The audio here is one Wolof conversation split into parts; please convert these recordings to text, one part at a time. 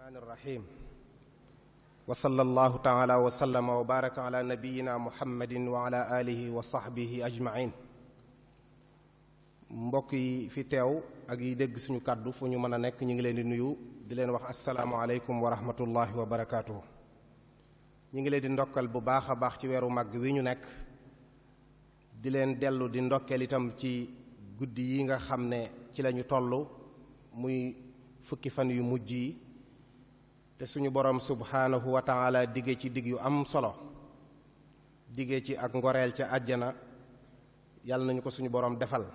الرحمن الرحيم وصلى الله تعالى وسلم وبارك على نبينا محمد وعلى اله وصحبه اجمعين مبكي في تيو اك يدغ سونو كادو فنيو مانا نيك نيغي لين نيو دي لين واخ السلام عليكم ورحمه الله وبركاته نيغي لين دي ندوكال بو باخا باخ سي ويرو ماغ وي نيو نيك دي لين ديلو دي ندوكال ايتام سي غودي ييغا te suñu borom subhaanahu wa taala digge ci digg yu am solo digge ci ak ngoreel ca àjjana yàlla nañu ko suñu borom defal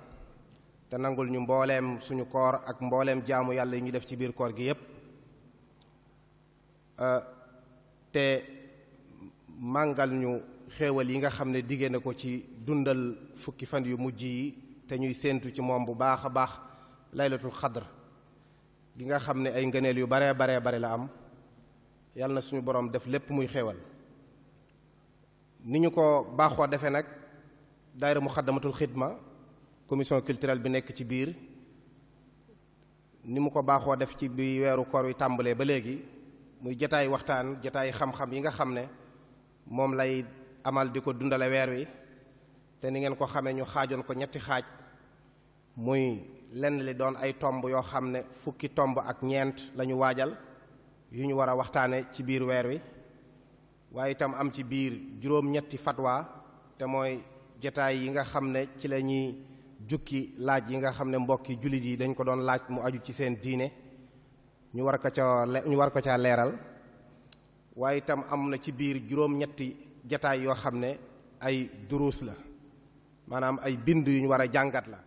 te nangul ñu mbooleem suñu koor ak mbooleem jaamu yàlla yi ñu def ci biir koor gi yépp euh, te màngal ñu xéewal yi nga xam ne digge na ko ci dundal fukki fan yu mujj yi te ñuy séentu ci moom bu baax a baax laylatul xadr gi nga xam ne ay ngëneel yu baree baree bare la am yàlla na suñu borom def lépp muy xéewal ni ñu ko baaxoo defee nag daayira muxaddamatul xidma commission culturelle bi nekk ci biir ni mu ko baaxoo def ci bi weeru koor wi tàmbalee ba léegi muy jataay waxtaan jataay xam-xam yi nga xam ne moom lay amal di ko dundale weer wi te ni ngeen ko xamee ñu xaajoon ko ñetti xaaj muy lenn li doon ay tomb yoo xam ne fukki tomb ak ñeent lañu waajal yu ñu war a waxtaane ci biir weer wi waaye itam am ci biir juróom-ñetti fatwa te mooy jataay yi nga xam ne ci la ñuy jukki laaj yi nga xam ne mbokki jullit yi dañ ko doon laaj mu aju ci seen diine ñu war ko ca war ko caa leeral waaye itam am na ci biir juróom-ñetti jataay yoo xam ne ay duruus la maanaam ay bind yu ñu war a jàngat la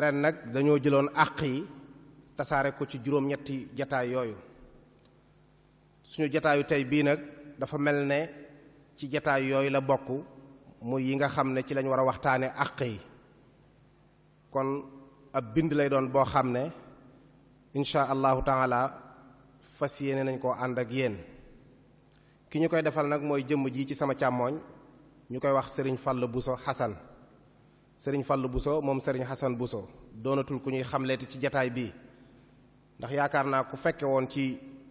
ren nag dañoo jëloon àq yi tasaare ko ci juróom-ñetti jataay yooyu suñu jataayu tey bii nag dafa mel ne ci jataay yooyu la bokk mu yi nga xam ne ci lañ war a waxtaane àq yi kon ab bind lay doon boo xam ne incha allahu taala fas yéene nañ koo ànd ak yéen ki ñu koy defal nag mooy jëmm ji ci sama càmmooñ ñu koy wax sëriñ Fall Bousso Xasan sëriñ bu so moom sëriñ bu Bousso doonatul ku ñuy xamleeti ci jataay bii ndax yaakaar naa ku fekke woon ci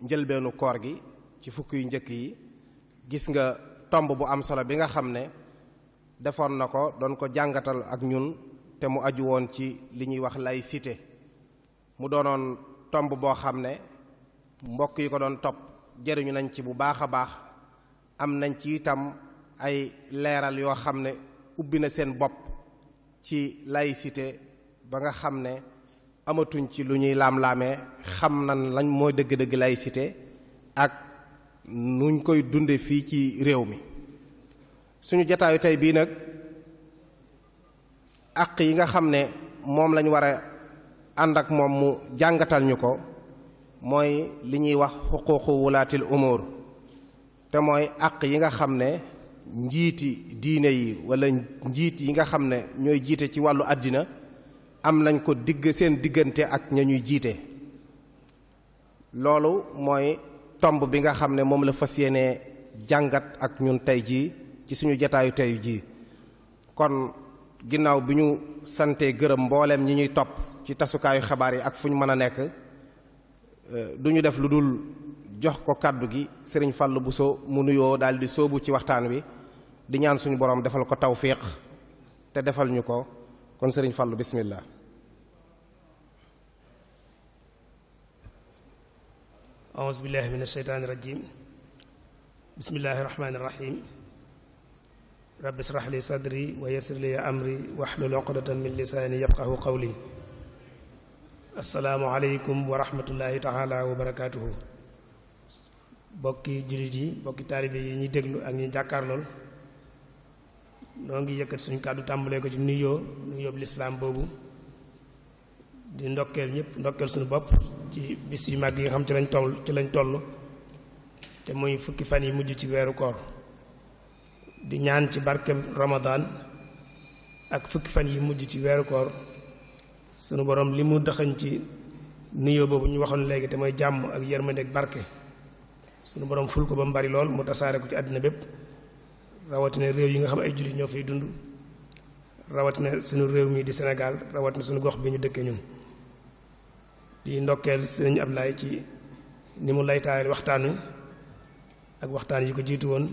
njëlbeenu koor gi ci fukk yu njëkk yi gis nga tomb bu am solo bi nga xam ne defoon na ko doon ko jàngatal ak ñun te mu aju woon ci li ñuy wax laïcité mu doonoon tomb boo xam ne mbokk yi ko doon topp jëriñu nañ ci bu baax a baax am nañ ci itam ay leeral yoo xam ne ubbi na seen bopp ci laïcité ba nga xam ne amatuñ ci lu ñuy laam-laamee xam nan lañ mooy dëgg-dëgg laïcité ak nuñ koy dunde fii ci réew mi suñu jataayu tey bii nag àq yi nga xam ne moom lañ war a ànd ak moom mu jàngatal ñu ko mooy li ñuy wax xuquuqu wulaatil umur te mooy àq yi nga xam ne njiiti diine yi wala njiit yi nga xam ne ñooy jiite ci wàllu àddina am nañ ko digg seen diggante ak ñañuy ñuy jiite loolu mooy tomb bi nga xam ne moom la fas ak ñun tey jii ci suñu jataayu tey jii kon ginnaaw bi ñu santee gërëm mbooleem ñi ñuy topp ci tasukaayu xabaar yi ak fuñ ñu mën a nekk euh, duñu def lu dul jox ko kàddu gi sëriñ fàll buso so mu nuyoo daal di ci waxtaan wi di ñaan suñu borom defal ko tawfiq te defal ñu ko kon sëriñ fàll bismillah أعوذ بالله من الشيطان الرجيم بسم الله الرحمن الرحيم رب اشرح لي صدري ويسر لي امري واحلل عقدة من لساني يفقهوا قولي السلام عليكم ورحمه الله تعالى وبركاته بوكي جوليدي بوكي طالبي ني دغلو اك ني جاكارلول نونغي ييكت سوني كادو تامبليكو نيو نيو بالاسلام بوبو di ndokkel ñep ndokkel suñu bop ci bis yu mag yi nga xam ci lañ toll ci lañ toll te muy fukki fan yi mujj ci wéru koor di ñaan ci barke ramadan ak fukki fan yi mujj ci wéru koor suñu borom limu daxañ ci nuyo bobu ñu waxon léegi te moy jamm ak yermande ak barke suñu borom ful ko ba mbari lool mu tassare ko ci àddina rawati ne rew yi nga xam ay jullit ñoo fay dund ne suñu rew mi di Senegal rawatina suñu gox bi ñu dëkkee ñun di ndokkeel sëriñ laay ci ni mu laytaayal waxtaan wi ak waxtaan yi ko jiitu woon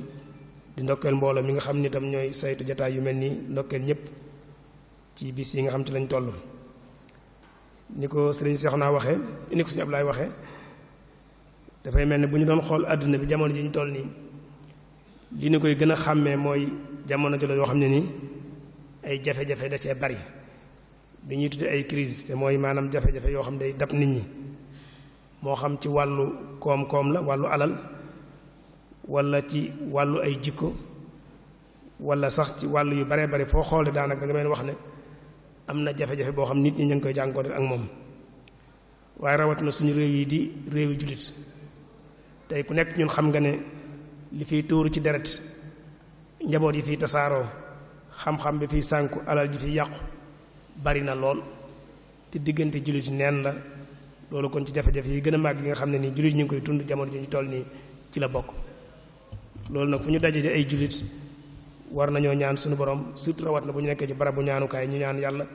di ndokkeel mbooloo mi nga xam ni tam ñooy saytu jataay yu mel nii ndokkeel ñëpp ci biis yi nga xam ci lañ toll ni ko sëriñ Seex naa waxe ni ko sëriñ Ablaay waxe dafay mel ne bu ñu doon xool àdduna bi jamono ji ñu toll nii li ñu koy gën a xàmmee mooy jamono ji la yoo xam ne nii ay jafe-jafe da cee bari dañuy tudde ay crise te mooy maanaam jafe-jafe yoo xam day dab nit ñi moo xam ci wàllu koom-koom la wàllu alal wala ci wàllu ay jikko wala sax ci wàllu yu bare bari foo xoole daanaka da nga wax ne am na jafe-jafe boo xam nit ñi ñu ngi koy jànkoonte ak moom waaye rawatina suñu réew yi di réew yi jullit tey ku nekk ñun xam nga ne li fi tuuru ci deret njaboot yi fiy tasaaroo xam-xam bi fi sànku alal ji fiy yàqu bari na lool te diggante jullit neen la loolu kon ci jafe-jafe yi gën a màgg yi nga xam ne nii jullit ñu ngi koy tund jamono ji ñu toll nii ci la bokk loolu nag fu ñu dajee ay jullit war nañoo ñaan sunu borom surtout rawat na bu ñu nekkee ci barabu ñaanukaay ñu ñaan yàlla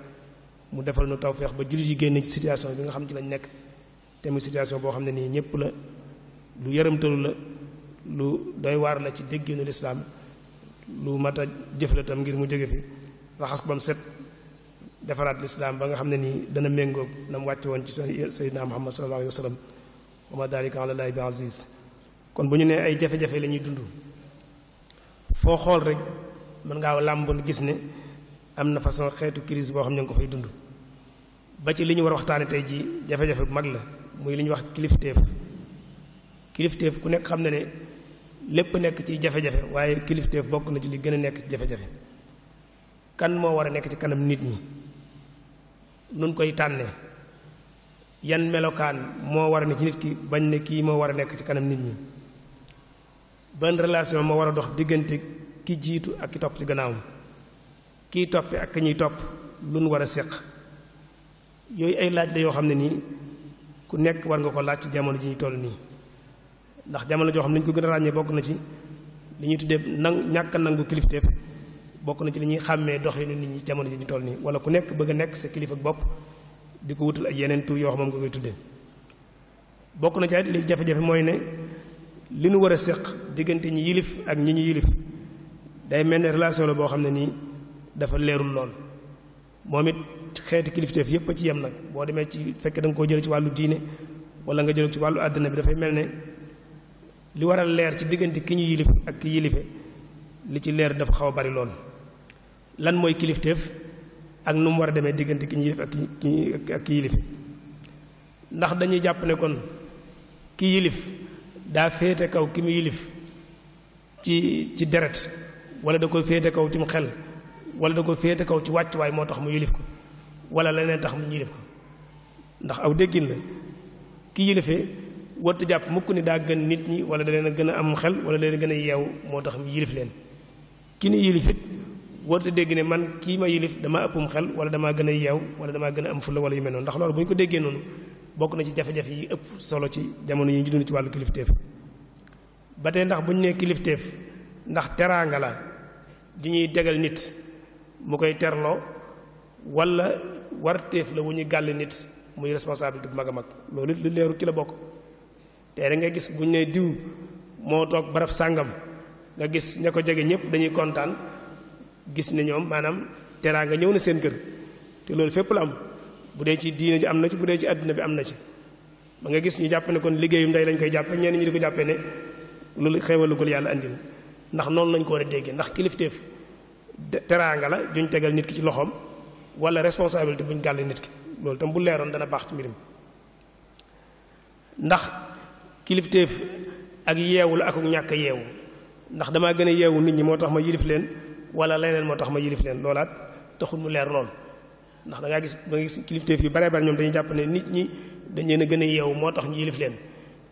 mu defal ñu tawféex ba jullit yi génn ci situation bi nga xam ci lañ nekk te muy situation boo xam ne nii ñëpp la lu yërëmtalu la lu doy waar la ci déggeenu lislaam lu mat a jëf la tam ngir mu jóge fi raxas bam defaraat lislaam ba nga xam ne nii dana méngoog na mu wàcce woon ci sayyidina muhammad sallallahu alayhi wa sallam wa ma dalika kon bu ñu nee ay jafe-jafe la ñuy dund foo xool rek mën ngaa làmbul gis ne am na façon xeetu crise boo xam ne nga ko fay dund ba ci li ñu war waxtaane tey jii jafe-jafe bu mag la muy li ñuy wax kilifteef kilifteef ku nekk xam ne ne lépp nekk ci jafe-jafe waaye kilifteef bokk na ci li gën a nekk ci jafe-jafe kan moo war a nekk ci kanam nit ñi nun koy tanne. yan melokan moo war a ne ci nit ki bañ ne kii moo war a nekk ci kanam nit ñi ban relation moo war a dox diggante ki jiitu ak ki topp ci gannaawam kii toppi ak ki ñuy topp lu nu war a seq yooyu ay laaj la yoo xam ne nii ku nekk war nga ko laaj jamono ji toll nii ndax jamono joo xam ñu ko gën a ràññee na ci li ñuy tuddee nang ñàkk nangu kilifteef bokk na ci li ñuy xàmmee doxinu nit ñi jamono ji ñu toll nii wala ku nekk bëgg nekk sa kilifa di ko wutal ay yeneen tur yoo xam nga koy tuddee bokk na ci li jafe-jafe mooy ne li nu war a séq diggante ñi yilif ak ñi ñu yilif day mel ne relation la boo xam ne nii dafa leerul lool moom it xeeti yépp ci yem nag boo demee ci fekk da nga koo jël ci wala nga jël ci bi li a leer ci diggante ki ñu yilif ak ki li ci leer dafa xaw bari lool lan moy kiliftef ak num war deme demee ki yilif ak ki ak ki yilife ndax dañuy jàpp ne kon ki yilif da fete kaw ki mi yilif ci ci deret wala da koy fete kaw ci mu xel wala da koy fete kaw ci waccu way motax mu yilif ko wala leneen tax mu yilif ko ndax aw déggin na ki yilife warta jàpp mukk ni da gën nit ñi wala da leena gëna am xel wala da leena gëna yew motax mu yilif leen ki ni yilifit warta dégg ne man kii ma yilif dama ëppum xel wala dama gën a wala dama gën a am fulla wala yu mel noonu ndax loolu bu ñu ko déggee noonu bokk na ci jafe-jafe yi ëpp solo ci jamono yi ñu dund ci wàllu kilifteef ba tey ndax buñ ne kilifteef ndax la di ñuy nit mu koy terloo wala wartef la wu ñu gàll nit muy responsable magamak. mag a mag loolu lu leeru ci la bokk te da nga gis buñ ne diw moo toog barab sàngam nga gis ña ko ñëpp dañuy kontaan gis ne ñoom maanaam teraanga ñëw na seen kër te loolu fépp la am bu dee ci diina ji am na ci bu dee ci àdduna bi am na ci ba nga gis ñu jàpp ne kon liggéeyum ndey lañ koy jàppe ñenn ñi di ko jàppee ne loolu xewalugul yàlla andil ndax noonu lañ ko war a déggee ndax kilifteef teraanga la juñ tegal nit ki ci loxoom wala responsabilité buñ gàll nit ki loolu tam bu leeroon dana baax ci mbir ndax kilifteef ak yeewul ak ñàkk yeewu ndax damaa gën a yeewu nit ñi moo tax ma yilif leen wala leneen mo tax ma yilif leen loolaat taxul mu leer lool ndax da ngaa gis da gis kilifte fi bare bare ñoom dañuy jàpp ne nit ñi dañ leen a gën a yeew moo tax ñu yilif leen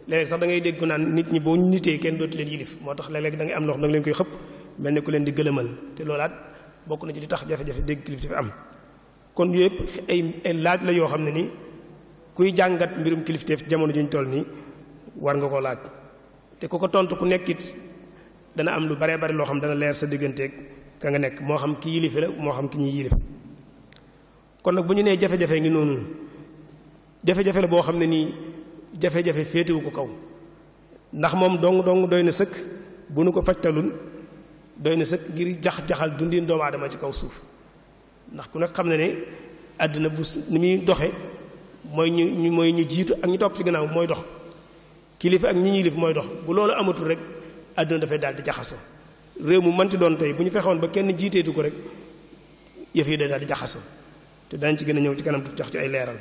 léeg sax da ngay dégg naan nit ñi boo nitee kenn dootu leen yilif moo tax léeg-léeg da ngay am lox da nga leen koy xëpp mel ne ku leen di gëlëmal te loolaat bokk na ci li tax jafe-jafe dégg fi am kon yëpp ay ay laaj la yoo xam ne ni kuy jàngat mbirum kilifteef jamono juñ toll ni war nga koo laaj te ku ko tontu ku nekkit dana am lu bare bare loo xam dana leer sa digganteeg ka nga nekk moo xam ki yilife la moo xam ki ñuy yilif kon nag bu ñu nee jafe-jafe ngi noonu jafe-jafe la boo xam ne nii jafe-jafe féetewu ko kaw ndax moom dong dong doy na sëkk bu nu ko fajtalul doy na sëkk ngir jax-jaxal dundin doomu aadama ci kaw suuf ndax ku nag xam ne ne àddina bu ni muy doxe mooy ñu mooy ñu jiitu ak ñu topp ci gannaaw mooy dox kilifa ak ñi ñuy mooy dox bu loolu amatul rek àdduna dafay daal di jaxasoo réew mu manti doon tey bu ñu ba kenn jiiteetu ko rek yëf yi daal di jaxasoo te dañ ci gën a ñëw ci kanam tu jox ci ay leeral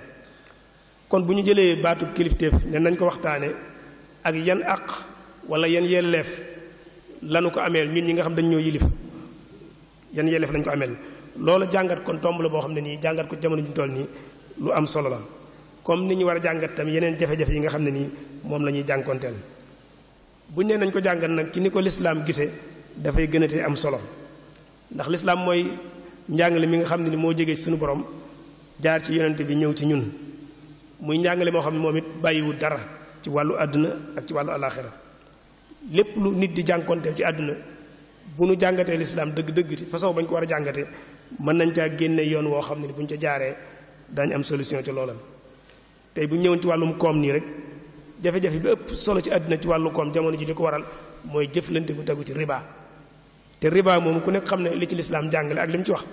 kon bu ñu jëlee baatub kilifteef ne nañ ko waxtaane ak yan àq wala yan yelleef lanu ko ameel ñun ñi nga xam dañ ñoo yilif yan yelleef lañ ko ameel loolu jàngat kon tomb la boo xam ne nii jàngat ko jamono ji toll nii lu am solo la comme ni ñu war a jàngat tam yeneen jafe-jafe yi nga xam ne nii moom la ñuy jànkonteel buñ ne nañ ko jàngat nag ci ni ko lislaam gisee da fay a am solo ndax l'islam moy njangale mi nga xamni mo jëgé suñu borom jaar ci yonente bi ñëw ci ñun muy njangale mo xamni momit bayyi wu dara ci walu aduna ak ci walu alakhirah lepp lu nit di jankonté ci aduna bu ñu jangaté l'islam dëgg-dëgg ci façon bañ ko wara jangaté mën nañ ca génné yoon wo xamni buñ ca jaaré dañ am solution ci loolam tay bu ñëwoon ci wàllum koom rek jafe-jafe bi ëpp solo ci aduna ci walu kom jamono ji li waral moy jëflante gu tagu ci riba te riba moom ku nekk xam ne li ci lislaam jàngale ak li mu ci wax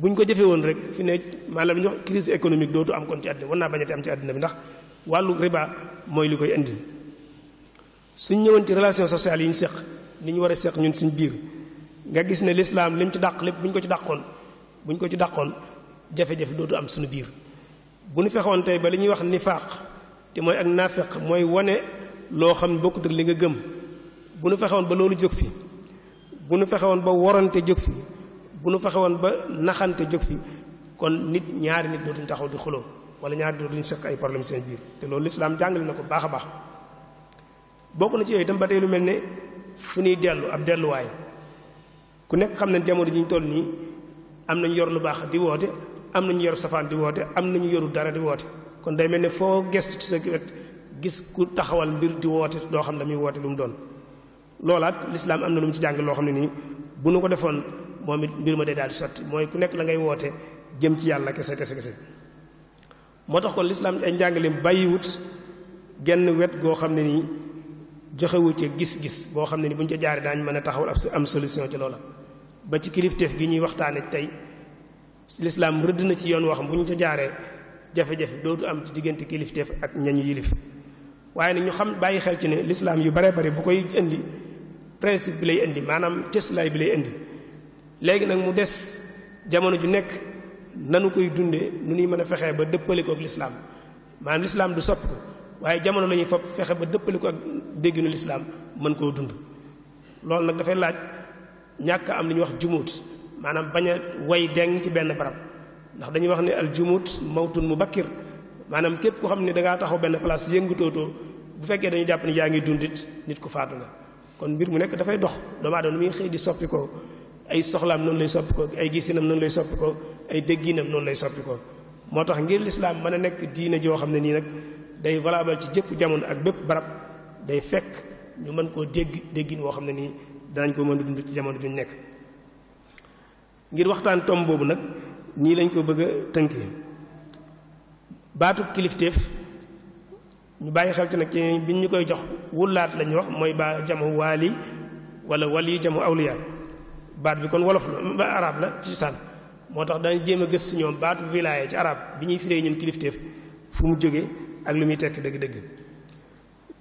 buñ ko jëfee woon rek fi ne maanaam ñu wax crise économique dootu am kon ci àddina war naa bañati am ci àddina bi ndax wàllu riba mooy li koy indi suñ ñëwoon ci relation sociale yi ñu seq ni ñu war a seq ñun suñ biir nga gis ne lislaam li lim ci dàq lépp buñ ko ci dàqoon buñ ko ci dàqoon jafe-jafe dootu am suñu biir bu nu fexoon tey ba li ñuy wax nifaaq te mooy ak naafeq mooy wane loo xam bokkut ak li nga gëm bu nu fexoon ba loolu jóg fi bu nu fexe woon ba worante jóg fi bu nu fexe woon ba naxante jóg fi kon nit ñaari nit dootuñ taxaw di xulo wala ñaari dootuñ sëq ay problème seen biir te loolu l'islam jàngal na ko baax a baax bokk na ci yooyu tam ba tey lu mel ne fu ñuy dellu ab delluwaay ku nekk xam nañ jamono ji ñu toll nii am nañu yor lu baax di woote am nañu yor safaan di woote am nañu yoru dara di woote kon day mel ne foo gestu ci sa wet gis ku taxawal mbir di woote doo xam ne muy woote lu mu doon loolaat lislaam am na lu mu ci jàng loo xam ne nii bu nu ko defoon moom it mbir ma dee daal di sotti mooy ku nekk la ngay woote jëm ci yàlla kese kese kese moo tax kon lislaam ay njàngaleem bàyyiwut genn wet goo xam ne nii joxewu ca gis-gis boo xam ne ni bu ñu jaaree daañ mën a taxawal am solution ci loola ba ci kilifteef gi ñuy waxtaane tey lislaam rëdd na ci yoon waxam bu ñu ca jaaree jafe-jafe dootu am ci diggante kilifteef ak ñañu yilif waaye nag ñu xam bàyyi xel ci ne lislaam yu bare bare bu koy indi principe bi lay indi maanaam cëslaay bi lay indi léegi nag mu des jamono ju nekk nanu koy dunde nu ñuy mën a fexe ba dëppale ko ak lislaam maanaam lislaam du sopp ko waaye jamono lañuy ñuy fexe ba dëppale ko ak dégginu lislaam mën koo dund loolu nag dafay laaj ñàkk am li ñuy wax jumut maanaam bañ a way deng ci benn barab ndax dañu wax ne al jumuut mawtun mu bakkir maanaam képp ku xam ne da ngaa taxaw benn place yëngatootoo bu fekkee dañu jàpp ni yaa ngi dundit nit ku faatu nga kon bir mu nek da fay dox doomu aadama mi xëy di soppi ko ay soxlam non lay soppi ko ay gisinam non lay soppi ko ay dégginam non lay soppi ko moo ngir l'islam mën nek diina jo xamne ni nak day valable ci jep jamon ak bépp barab day fek ñu mën ko deg déggin wo xamne ni dañ ko mën dund ci jamon juñ nek ngir waxtaan tom bobu nak ni lañ ko bëgg a tënkee kiliftef ñu bàyyi xel ci nag ci biñ ñu koy jox wulaat la ñu wax mooy ba jamu waali wala wali jamu awliya baat bi kon wolof la arab la ci sànn moo tax dañu jéem a gëstu ñoom baatu wilaaya ci arab bi ñuy firee ñun kilifteef fu mu jóge ak lu muy tekk dëgg-dëgg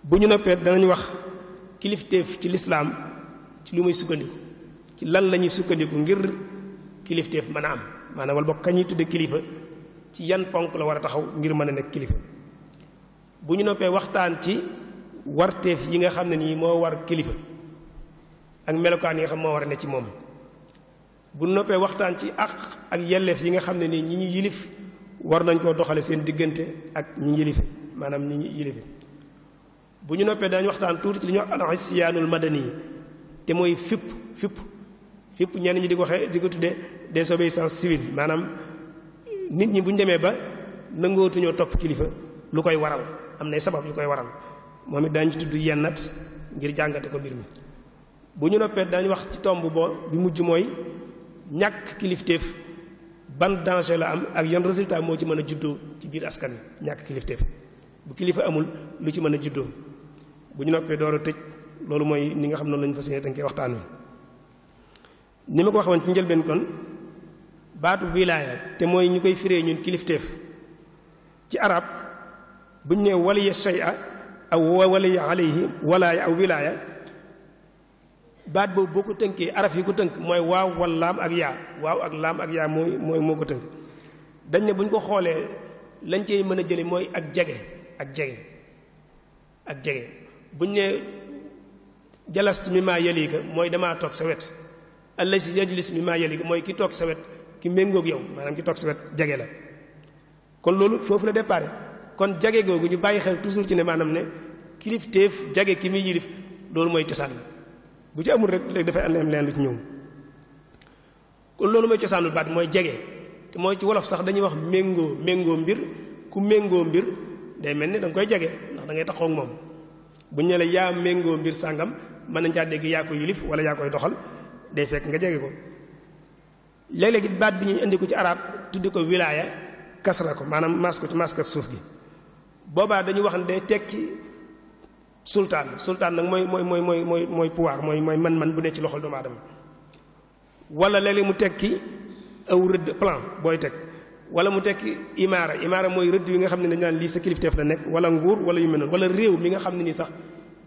bu ñu noppee danañ wax kilifteef ci lislaam ci lu muy sukkandiku ci lan la ñuy sukkandiku ngir kilifteef mën a am maanaam wala bokk ka ñuy kilifa ci yan ponk la war a taxaw ngir mën a nekk kilifa bu ñu noppee waxtaan ci warteef yi nga xam ne nii moo war kilifa ak melokaan yi nga xam moo war a ne ci moom bu noppee waxtaan ci àq ak yelleef yi nga xam ne nii ñi ñu yilif war nañ koo doxale seen diggante ak ñi yilife maanaam ñi ñu yilife bu ñu noppee dañ waxtaan tuuti ci li ñuy wax al isyaanul madani yi te mooy fipp fipp fipp ñenn ñi di ko waxee di ko tuddee désobéissance civile maanaam nit ñi bu ñu demee ba nangootuñoo topp kilifa lu koy waral am nay sabab yu koy waral momi dañ ci tuddu yennat ngir jangate ko mbir mi bu ñu noppee dañ wax ci tomb bo bi mujj moy ñak kiliftef ban danger la am ak yeen resultat mo ci mëna juddoo ci biir askan ñak kiliftef bu kilifa amul lu ci mëna a juddoo bu ñu noppee door a tëj loolu mooy ni nga xam lañu fasiyé yéene tënkee waxtaan ni ma ko waxoon ci ben kon baatu wilaya te moy ñukay firé ñun kiliftef ci arab bu ñu nee waliya shay'a aw waliya alayhi walaaya aw wilaaya baat boobu boo ko tënkee araf yi ko tënk mooy waaw wal laam ak yaa waaw ak laam ak yaa mooy mooy moo ko tënk dañ ne buñ ko xoolee lañ cey mën a jële mooy ak jege ak jege ak jege bu ñu nee jalastu mi maa yaliga mooy damaa toog sa wet allah si yajlis mi maa yaliga mooy ki toog sawet wet ki méngoog yow maanaam ki toog sawet jege la kon loolu foofu la départ kon jage googu ñu bàyyi xel toujours ci ne maanaam ne kilifteef jage ki muy yilif loolu mooy cosaan bu ci amul rek léegi dafay am leen lu ci ñëw ko loolu mooy cosaanul baat mooy jege te mooy ci wolof sax dañuy wax méngoo méngoo mbir ku méngoo mbir day mel ni danga koy jege ndax da ngay taxaw moom bu ñu la yaa méngoo mbir sàngam mën nañ caa dégg yaa ko yilif wala yaa koy doxal day fekk nga jege ko léeg-léeg baat bi ñuy indi ko ci arab tuddi ko wilaaya kasra ko maanaam maas ko ci maas suuf gi boba dañu wax ne day tekki sultan sultan nak moy moy moy moy moy mooy pouvoir moy moy man-man bu ne ci loxol do madam wala leeg mu tekki aw reud plan boy tek wala mu tekki imara imara moy reud wi nga xamni dañ nan li lii sa kilifteef la nek wala nguur wala yu mel wala rew mi nga xamni ni sax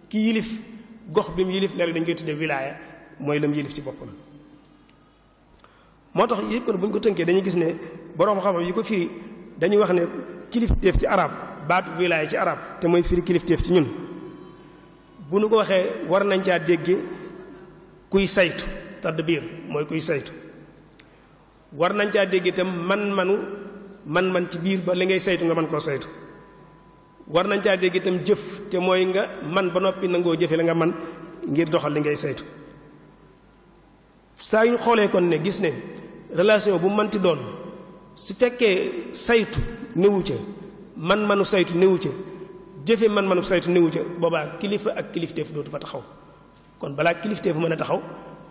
ki yilif gox bim yilif léeg dañ koy tudde wilaya moy lam yilif ci bopam motax yeb ko buñ ko tënkee dañuy gis ne borom xam yi ko firi dañuy wax ne kilifteef ci arab baatu wilaaya ci arab te mooy firi kilifteef ci ñun bu nu ko waxee war nañ caa dégge kuy saytu tadbiir mooy kuy saytu war nañ caa dégge itam man-manu man-man ci biir ba li ngay saytu nga mën koo saytu war nañ caa dégg jëf te mooy nga man ba noppi nangoo jëfee la nga man ngir doxal li ngay saytu saa yu ñu xoolee kon ne gis ne relation bu mënti doon su fekkee saytu newu ca man manu saytu néwu ca jëfe man manu saytu néwu ca boobaa kilifa ak kilifteef dootu fa taxaw kon balaa kilifteef mën a taxaw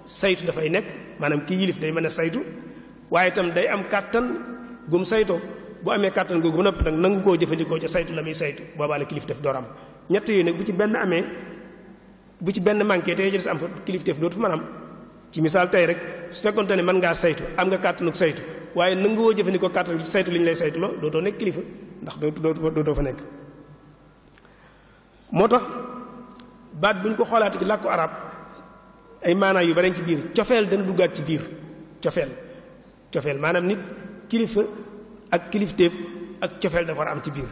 saytu dafay nekk maanaam kii yilif day mën a saytu waaye itam day am kàttan gum saytoo bu amee kàttan googu ba noppi nag nangu koo jëfandikoo ca saytu la muy saytu boobaa la kilifteef door am ñett yooyu nag bu ci benn amee bu ci benn manqué te ci des am fa kilifteef dootu fa mën am ci misaal tey rek su fekkoonte ne mën ngaa saytu am nga kàttanuk saytu waaye nangu woo jëfandikoo kàttan ci saytu li ñu lay saytu loo dootoo nekk kilifa ndax dootu dootu dootoo fa nekk moo tax baat bu ñu ko xoolaat ci làkku arab ay maanaa yu barañ ci biir cofeel dana duggaat ci biir cofeel cofeel maanaam nit kilifa ak kilifteef ak cofeel dafa war am ci biir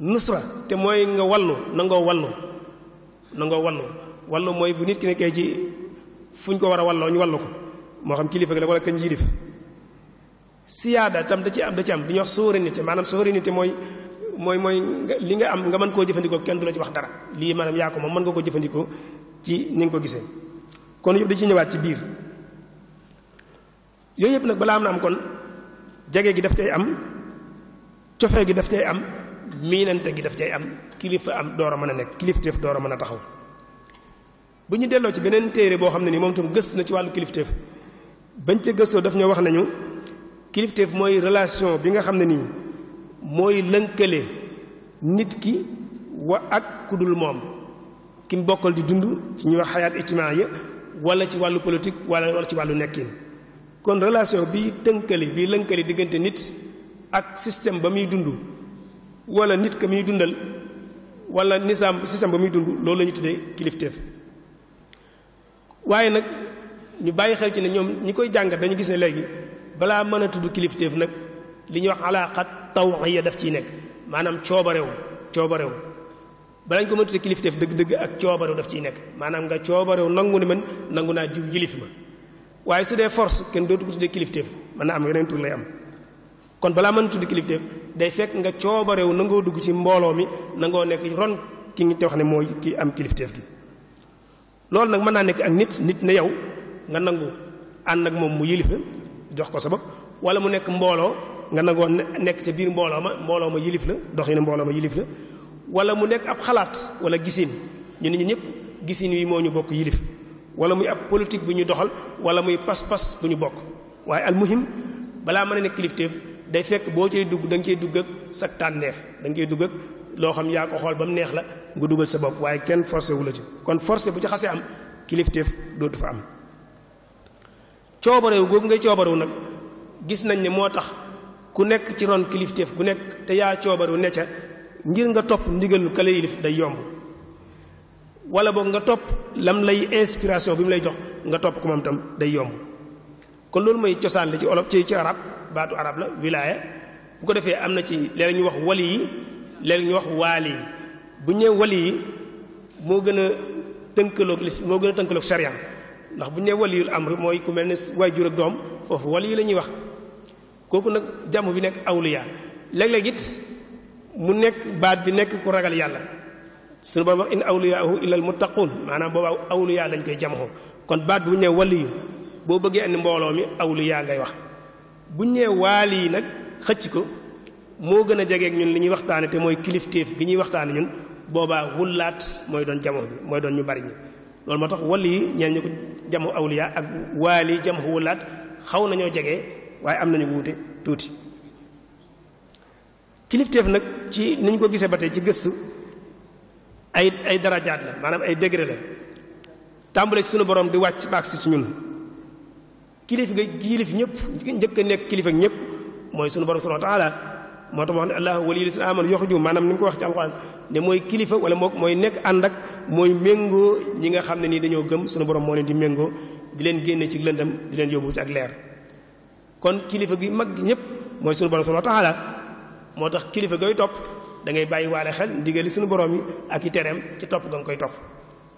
nusra te mooy nga wallu nangoo wallu nangoo wallu wallu mooy bu nit ki nekkee ci fu ñu ko war a walloo ñu wallu ko moo xam kilifa gi la wala kañ yilif siyaada tam da ci am da ci am li ñu wax souveraineté maanaam souveraineté mooy mooy mooy li nga am nga mën koo jëfandikoo kenn du la ci wax dara lii maanaam yaa ko moom mën nga ko jëfandikoo ci ni nga ko gisee kon yëpp da ci ñëwaat ci biir yooyu yëpp nag balaa am na am kon jege gi daf cay am cofee gi daf cay am miinante gi daf cay am kilifa am door a mën a nekk kilifteef door a mën a taxaw bu ñu delloo ci beneen téere boo xam ne nii moom tam gëstu na ci wàllu kilifteef bañ ca gëstoo daf ñoo wax nañu kilifteef mooy relation bi nga xam ne nii mooy lënkale nit ki wa ak ku dul moom ki mu bokkal di dund ci ñuy wax xayaat ijtimaaya wala ci wàllu politique wala wala ci wàllu nekkin kon relation bi tënkali bi lënkale diggante nit ak système ba muy dund wala nit ka muy dundal walla nisaam système ba muy dund loolu lañu tuddee kilifteef waaye nag ñu bàyyi xel ci ne ñoom ñi koy jàngat dañu gis ne léegi balaa mën a tudd kilifteef nag li ñuy wax alaaqat tawxiya daf ciy nekk maanaam coobarewu coobarewu balañ ko mën a tudd kilifteef dëgg-dëgg ak coobarewu daf ciy nekk maanaam nga coobarewu nangu ne mën nangu naa jiw yilif ma waaye su dee force kenn dootu ko tuddee kilifteef mën na am yeneen tur lay am kon balaa mën a tudd kilifteef day fekk nga coobarewu nangoo dugg ci mbooloo mi nangoo nekk ron ki ngi te wax ne mooy ki am kilifteef gi loolu nag mën naa nekk ak nit nit ne yow nga nangu ànd ak moom jox ko sabab wala mu nekk mbooloo nga nangoo nekk ca biir mbooloo ma mbooloo ma yilif la dox yi ne mbooloo ma yilif la wala mu nekk ab xalaat wala gisin ñu ne ñu ñëpp gisin wi moo ñu bokk yilif wala muy ab politique bu ñu doxal wala muy pas-pas bu ñu bokk waaye almuhim balaa mën a nekk kilifteef day fekk boo cay dugg da nga cey dugg ak sa tànneef da nga dugg ak loo xam yaa ko xool ba mu neex la nga dugal sa bopp waaye kenn forcé wu la ci kon forcé bu ci xasee am kilifteef dootu fa am coobarewu googu ngay coobarewu nag gis nañ ne moo tax ku nekk ci ron kilifteef ku nekk te yaa coobarewu ne ca ngir nga topp ndigalu ka la day yomb wala boog nga topp lam lay inspiration bi mu lay jox nga topp ko moom tam day yomb kon loolu mooy cosaan li ci olof ci ci arab baatu arab la wilaaya bu ko defee am na ci léeg ñu wax wali yi léeg ñu wax waali yi bu ñëwee wali yi moo gën a tënkaloog lis moo gën a tënkaloog sariya ndax bu ñu nee waliyul amri mooy ku mel ne waajur ak doom foofu waliyu la ñuy wax kooku nag jàmm bi nekk awliya léeg-léeg it mu nekk baat bi nekk ku ragal yàlla suñu borom wax in awliyaahu illal muttaquun maanaam booba awliya lañ koy jamoo kon baat bu ñu nee waliyu boo bëggee ni mbooloo mi awliya ngay wax bu ñu nee waali yi nag xëcc ko moo gën a jegeeg ñun li ñuy waxtaan te mooy kilifteef gi ñuy waxtaan ñun boobaa wullaat mooy doon jamoo mooy doon ñu bari loolu moo tax wali yi ñeen ñu ko jamu awliya ak waali jam wulaat xaw nañoo jege waaye am nañu wute tuuti kilifteef nag ci niñ ko gisee ba tey ci gëstu ay ay darajaat la maanaam ay degré la tàmbale ci sunu borom di wàcc baax si ci ñun kilif nga kilif ñëpp njëkk a nekk kilifa ñëpp mooy sunu borom subhanahu wa ta'ala moo tax wax ne allah waliyul ladina amanu yuxrijuhum maanaam ni mu ko wax ci alxuraan ne mooy kilifa wala moo mooy nekk ànd ak mooy méngoo ñi nga xam ne nii dañoo gëm suñu borom moo leen di méngoo di leen génne ci lëndam di leen ci ak leer kon kilifa gi mag gi ñëpp mooy suñu borom subhanahu wa taala moo tax kilifa goy topp da ngay bàyyi waale xel ndigali suñu borom yi ak i tereem ci topp ga nga koy topp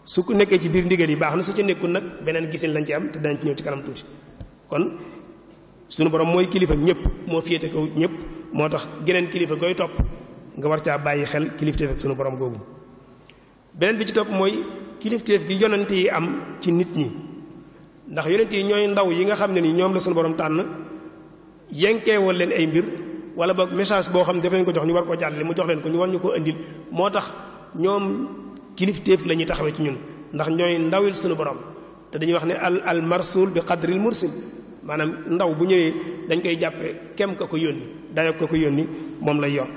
su ko nekkee ci biir ndigal yi baax na su ci nekkul nag beneen gisin lañ ci am te danañ ci ñëw ci kanam kon suñu borom mooy kilifa ñëpp moo féete kaw ñëpp moo tax geneen kilifa goy topp nga war caa bàyyi xel kilifteef ak sunu borom googu beneen bi ci topp mooy kilifteef gi yonent yi am ci nit ñi ndax yonent yi ñooy ndaw yi nga xam ne ni ñoom la sunu borom tànn yenkeewal leen ay mbir wala boog message boo xam ne daf leen ko jox ñu war koo jàllale mu jox leen ko ñu war ñu koo indil moo tax ñoom kilifteef la ñuy taxawee ci ñun ndax ñooy ndawil sunu borom te dañuy wax ne al al marsul bi qadril mursil maanaam ndaw bu ñëwee dañ koy jàppe kem ka ko yónni dayo ka ko yónni moom lay yor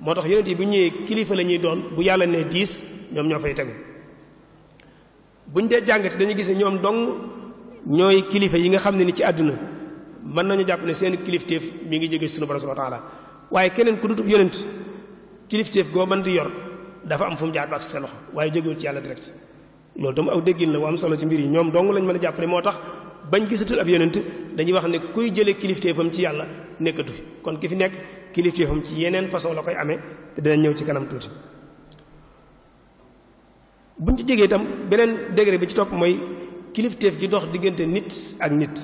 moo tax yonent yi bu ñëwee kilifa la ñuy doon bu yàlla ne diis ñoom ñoo fay tegu buñ dee jàngate dañuy gis ne ñoom dong ñooy kilifa yi nga xam ne ni ci àdduna mën nañu jàpp ne seen kilifteef mi ngi jóge sunu borom subhanahu wa keneen ku dutub yonent kilifteef goo mën di yor dafa am fu mu jaar ba ak waaye jógewul ci yàlla direct loolu dama aw solo ci mbir yi ñoom dong lañ mën a jàpp ne moo tax bañ gisatul ab yonent dañuy wax ne kuy jëlee kilifteefam ci yàlla nekkatu fi kon ki fi nekk kilifteefam ci yeneen façon la koy amee te dinañ ñëw ci kanam tuuti. buñ ci jegee itam beneen degré bi ci topp mooy kilifteef gi dox diggante nit ak nit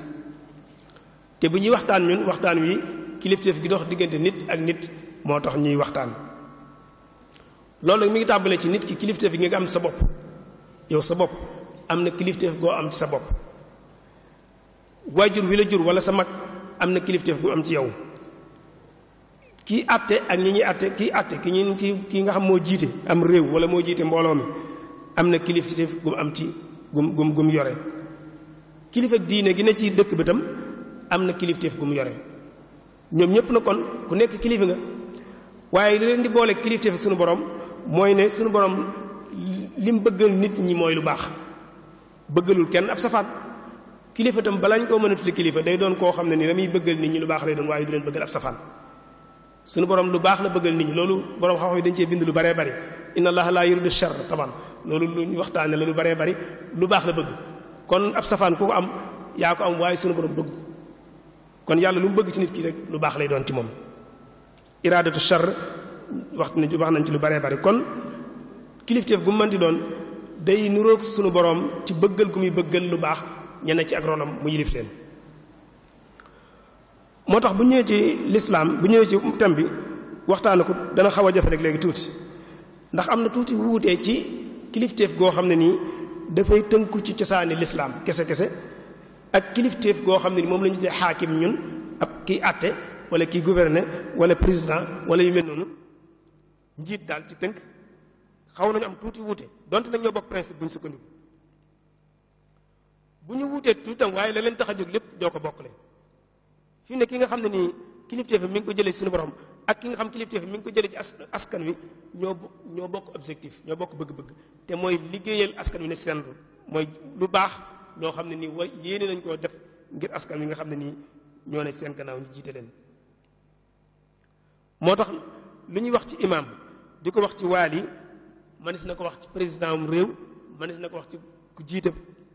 te bu ñuy waxtaan ñun waxtaan wi kilifteef gi dox diggante nit ak nit moo tax ñuy waxtaan. loolu nag mi ngi tàmbalee ci nit ki kilifteef gi nga am sa bopp yow sa bopp am na kilifteef goo am ci sa bopp. waajur wi la jur wala sa mag am na kilifteef gu am ci yow kii àtte ak ñi ñuy àtte kii àtte ki ñu ki ki nga xam moo jiite am réew wala moo jiite mbooloo mi am na kilifteef gu am ci gum gum yore kilifa diine gi ne ci dëkk bi tam am na kilifteef gu mu yore ñoom ñëpp na kon ku nekk kilifa nga waaye li leen di boole kilifteef ak sunu borom mooy ne sunu borom lim bëggal nit ñi mooy lu baax bëggalul kenn ab safaan kilifa tam balaañ koo mën a tudde kilifa day doon koo xam ne ni la muy bëggal nit ñi lu baax lay doon waaye du leen bëggal ab safaan suñu borom lu baax la bëggal nit ñi loolu borom xam-xam yi dañ cee bind lu baree bari inna allaha la yuridu shar taban loolu lu ñu waxtaane la lu baree bari lu baax la bëgg kon ab safaan ku ko am yaa ko am waaye suñu borom bëgg kon yàlla lu mu bëgg ci nit ki rek lu baax lay doon ci moom iraadatu shar wax nañ wax nañ ci lu baree bari kon kilifteef gu mën di doon day nuroog suñu borom ci bëggal gu muy bëggal lu baax ñenn ci ak ronam mu yilif leen moo tax bu ñëwee ci lislaam bu ñëwee ci thème bi waxtaana ko dana xaw a jafe rek léegi tuuti ndax am na tuuti wuutee ci kilifteef goo xam ne nii dafay tënku ci cosaani lislaam kese kese ak kilifteef goo xam ne ni moom lañu ñu tuddee xaakim ñun ab kiy àtte wala kiy gouverner wala président wala yu mel noonu njiit daal ci tënk xaw nañu am tuuti wuute donte nag ñoo bokk principe bu ñu sukkandiku bu ñu wuutee tuutam waaye la leen tax a jóg lépp doo ko bokkale fii ne ki nga xam ne nii kilifteefam mi ngi ko jëlee ci suñu borom ak ki nga xam kilifteefam mi ngi ko jëlee ci askan wi ñoo ñoo bokk objectif ñoo bokk bëgg-bëgg te mooy liggéeyal askan wi ne seen mooy lu baax loo xam ne nii way yéene nañ koo def ngir askan wi nga xam ne nii ñoo ne seen gannaaw ñu jiite leen moo tax lu ñuy wax ci imam di ko wax ci waali manis na ko wax ci président am réew manis na ko wax ci ku jiite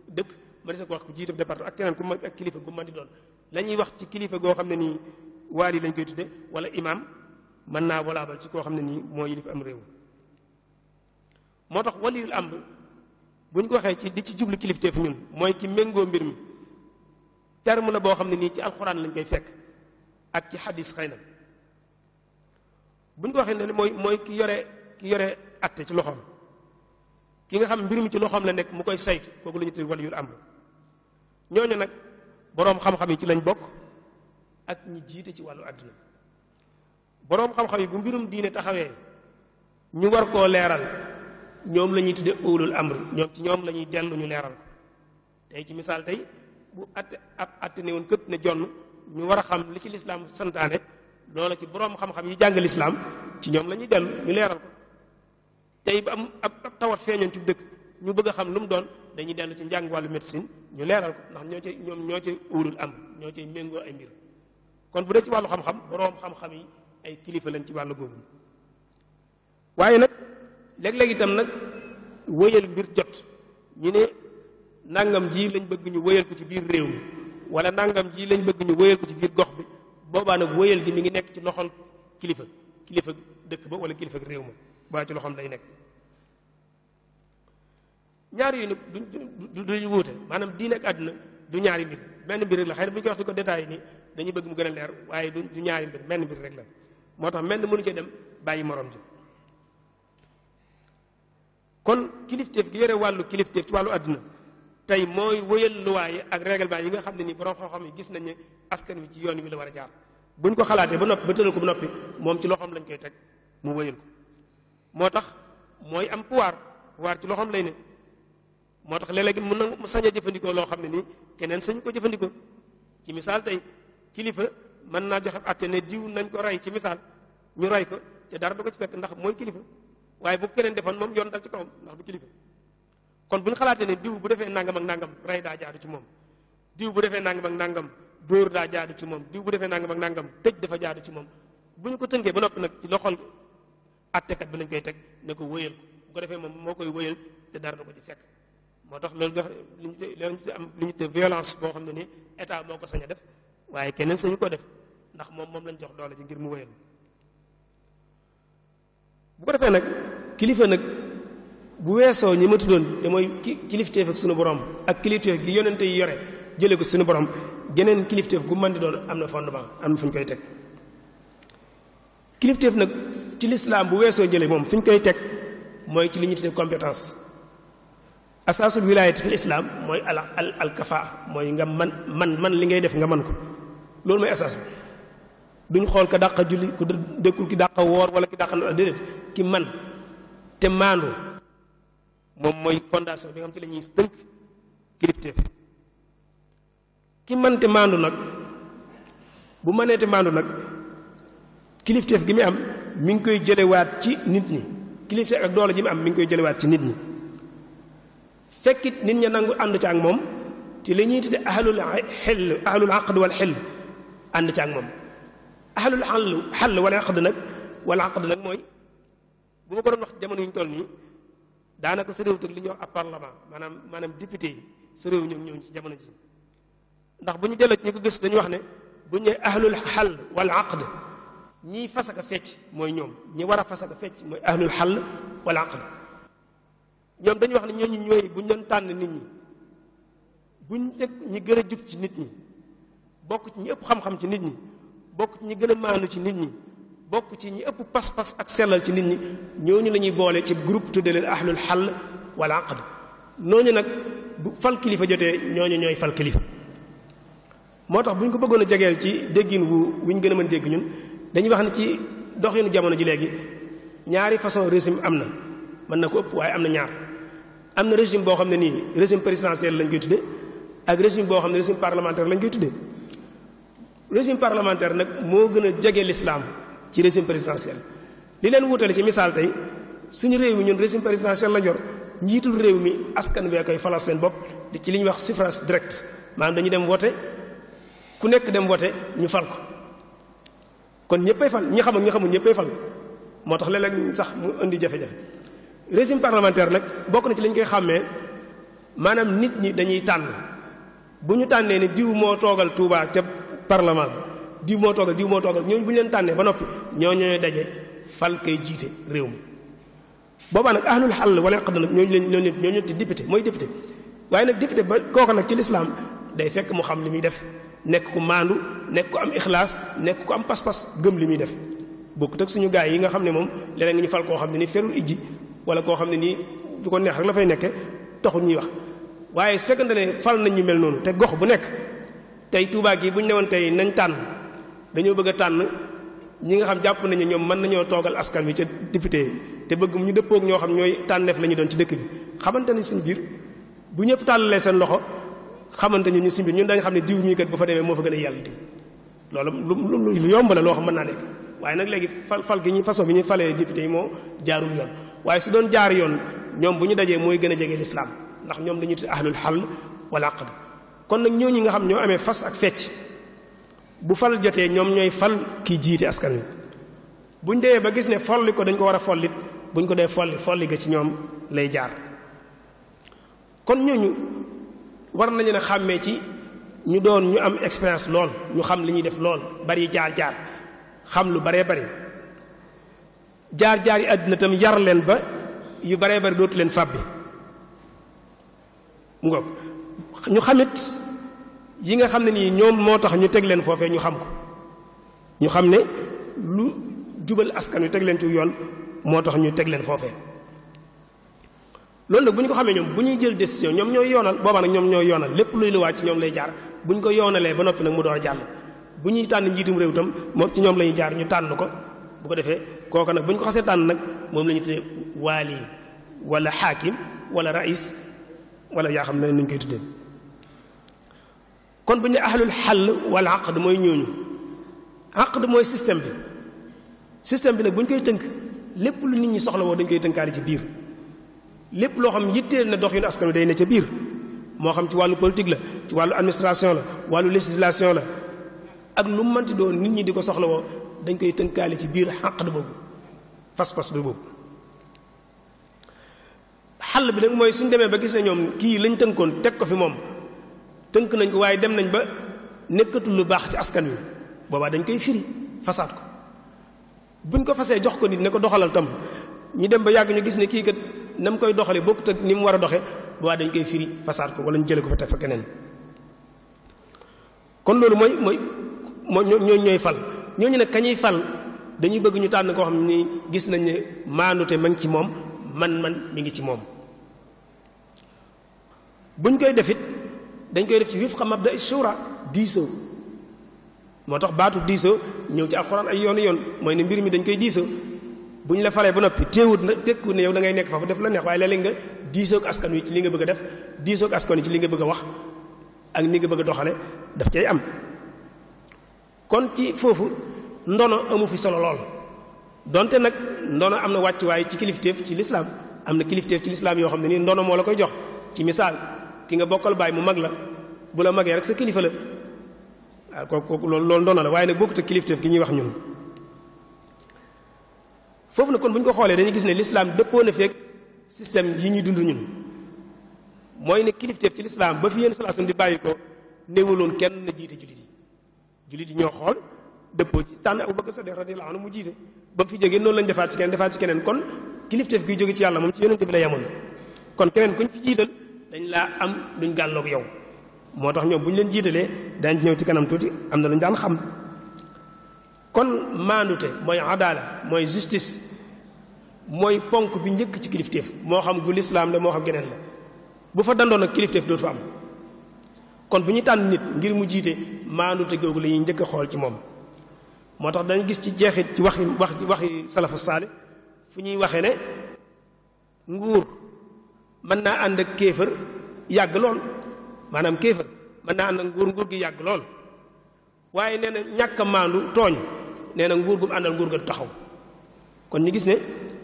dëkk ma des ko wax ku jiitam département ak keneen ku ma gu mën di doon lañuy wax ci kilifa goo xam ne nii waali lañ koy tudde wala imaam mën naa walaabal ci koo xam ne nii mooy yilif am réew tax waliyul amr ko waxee ci di ci jublu kilifteef ñun mooy ki méngoo mbir mi terme la boo xam ne nii ci alxuraan lañ koy fekk ak ci xadis xëy na buñ ko waxee ne mooy mooy ki yore atte ci loxoom ki nga xam mbir mi ci loxoom la nekk mu koy saytu kooku la ñu tudd waliyul amr ñooñu nak borom xam-xam yi ci lañ bok ak ñi jité ci walu aduna borom xam-xam yi bu mbirum diine taxawé ñu war ko léral ñom lañuy tuddé ulul amr ñom ci ñom lañuy ñuy ñu leeral tay ci misal tay bu at ap at ne kep këpp ne jonn ñu wara xam li ci l'islam santané loolu ci borom xam-xam yi jàng l'islam ci ñom lañuy ñuy ñu léral ko tay bu am ab tawat feñon ci dëkk ñu bëgg xam lu mu doon dañuy dellu ci njàng wàllu médecine ñu leeral ko ndax ñoo ci ñoom ñoo ci uurul am ñoo ci méngoo ay mbir kon bu dee ci wàllu xam-xam boroom xam-xam yi ay kilifa lañ ci wàllu googu waaye nag léeg-léeg itam nag wëyal mbir jot ñu ne nangam ji lañ bëgg ñu wëyal ko ci biir réew mi wala nangam ji lañ bëgg ñu wëyal ko ci biir gox bi boobaa nag wëyal gi mi ngi nekk ci loxoon kilifa kilifa dëkk ba wala kilifa réew ma baa ci loxoom day nekk ñaar yooyu nag du duñu wuute maanaam diine ak àdduna du ñaari mbir benn mbir rek la xëy na bu ñu ko wax di ko détaillé nii dañuy bëgg mu gën a leer waaye du du ñaari mbir benn mbir rek la moo tax menn mënu cee dem bàyyi morom kon kilifteef gi yore wàllu kilifteef ci wàllu àdduna tey mooy wëyal luwaaye ak règlement yi nga xam ne nii borom xam-xam yi gis nañ ne askan wi ci yoon wi la war a jaar buñ ko xalaatee ba noppi ba tëral ko ba noppi moom ci loxoom lañ koy teg mu wëyal ko moo tax mooy am pouvoir pouvoir ci loxoom lay ne moo tax léeg-léeg mën na mu sañ a jëfandikoo loo xam ne nii keneen sañ ko jëfandikoo ci misaal tey kilifa mën naa joxe atte ne diw nañ ko rey ci misaal ñu rey ko te dara du ko ci fekk ndax mooy kilifa waaye bu keneen defoon moom yoon dal ci kawam ndax du kilifa kon bu ñu xalaatee ne diw bu defee nangam nangam rey daa jaadu ci moom diw bu defee nangam ak nangam dóor daa jaadu ci moom diw bu defee nangam ak nangam tëj dafa jaadu ci moom bu ko tënkee ba noppi nag ci loxol attekat bi lañ koy teg ne ko wëyal ko defee moom moo koy wëyal te dara du ko ci fekk moo tax loolu nga loolu am li ñu te violence boo xam ne ni état moo ko sañ a def waaye keneen sañu ko def ndax moom moom lañ jox doole ji ngir mu wéyal bu ko defee nag kilifa nag bu weesoo ñi ma tuddoon te mooy kilifteef ak sunu borom ak kilifteef gi yonente yi yore jëlee ko sunu borom geneen kilifteef gu mën di doon am na fondement am fu ñu koy teg kilifteef nag ci lislaam bu weesoo jëlee moom fi ñu koy teg mooy ci li ñu tuddee compétence asaasul wilaayati fil islam mooy al al kafaa mooy nga man man man li ngay def nga man ko loolu mooy asaas bi duñ xool ka daq julli ku dëkkul ki dàq woor wala ki dàq na déedéet ki man te maandu moom mooy fondation bi ci la ñuy tënk kilifteef man te nag bu mënee te maandu nag kilifteef gi mu am mi ngi koy jëlewaat ci nit ñi kilifteef ak doole ji mu am mi ngi koy jëlewaat ci nit ñi fekkit nit ñi nangu ànd ci ak mom ci li ñuy tudde ahlul xel ahlul aqd wal xel ànd ci ak mom ahlul hal hal wal aqd nak wal aqd nak moy bu ma ko doon wax jamono ñu toll ni danaka sa réew tëg li ñu wax parlement manam manam député yi sa réew ñoom ñooñu ci jamono ji ndax bu ñu delloo ci ko gis dañu wax ne bu ñe ahlul hal wal aqd ñi fasaka fecc moy ñom ñi wara fasaka fecc moy ahlul hal wal aqd ñoom dañu wax ne ñooñu ñooy bu ñu doon tànn nit ñi buñ njëkk ñi gën a jub ci nit ñi bokk ci ñi ëpp xam-xam ci nit ñi bokk ci ñi gën a maanu ci nit ñi bokk ci ñi ëpp pas-pas ak sellal ci nit ñi ñooñu la ñuy boole ci groupe tudde leen ahlul xal wala aqd nooñu nag bu fal kilifa jotee ñooñu ñooy fal kilifa moo tax bu ñu ko bëggoon a jegeel ci déggin wu wu ñu gën a mën dégg ñun dañuy wax ne ci doxinu jamono ji léegi ñaari façon régime am na mën na ko ëpp waaye am na ñaar am na régime boo xam ne nii régime présidentiel lañ koy tudde ak régime boo xam ne régime parlementaire lañ koy tudde régime parlementaire nag moo gën a jege lislaam ci régime présidentiel li leen wutale ci misaal tey suñu réew mi ñun régime présidentiel la ñor njiitul réew mi askan wee koy falal seen bopp di ci li ñuy wax suffrage direct maanaam dañu dem wote ku nekk dem wote ñu fal ko kon ñëppay fal ñi xamul ñu xamul ñëppay fal moo tax léeg sax mu indi jafe régime parlementaire nag bokk na ci lañ koy xàmmee maanaam nit ñi dañuy tànn bu ñu tànnee ne diw moo toogal tuubaa ca parlement bi diw moo toogal diw moo toogal ñooñu bu ñu leen tànnee ba noppi ñoo ñooy daje fal kay jiite réew mi boobaa nag ahlul xàll wala xadd nag ñooñu leen ñooñu ñoo ñetti député mooy député waaye nag député ba kooka nag ci lislaam day fekk mu xam li muy def nekk ku maandu nekk ku am ixlaas nekk ku am pas-pas gëm li muy def bokkut ak suñu gaay yi nga xam ne moom leneen nga ñu fal koo xam ne ni ferul ijji wala koo xam ne nii du ko neex rek la fay nekke taxul ñuy wax waaye su fekkante ne fal nañ ñu mel noonu te gox bu nekk tey Touba gi bu ñu newoon tey nañ tànn dañoo bëgg tànn ñi nga xam jàpp nañu ñoom mën nañoo toogal askan bi ca député yi te bëgg ñu dëppook ñoo xam ñooy tànneef la ñu doon ci dëkk bi xamante ne suñ biir bu ñëpp tàllalee seen loxo xamante ñu ñu suñ biir ñun dañu xam ne diw ñuy kat bu fa demee moo fa gën a yàlla diw loolu lu yomb la loo xam mën naa waaye nag léegi fal fal gi ñu façon bi ñuy falee député yi moo jaarul yoon waaye su doon jaar yoon ñoom bu ñu dajee mooy gën a jege lislaam ndax ñoom dañuy tudd ahlul xal wala aqd kon nag ñooñu nga xam ñoo amee fas ak fecc bu fal jotee ñoom ñooy fal kii jiite askan wi buñ demee ba gis ne folli ko dañ ko war a follit buñ ko dee folli folli ga ci ñoom lay jaar kon ñooñu war nañu ne xàmmee ci ñu doon ñu am expérience lool ñu xam li ñuy def lool bari jaar jaar xam lu baree bari jaar-jaar yi àddina tam yar leen ba yu baree bari dootu leen fàbbi mu ngoog ñu xamit yi nga xam ne nii ñoom moo tax ñu teg leen foofee ñu xam ko ñu xam ne lu jubal askan wi teg leen ci yoon moo tax ñu teg leen foofee loolu nag bu ñu ko xamee ñoom bu ñuy jël décision ñoom ñooy yoonal boobaa nag ñoom ñooy yoonal lépp luy luwaat ci ñoom lay jaar bu ñu ko yoonalee ba noppi nag mu door a jàll buñuy tan njitum rew tam mo ci ñom lañu jaar ñu tan ko bu ko defé kooka nak buñ ko xasse tan nak mom lañu ñu wali wala hakim wala rais wala ya xam ñu ngi tuddé kon buñu ahlul hal wal aqd moy ñooñu aqd moy système bi système bi nak buñ koy teunk lépp lu nit ñi soxla wo dañ koy teunkal ci biir lépp lo xam yitteel na dox yu askan day na ci biir mo xam ci walu politique la ci walu administration la walu législation la ak lu mënti doon nit ñi di ko soxla woo dañ koy tënkaale ci biir xàqd boobu fas-fas bi boobu xàll bi nag mooy suñ demee ba gis ne ñoom kii lañ tënkoon teg ko fi moom tënk nañ ko waaye dem nañ ba nekkatul lu baax ci askan wi boobaa dañ koy firi fasaat ko buñ ko fasee jox ko nit ne ko doxalal tam ñu dem ba yàgg ñu gis ne kii kat nam koy doxale bokkut ak ni mu war a dañ koy firi fasaat ko wala ñu jële ko fa teg fa kon loolu mooy mooy moo ñoo ñooy fal ñu nag kañuy fal dañuy bëgg ñu tànn koo xam ni gis nañ ne maanute ma ngi ci moom man-man mi ngi ci moom buñ koy defit dañ koy def ci wif xam mabda shura diisoo moo tax baatu diisoo ñëw ci alxuraan ay yoon yoon mooy ne mbir mi dañ koy diisoo bu ñu la falee ba noppi téewut na tekku ne yow da ngay nekk foofu def la neex waaye léeg nga diisoog askan wi ci li nga bëgg a def diisoog askan wi ci li nga bëgg a wax ak ni nga bëgg a doxale daf cay am kon ci foofu ndono amu fi solo lool donte nag ndono am na wàcc wàccuwaay ci kilifteef ci lislaam am na kilifteef ci lislaam yoo xam ne nii ndono moo la koy jox ci misaal ki nga bokkal baay mu mag la bu la magee rek sa kilifa la waaw kooku loolu loolu ndono la waaye nag bokkut ak kilifteef gi ñuy wax ñun foofu nag kon bu ñu ko xoolee dañuy gis ne lislaam dëppoo na feek système yi ñuy dund ñun mooy ne kilifteef ci lislaam ba fi yéen salaasam di bàyyi ko néewaloon kenn na jiite jullit jullit yi ñoo xool dëppoo ci tànn Abu Bakr Sadiq radiyallahu anhu mu jiite ba fi jógee noonu lañ defaat ci keneen defaat ci kon kilifteef guy jóge ci yàlla moom ci yonente bi la yemoon kon keneen kuñ fi jiital dañ laa am luñ gàlloog yow moo tax ñoom bu ñu leen jiitalee dañ ñëw ci kanam tuuti am na lu ñu daan xam kon maandute mooy adala mooy justice mooy ponk bi njëkk ci kilifteef moo xam gu lislaam la moo xam geneen la bu fa dandoon ak kilifteef dootu fa am kon bu ñu tànn nit ngir mu jiite te googu la ñuy njëkk xool ci moom moo tax dañ gis ci jeexit ci waxi wax waxi salafu saali fu ñuy waxee ne nguur mën naa ànd ak kéefër yàgg lool maanaam kéefër mën naa ànd ak nguur nguur gi yàgg lool waaye nee ñàkka ñàkk maandu tooñ nee na nguur gu mu àndal nguur ga taxaw kon ñu gis ne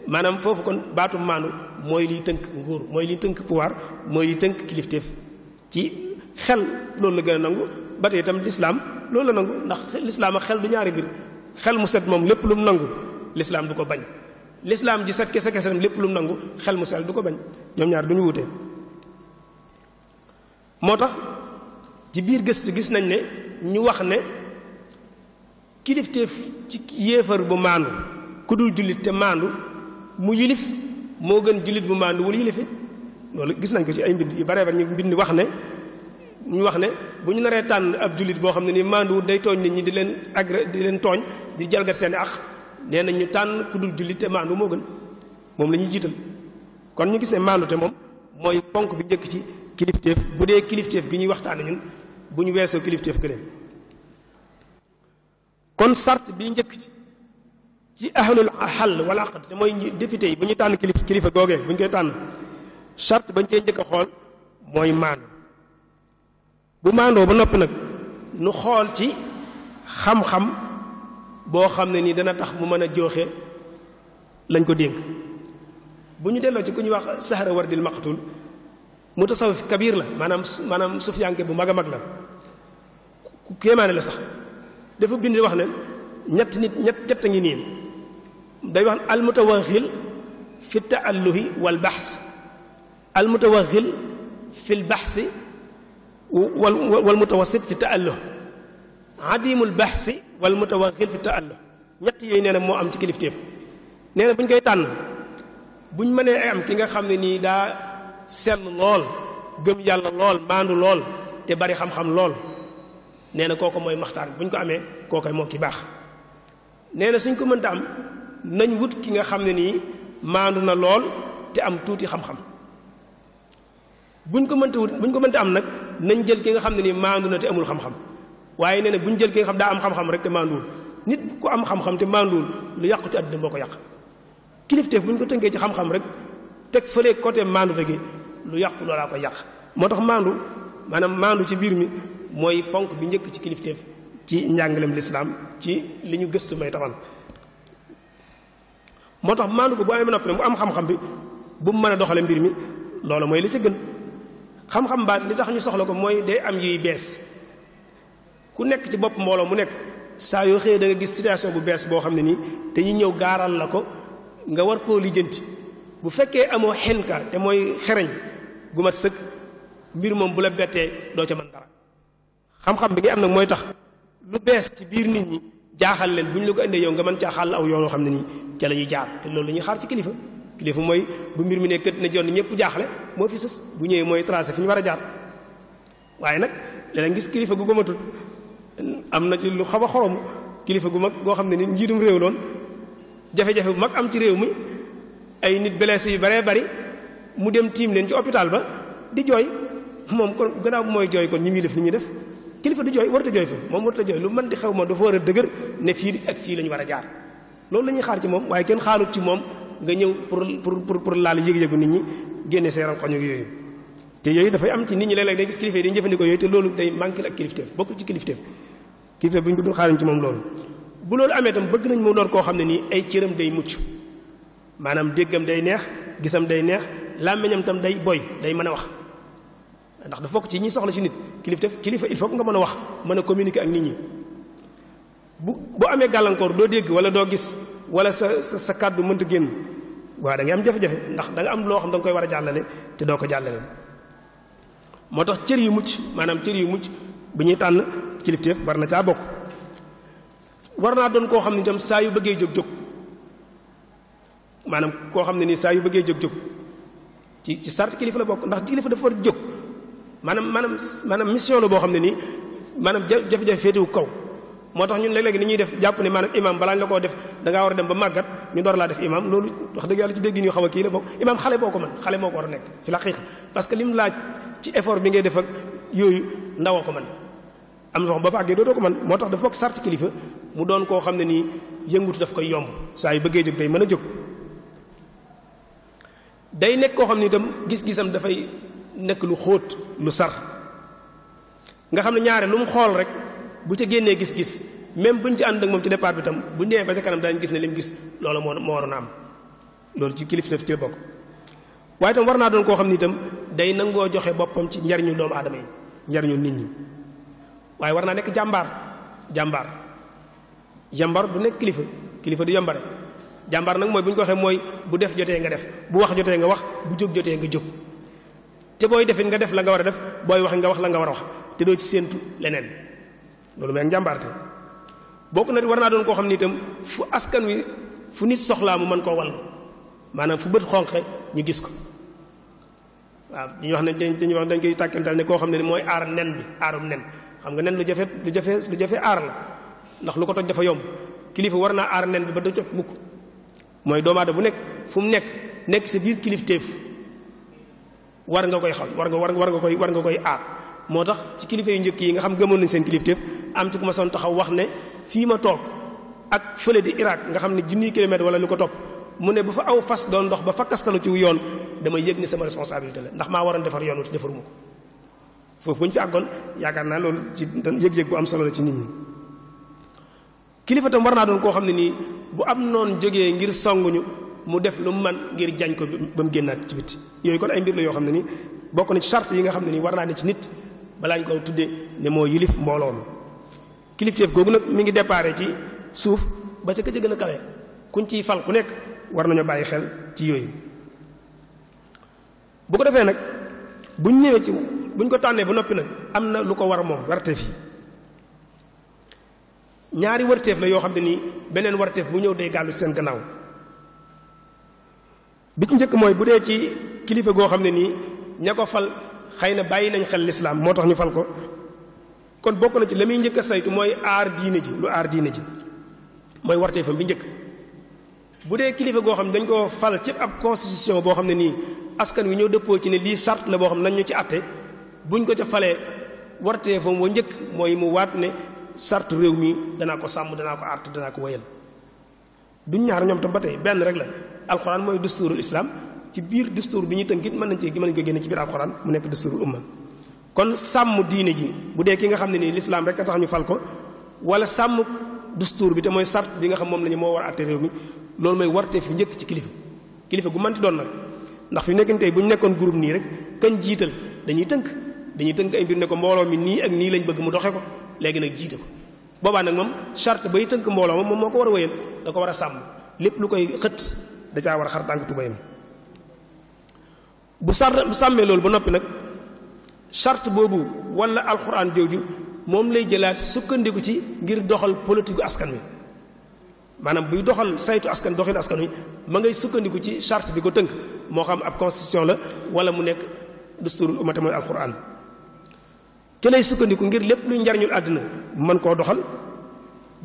maanaam foofu kon baatu maandu mooy liy tënk nguur mooy liy tënk pouvoir mooy liy tënk kilifteef ci xel loolu la gën a nangu ba tey itam lislaam loolu la nangu ndax lislaam ak xel du ñaari mbir xel mu set moom lépp lu mu nangu lislaam du ko bañ lislaam ji set kese kese lépp lu mu nangu xel mu sel du ko bañ ñoom ñaar du ñu wutee moo tax ci biir gëstu gis nañ ne ñu wax ne kilifteef ci yéefar bu maandu ku dul jullit te maandu mu yilif moo gën jullit bu maandu wul yilife loolu gis nañ ko ci ay mbind yu bare bare ñu mbind wax ne ñu wax ne bu ñu naree tànn ab jullit boo xam ne nii maanduwul day tooñ nit ñi di leen agré di leen tooñ di jalgat seen ax nee nañ ñu tànn ku dul jullit te maandu moo gën moom la ñuy jiital kon ñu gisee ne maandu te moom mooy ponk bi njëkk ci kilifteef bu dee kilifteef gi ñuy waxtaan ñun bu ñu weesoo kilifteef këleem kon sart bi njëkk ci ci ahlul xal wala aqd te mooy député yi bu ñu tànn kilif kilifa googee bu ñu koy tànn sart bañ cee njëkk a xool mooy maandu bu mando ba nopi nak nu xol ci xam-xam bo xamne ni dana tax mu meuna joxe lañ ko dénk buñu delo ci kuñu wax sahra wardil maqtul mutasawwif kabir la manam maanaam sufyanke bu maga a mag la ku kéemaane la sax dafa bindi wax ne ñet nit ñet ñett ngi ni day wax al mutawakhil fi taalluhi wal baxs al mutawakhil fi al baxsi wal wal mutawassit fi ta'alluh adimul baxsi wal mutawaxil fi ta'alluh ñett yooyu nee na moo am ci kilifteef nee na bu ñu koy tànn buñ mënee am ki nga xam ne nii daa sell lool gëm yàlla lool maandu lool te bari xam-xam lool nee na kooku mooy maxtaar buñ ko amee kookoy moo ki baax nee na suñ ko mënta am nañ wut ki nga xam ne nii maandu na lool te am tuuti xam-xam buñ ko mënta wut buñ ko mënta am nag nañ jël ki nga xam ne nii maandu na te amul xam-xam waaye nee na buñ jël ki nga xam daa am xam-xam rek te maanduwul nit ku am xam-xam lu yàqu ci àddina moo ko yàq kilifteef buñ ko tënkee ci xam rek teg fële côté maandu gi lu yàqu loolaa koy yàq moo tax maandu maanaam maandu ci biir mi mooy ponk bi njëkk ci kilifteef ci njàngalem lislaam ci li ñu gëstu may tafan tax maandu ko bu amee mu am xam bi bu mën a doxale mbir mi loolu mooy li ca gën xam-xam baat li tax ñu soxla ko mooy day am yuy bees ku nekk ci bopp mbooloo mu nekk saa yoo xëyee danga gis situation bu bees boo xam ne nii dañuy ñëw gaaral la ko nga war koo lijjanti bu fekkee amoo xenka te mooy xereñ gu mat sëkk mbir moom bu la bettee doo ca mën dara xam-xam bi nga am nag mooy tax lu bees ci biir nit ñi jaaxal leen bu ñu la ko indee yow nga mën caa xàll aw yoon yoo xam ne nii ca la ñuy jaar te loolu la ñuy xaar ci kilifa. kilifa mooy bu mbir mi ne kët ne jonn ñëpp jaaxle moo fi sës bu ñëwee mooy tracé fi ñu war a jaar waaye nag léeg gis kilifa gu ko ma matut am na ci lu xaw a xorom kilifa gu mag goo xam ne ni njiitum réew loon jafe-jafe bu mag am ci réew mi ay nit blessé yu baree bari mu dem tiim leen ci hôpital ba di jooy moom kon gannaaw mooy jooy kon ñi muy def ni ñuy def kilifa du jooy warut a jooy fa moom warut a jooy lu mën di xew ma dafa war a dëgër ne fii ak fii la war a jaar nga ñëw pour pour pour laal yëg-yëgu nit ñi génne say rankoñ ak yooyu te yooyu dafay am ci nit ñi léeg-léeg day gis kilifa yi dañuy jëfandikoo yooyu te loolu day manqué ak kilifteef bokk ci kilifteef kilifteef bu ñu ci moom loolu bu loolu amee tam bëgg nañ mu doon koo xam ne nii ay cëram day mucc maanaam déggam day neex gisam day neex làmmeñam tam day boy day mën a wax ndax dafa bokk ci ñi soxla ci nit kilifteef kilifa il faut nga mën a wax mën a communiquer ak nit ñi bu bu amee gàllankoor doo dégg wala doo gis wala sa sa sa kàddu mënta génn waaye da am jafe-jafe ndax da am loo xam danga nga koy war a jàllale te doo ko jàllale moo tax cër yu mucc maanaam cër yu mucc bu ñuy tànn kilifteef war na caa bokk war naa doon koo xam ne itam saa yu bëggee jóg jóg maanaam koo xam ne nii saa yu bëggee jóg jóg ci ci sart kilifa la bokk ndax kilifa dafa war jóg maanaam maanaam maanaam mission la boo xam ne nii maanaam jafe-jafe féetewu kaw moo tax ñun léeg-léeg ni ñuy def jàpp ne maanaam imam balaañ la koo def da ngaa war a dem ba màggat ñu door laa def imam loolu wax dëgg yàlla ci déggin yu xaw a kii la bokk imam xale boo ko mën xale moo ko war a nekk fi la xiiqa parce que lim laaj ci effort bi ngay def yooyu ndawoo ko man am na wax ba fa àggee dootoo ko man moo tax dafa bokk sart kilifa mu doon koo xam ne nii yëngutu daf koy yomb saa yi bëggee jóg day mën a jóg day nekk koo xam ne itam gis-gisam dafay nekk lu xóot lu sar nga xam ne ñaare lu mu xool rek bu ci genné gis-gis même buñ ci and ak mom ci départ bi tam bu demee ba ci kanam daañu gis né lim gis loolu mo waru na am loolu ci kilif def ci bok waye tam war na doon ko xamni tam day nango joxe bopam ci ñarñu doom adamay ñarñu nit ñi waye war na Jambar jambar jambar jambar du nek kilifa kilifa du jambar jambar nak moy buñ ko xé moy bu def jotee nga def bu wax jotee nga wax bu jog jotee nga jog te boy nga def la nga war def boy wax nga wax la nga war wax te do ci sentu lenen loolu mooy ak njàmbaarte bokk na war naa doon koo xam ni itam fu askan wi fu nit soxlaa mu mën koo wall maanaam fu bët xonqe ñu gis ko waaw ñu wax ne dañuy wax dañ koy tàkkantal ne koo xam ne mooy aar nen bi aarum nen xam nga nen lu jafe lu jafe lu jafe aar la ndax lu ko toj dafa yomb kilifa war naa aar nen bi ba du toj mukk mooy doomu aadama bu nekk fu mu nekk nekk sa biir kilifteef war nga koy xam war nga war nga koy war nga koy aar motax ci kilifa yu ñëk yi nga xam gëmoon nañ seen kilifteef am ci kuma son taxaw wax ne fi ma tok ak fele di iraq nga xam ne jinni kilomètre wala lu ko mu ne bu fa aw fas doon dox ba fa kastalu ci yoon dama yegg ni sama responsabilité la ndax ma waroon defar yoonu ci defaruma ko fofu buñ fi agon yaakaar naa loolu ci yegg yegg bu am solo la ci nit ñi kilifa tam war naa doon koo xam ne nii bu am noon jógee ngir ñu mu def lu man ngir jañ ko ba mu génnaat ci biti yooyu kon ay mbir la yoo xam ne ni bokk na ci charte yi nga xam ne ni war naa ci nit balaa ñu ko tuddee ne moo yilif mbooloo mi kilifteef googu nag mi ngi déparé ci suuf ba ca këj a gën a kawe kuñ ciy fal ku nekk war nañoo bàyyi xel ci yooyu bu ko defee nag buñ ñëwee ci buñ ko tànnee ba noppi nag am na lu ko war moom warteef yi ñaari warteef la yoo xam ne nii beneen warteef bu ñëw day gàllu seen gannaaw bi ci njëkk mooy bu dee ci kilifa goo xam ne nii ña ko fal xëy na bàyyi nañ xel lislaam moo tax ñu fal ko kon bokk na ci la muy njëkk a saytu mooy aar diine ji lu aar diine ji mooy warteefam bi njëkk bu dee kilifa goo xam ne dañ koo fal ci ab constitution boo xam ne nii askan wi ñoo dëppoo ci ne lii charte la boo xam ne nañ ci àtte buñ ko ca falee warteefam wa njëkk mooy mu waat ne charte réew mi danaa ko sàmm danaa ko aar danaa ko wéyal duñ ñaar ñoom tam ba tey benn rek la alxuraan mooy dusturul lislaam ci biir dëstuur bi ñuy tënkit mën nañ cee mën nañ ko génne ci biir alxuraan mu nekk dëstuurul umma kon sàmm diine ji bu dee ki nga xam ne nii lislaam rek a tax ñu fal ko wala sàmm dëstuur bi te mooy sart bi nga xam moom la ñu moo war a àtte réew mi loolu mooy warte fi njëkk ci kilifa kilifa gu mënti doon nag ndax fi nekkin tey bu ñu nekkoon groupe nii rek kañ jiital dañuy tënk dañuy tënk ay mbir ne ko mbooloo mi nii ak nii lañ bëgg mu doxee ko léegi nag jiite ko boobaa nag moom charte bay tënk mbooloo moom moo ko war a wéyal da ko war a sàmm lépp lu koy xët da caa war a xar tànk tubayam bu sar sàmmee loolu ba noppi nag charte wala alquran jooju mom lay jëlaat sukkandiku ci ngir doxal politique askan wi manam buy doxal saytu askan doxil askan wi ma ngay sukkandiku ci charte bi ko teunk mo xam ab constitution la wala mu nek dusturul umata mooy alquran ci lay sukkandiku ngir lepp lu njariñul aduna man ko doxal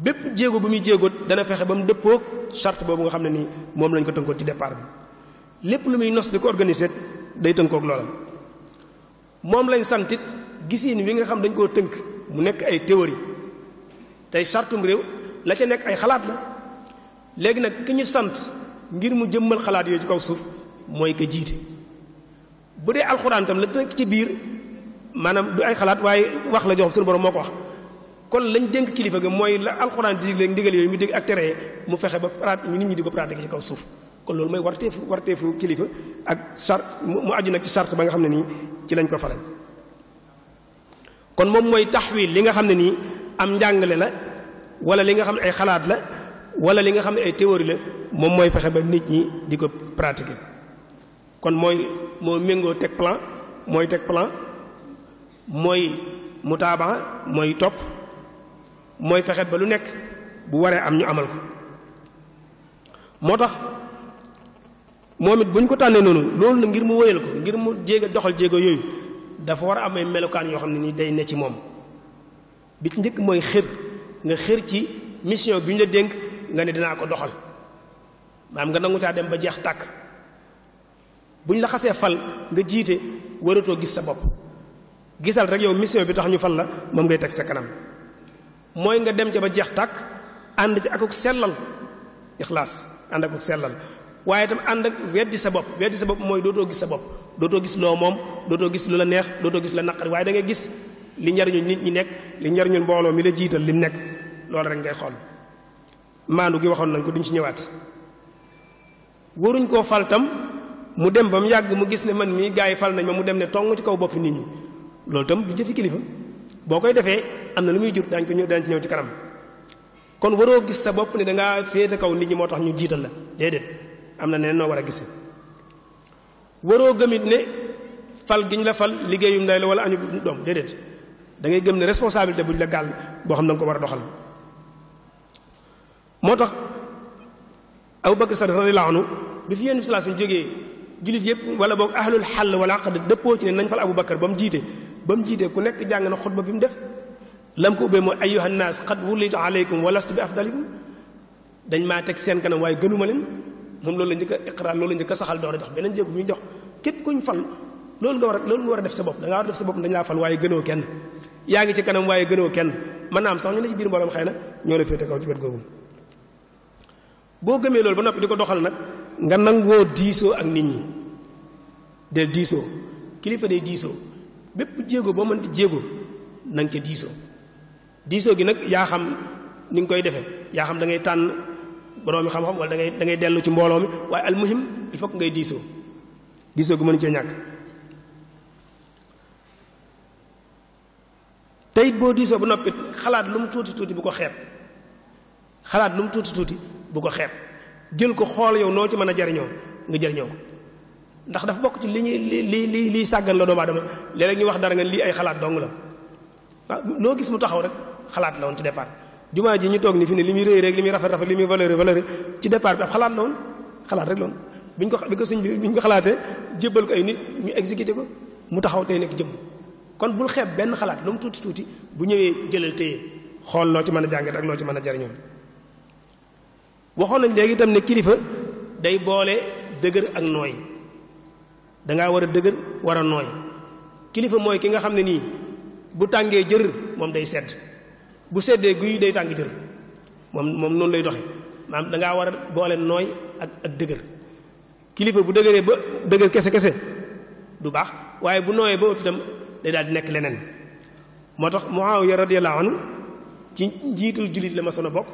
bepp jéego bu mi jéego dana fexé bam deppok dëppoog charte boobu nga xamné ni mom lañ ko ci départ bi lepp lu muy nos di ko organiser day tënkook loola moom lañ santit gisiin wi nga xam dañ koo tënk mu nekk ay théorie tey sartum réew la ca nekk ay xalaat la léegi nag ki ñu sant ngir mu jëmmal xalaat yooyu ci kaw suuf mooy ko jiite bu dee alxuraan tam la tënk ci biir maanaam du ay xalaat waaye wax la joxam suñu borom moo ko wax kon lañ dénk kilifa ga mooy la alxuraan di digle ndigal yooyu mu dégg ak tere mu fexe ba praat ñu nit ñi di ko pratiquer ci kaw suuf kon loolu mooy warteefu warteefu kilifa ak sar mu aju nag ci sart ba nga xam ne nii ci lañ ko faral kon moom mooy taxwiil li nga xam ne nii am njàngale la wala li nga xam ne ay xalaat la wala li nga xam ne ay théorie la moom mooy fexe ba nit ñi di ko pratiquer kon mooy moo méngoo teg plan mooy teg plan mooy mutaaba mooy topp mooy fexe ba lu nekk bu waree am ñu amal ko moo tax moom it bu ñu ko tànnee noonu loolu na ngir mu wóyal ko ngir mu jéega doxal jéego yooyu dafa war a amee melokaan yoo xam ne ni day ne ci moom bi ci njëkk mooy xër nga xër ci mission bi ñu la dénk nga ne dinaa ko doxal maam nga nangu caa dem ba jeex tàkk bu ñu fal nga jiite waratoo gis sa bopp gisal rek yow mission bi tax ñu fal la moom ngay teg sa kanam mooy nga dem ca ba jeex tàkk ànd ci akuk sellal ixlaas ànd akuk sellal waaye itam ànd ak weddi sa bopp weddi sa bopp mooy dootoo gis sa bopp dootoo gis loo moom dootoo gis lu la neex dootoo gis la naqari waaye dangay gis li njariñu nit ñi nekk li njariñu mbooloo mi la jiital li mu nekk loolu rek ngay xool maandu gi waxoon nañ ko duñ ci ñëwaat waruñ koo fal tam mu dem ba mu yàgg mu gis ne man mii gars yi fal nañ ma mu dem ne tong ci kaw boppi nit ñi loolu tam du jëfi kilifa boo koy defee am na lu muy jur daañ ko ñëw daañ ñëw ci kanam kon waroo gis sa bopp ne dangaa féete kaw nit ñi moo tax ñu jiital la déedéet amna neen no wara gisse a gise gëmit ne fal giñ la fal ligéyum nday la wala añu dom dedet da ngay gëm ne responsabilité buñ la gal bo xam na ko wara doxal motax aw Bakr Sadiq radhiyallahu anhu bi fi sallallahu alayhi wasallam joge julit yep wala bok ahlul hal wala aqd depo ci ne nañ fal abou Bakr bam jité bam jité ku nek jàng na khutba bim def lam ko ubbe mo ayyuhan nas qad wullitu alaykum wa lastu bi afdalikum dañ ma tek sen kanam way gënuma len moom loolu la njëkk a iqraar loolu la njëkk a saxal door a jox beneen jéego muy jox képp kuñ fal loolu nga war a war def sa bopp da def sa bopp dañ laa fal waaye gënoo kenn yaa ngi ci kanam waaye gënoo kenn mën naa am sax ñu ne ci biir mbooloom xëy na ñoo la féete kaw ci wet googu boo gëmee loolu ba noppi di ko doxal nag nga nangoo diisoo ak nit ñi del diisoo kilifa day diisoo bépp jéego boo mënti jéego na nga ca diisoo diisoo gi nag yaa xam ni nga koy defee yaa xam da ngay tànn boromi xam-xam wala da ngay da ngay dellu ci mbolo mi waaye al muhim il faut ngay diso diso gu mën ci ñak tay bo diso bu noppit xalaat lu mu tuti tuuti bu ko xeb xalaat lu mu tuti tuuti bu ko xeb jël ko xol yow no ci mëna a nga jariñoo ndax dafa bok ci li li li li sagal la do ma dama léeg ñu wax dara nga li ay xalaat dong la waaw gis mu taxaw rek xalaat la won ci départ jumaa ji ñu toog ni fi ne li muy rëy rek li muy rafet rafet li muy valeur valeur ci départ bi ab xalaat la woon xalaat rek la woon biñ ko bi ko sëñ bi biñ ko xalaatee jébbal ay nit ñu exécuté ko mu taxaw tey nekk jëm kon bul xeeb benn xalaat lu tuuti tuuti bu ñëwee jëlal téye xool ci mën a jàngat ak loo ci mën a jariñoon waxoon nañ léegi itam ne kilifa day boole dëgër ak nooy dangaa war a dëgër war a nooy kilifa mooy ki nga xam ne nii bu tàngee jër moom day sedd bu seddee guy day tàng jër moom moom noonu lay doxe maanaam da war a boole nooy ak ak dëgër kilifa bu dëgëree ba dëgër kese kese du baax waaye bu nooyee ba ëpp itam day daal di nekk leneen moo tax Muawiya radiyallahu anhu ci njiitul jullit bokk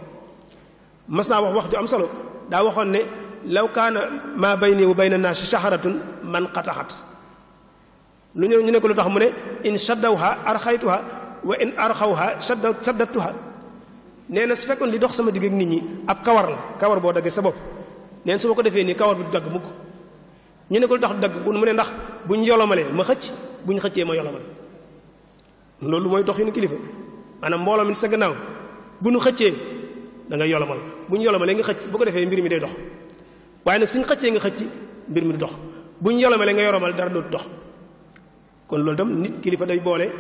mas naa wax wax ju am solo daa waxoon ne law kaana maa bayni wa bayna naasi shaharatun man qataxat lu ñu ñu tax mu ne in shaddawha wa in arkhawha saddatuha nee neena su fekkon li dox sama digg ak nit ñi ab kawar la kawar bo dagge sa bop neen su ko defee kawar bu dagg ko ñu ne ko tax dagg mu ne ndax buñ yolomalee ma xëcc buñ xëccee ma yolomal loolu mooy doxinu kilifa maanaam mbooloo mi sa gannaaw bu nu xëccee da nga yolomal buñ yolomalee nga xëcc bu ko defee mbir mi day dox waaye nag suñ xëccee nga xëcc mbir mi du dox buñ yolomalee nga yoromal dara dootu dox kon loolu tam nit kilifa day boole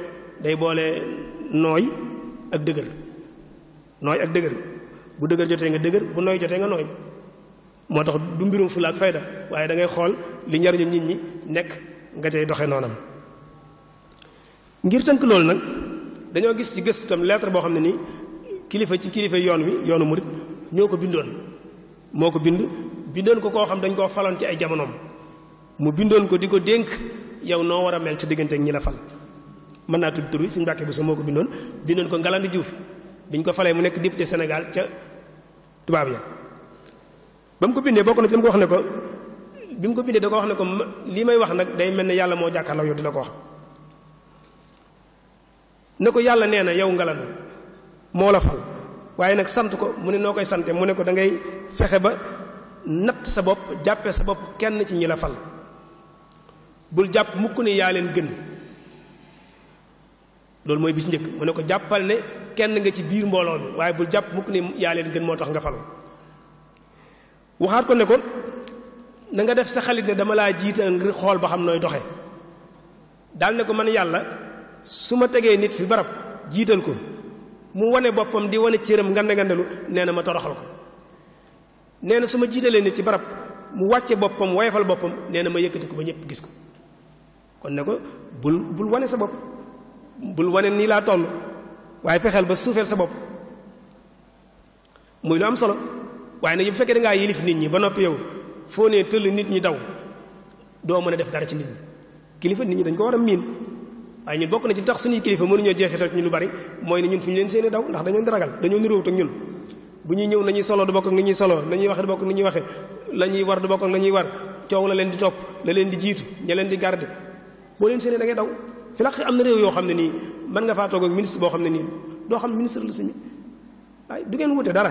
day boole nooy ak dëgër nooy ak dëgër bu dëgër jotee nga dëgër bu nooy jotee nga nooy moo tax du mbirum fula ak fayda waaye da ngay xool li njariñum nit ñi nekk nga cay doxe noonam ngir tënk loolu nag dañoo gis ci gëstu tam lettre boo xam ne nii kilifa ci kilifa yoon wi yoonu murit ñoo ko bindoon moo ko bind bindoon ko koo xam dañ koo faloon ci ay jamonoom mu bindoon ko di ko dénk yow noo war a mel ci diggante ak ñi la fal mën naa tudd tur bi suñu Mbàkke bu sa moo ko bindoon bindoon ko Ngalandou Diouf biñ ko falee mu nekk député Sénégal ca tubaab ya ba mu ko bindee bokk na ci li mu wax ne ko bi ko bindee da wax ne ko lii may wax nag day mel ne yàlla moo jàkkaarloo yow di la ko yàlla nee na yow Ngalandou moo la fal waaye nag sant ko mu ne noo koy sante mu ne ko da ngay fexe ba natt sa bopp jàppe sa bopp kenn ci ñi la fal bul jàpp mukk ne yaa leen gën loolu mooy bis njëkk mu ne ko jàppal ne kenn nga ci biir mbooloo mi waaye bul jàpp mukk ne yaa leen gën moo tax nga falu waxaat ko ne ko na nga def sa xalit ne dama laa jiital ngir xool ba xam nooy doxe daal ne ko man yàlla su ma tegee nit fi barab jiital ko mu wane boppam di wane cëram ngande ngandelu nee na ma toroxal ko nee na su ma jiitalee nit ci barab mu wàcce boppam woyefal boppam nee na ma yëkkati ko ba ñëpp gis ko kon ne ko bul bul wane sa bopp bul wonen ni la toll waye fexel ba soufel sa bop muy lu am solo waye na yëpp fekke da nga yelif nit ñi ba nopi yow foo nee tëll nit ñi daw do meuna def dara ci nit ñi kilifa nit ñi dañ ko wara a ay ñu bokku na ci tax suñu kilifa mënuñoo jeexital ci ñu lu bari moy ni ñun fuñu leen seeni daw ndax dañu di dañu dañoo niroowut ñun bu ñuy ñew nañuy solo du bokk nga ñuy solo nañuy waxe du bokk ak ni waxe lañuy war du bokk ak la war ciow la leen di top la leen di jitu ña leen di garder bo leen seeni da ngay daw fi la am na réew yoo xam ne nii mën nga faa toog ak ministre boo xam ne nii doo xam ministre la suñu waaye du ngeen wute dara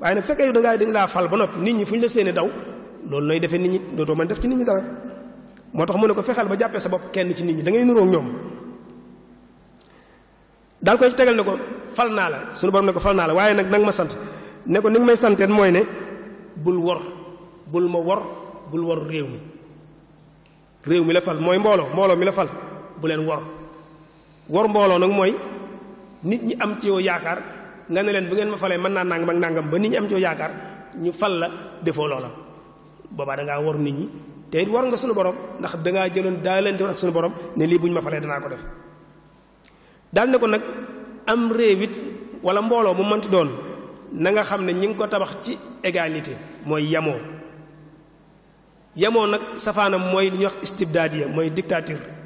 waaye nag fekkee da ngaa dañ laa fal ba noppi nit ñi fu ñu la séenee daw loolu nooy defee nit ñi dootoo man def ci nit ñi dara moo tax mu ne ko fexeel ba jàppee sa bopp kenn ci nit ñi da ngay nuroo ñoom daal koy tegal ne ko fal naa la suñu borom ne ko fal naa la waaye nag nag ma sant ne ko ni may santeen mooy ne bul wor bul ma wor bul réew mi réew mi la mbooloo mi la fal bu war, wor wor mbolo nak moy nit ñi am ci yow yaakar nga ne len bu ngeen ma falé man na nang ak nangam ba nit ñi am ci yow yaakar ñu fal la defo lolam boba da nga wor nit ñi te wor nga suñu borom ndax da ngaa jëloon daalante woon ak suñu borom ne li buñ ma falee danaa ko def dal ne ko nak am rewit wala mbolo mu mënti doon na nga xamne ñing ko tabax ci égalité moy yamo yamo nak safana moy li ñu wax istibdadiya moy dictature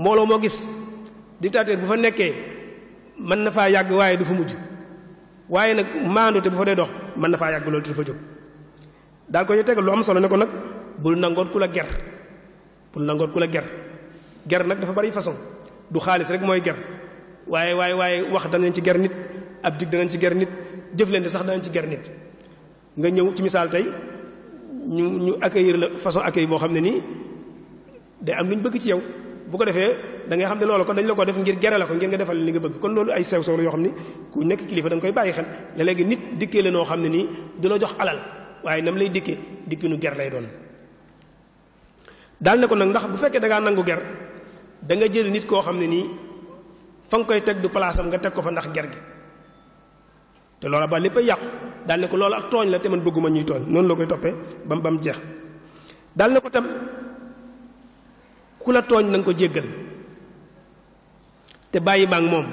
mbooloo moo gis dictateur bu fa nekkee mën na faa yàgg waaye du fa mujj waaye nag maandu te bu fa dee dox mën na faa yàgg loolu te du fa jóg daal ko ñu tegal lu am solo ne ko nag bul nangoot ku la ger bul nangoot ku la ger ger nag dafa bari façon du xaalis rek mooy ger waaye waaye waaye wax danañ ci ger nit ab dig danañ ci ger nit jëflante sax danañ ci ger nit nga ñëw ci misaal tey ñu ñu accueillir la façon accueil boo xam ne nii day am lu ñu bëgg ci yow bu ko defee da xam ne loolu kon dañ la ko def ngir gere la ko ngir nga defal li nga bëgg kon loolu ay sew sew la yoo xam ne ku nekk kilifa da nga koy bàyyi xel nit dikkee la noo xam ne nii du la jox alal waaye nam lay dikkee dikki nu ger lay doon daal nag ndax bu fekkee da ngaa nangu ger da nga jël nit koo xam ne nii fa nga koy teg du place am nga teg ko fa ndax ger gi te ba lépp a yàqu loolu ak tooñ la te bëgguma ñuy tooñ noonu la koy toppee bam bam jeex daal ne ko tam ku la tooñ na nga ko jéggal te bàyyi maag moom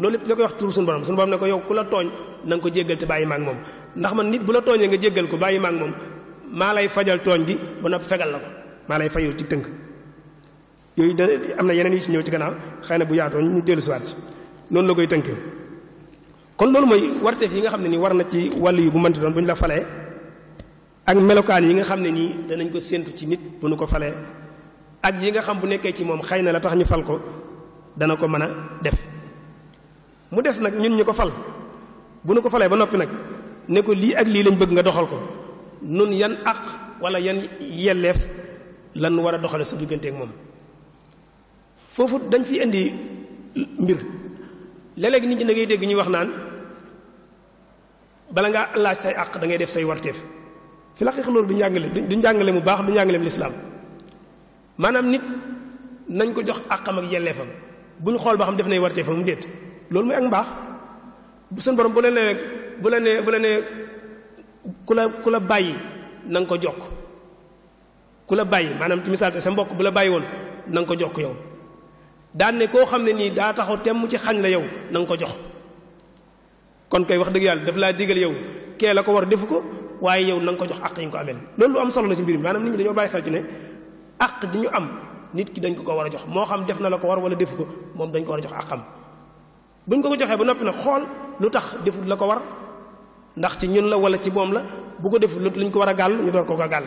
loolu lépp la koy wax tur suñu am suñu borom ne ko yow ku la tooñ na nga ko jéggal bàyyi maag moom ndax man nit bu la tooñee nga jéggal ko bàyyi maag moom maa lay fajal tooñ gi ba nopp fegal la ko maa lay fayul ci tënk yooyu da am na yeneen yi ci ñëw ci gannaaw xëy na bu yaatoo ñu dellu siwaat ci noonu la koy tënkee kon loolu mooy warteef yi nga xam ne nii war na ci wàll yi bu mënti doon bu ñu la falee ak melokaan yi nga xam ne nii danañ ko séentu ci nit bu ñu ko falee ak yi nga xam bu nekkee ci moom xëy na la tax ñu fal ko dana ko mën def mu des nag ñun ñu ko fal bu nu ko falee ba noppi nag ne ko lii ak lii lañ bëgg nga doxal ko nun yan ak wala yan yelleef lan war a doxale sa digganteeg moom foofu dañ fi indi mbir léeg-léeg nit ñi da ngay dégg ñuy wax naan bala nga laaj say ak da ngay def say warteef fi la loolu du njàngale du njàngale mu baax du l'islam maanaam nit nañ ko jox àqam ak yelleefam bu ñu xool ba xam def nay wartee fa mu déet loolu mooy ak mbaax bu seen borom bu la nee bu la nee bu la ku la ku la bàyyi na ko jokk ku la bàyyi maanaam ci misaal sa mbokk bu la bàyyi woon na nga ko jokk yow daan ne koo xam ne nii daa taxaw temm ci xañ la yow na nga ko jox kon kay wax dëgg yàlla daf laa digal yow kee la ko war defu ko waaye yow na nga ko jox àq yi ko amel loolu lu am solo la ci mbir mi maanaam nit ñi dañoo bàyyi xel ci ne ak gi ñu am nit ki dañ ko ko wara jox mo xam def na la ko war wala def ko mom dañ ko wara jox akam buñ ko ko joxe bu nopi nag xol lutax deful la ko war ndax ci ñun la wala ci mom la bu ko deful luñ ko wara gal ñu door ko ko gal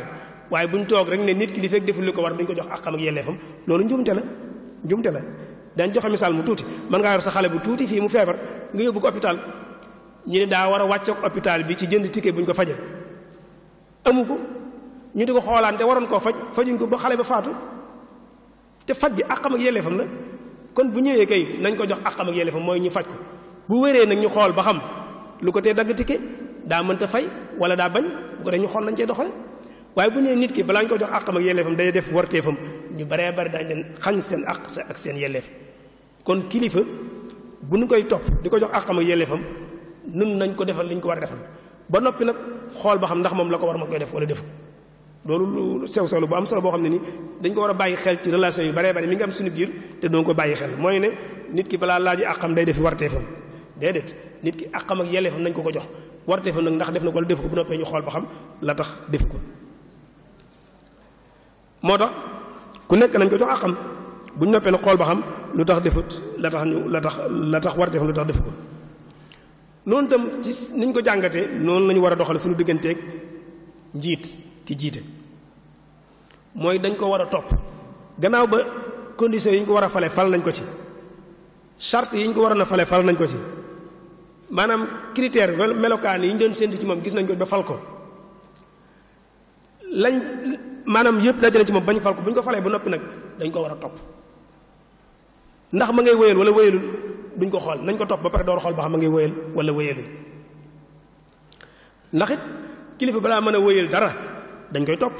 waye buñ tok rek ne nit ki li fek deful li ko war duñ ko jox akam ak yelefam lolu njumte la njumte la dañ joxe misal mu tuti man nga yor sa xale bu tuti fi mu febar nga yobbu ko hôpital ñi ne daa hôpital bi ci jënd ticket buñ ko faje amu ñu di ko xoolaan te waroon koo faj fajuñ ko ba xale ba faatu te faj gi xam ak yelleefam la kon bu ñëwee kay nañ ko jox àqam ak yelleefam mooy ñu faj ko bu wéree nag ñu xool ba xam lu ko tee dagg tikke daa mënta fay wala daa bañ bu ñu xool lañ cee doxale waaye bu ñëwee nit ki balaa ñu jox àqam ak yelleefam day def warteefam ñu baree bari daañ leen xañ seen àq ak seen yelleef kon kilifa bu nu koy topp di ko jox àqam ak yelleefam nun nañ ko defal li ñu ko war a defal ba noppi nag xool ba xam ndax moom la ko war ma koy def wala def loolu lu sew solo bu am solo boo xam ne nii dañ ko war a bàyyi xel ci relation yi baree bari mi ngi am suñu biir te doon ko bàyyi xel mooy ne nit ki balaa laaj ak xam day def warteefam déedéet nit ki ak xam nañ ko ko jox warteefam nag ndax def na ko wala def ko bu noppee ñu xool ba xam la tax def ko tax ku nekk nañ ko jox ak xam bu noppee na xool ba xam lu tax defut la tax ñu la tax la tax warteefam lu tax def ko noonu tam ci niñ ko jàngate noonu la war a doxal suñu digganteeg njiit ki jiite moy dañ ko wara top gannaaw ba condition yiñ ko wara falé fal nañ ko ci charte yiñ ko wara na falé fal nañ ko ci manam critère melokan yiñ doon sent ci mom gis nañ ko ba fal ko lañ yépp yëpp jëlé ci mom bañ fal ko buñ ko falé bu nopi nak dañ ko wara top ndax ma ngay wëyel wala wëyelul duñ ko xol nañ ko top ba paré door xol ba ngay wëyel wala ndax it kilifa bala mëna wëyel dara dañ koy top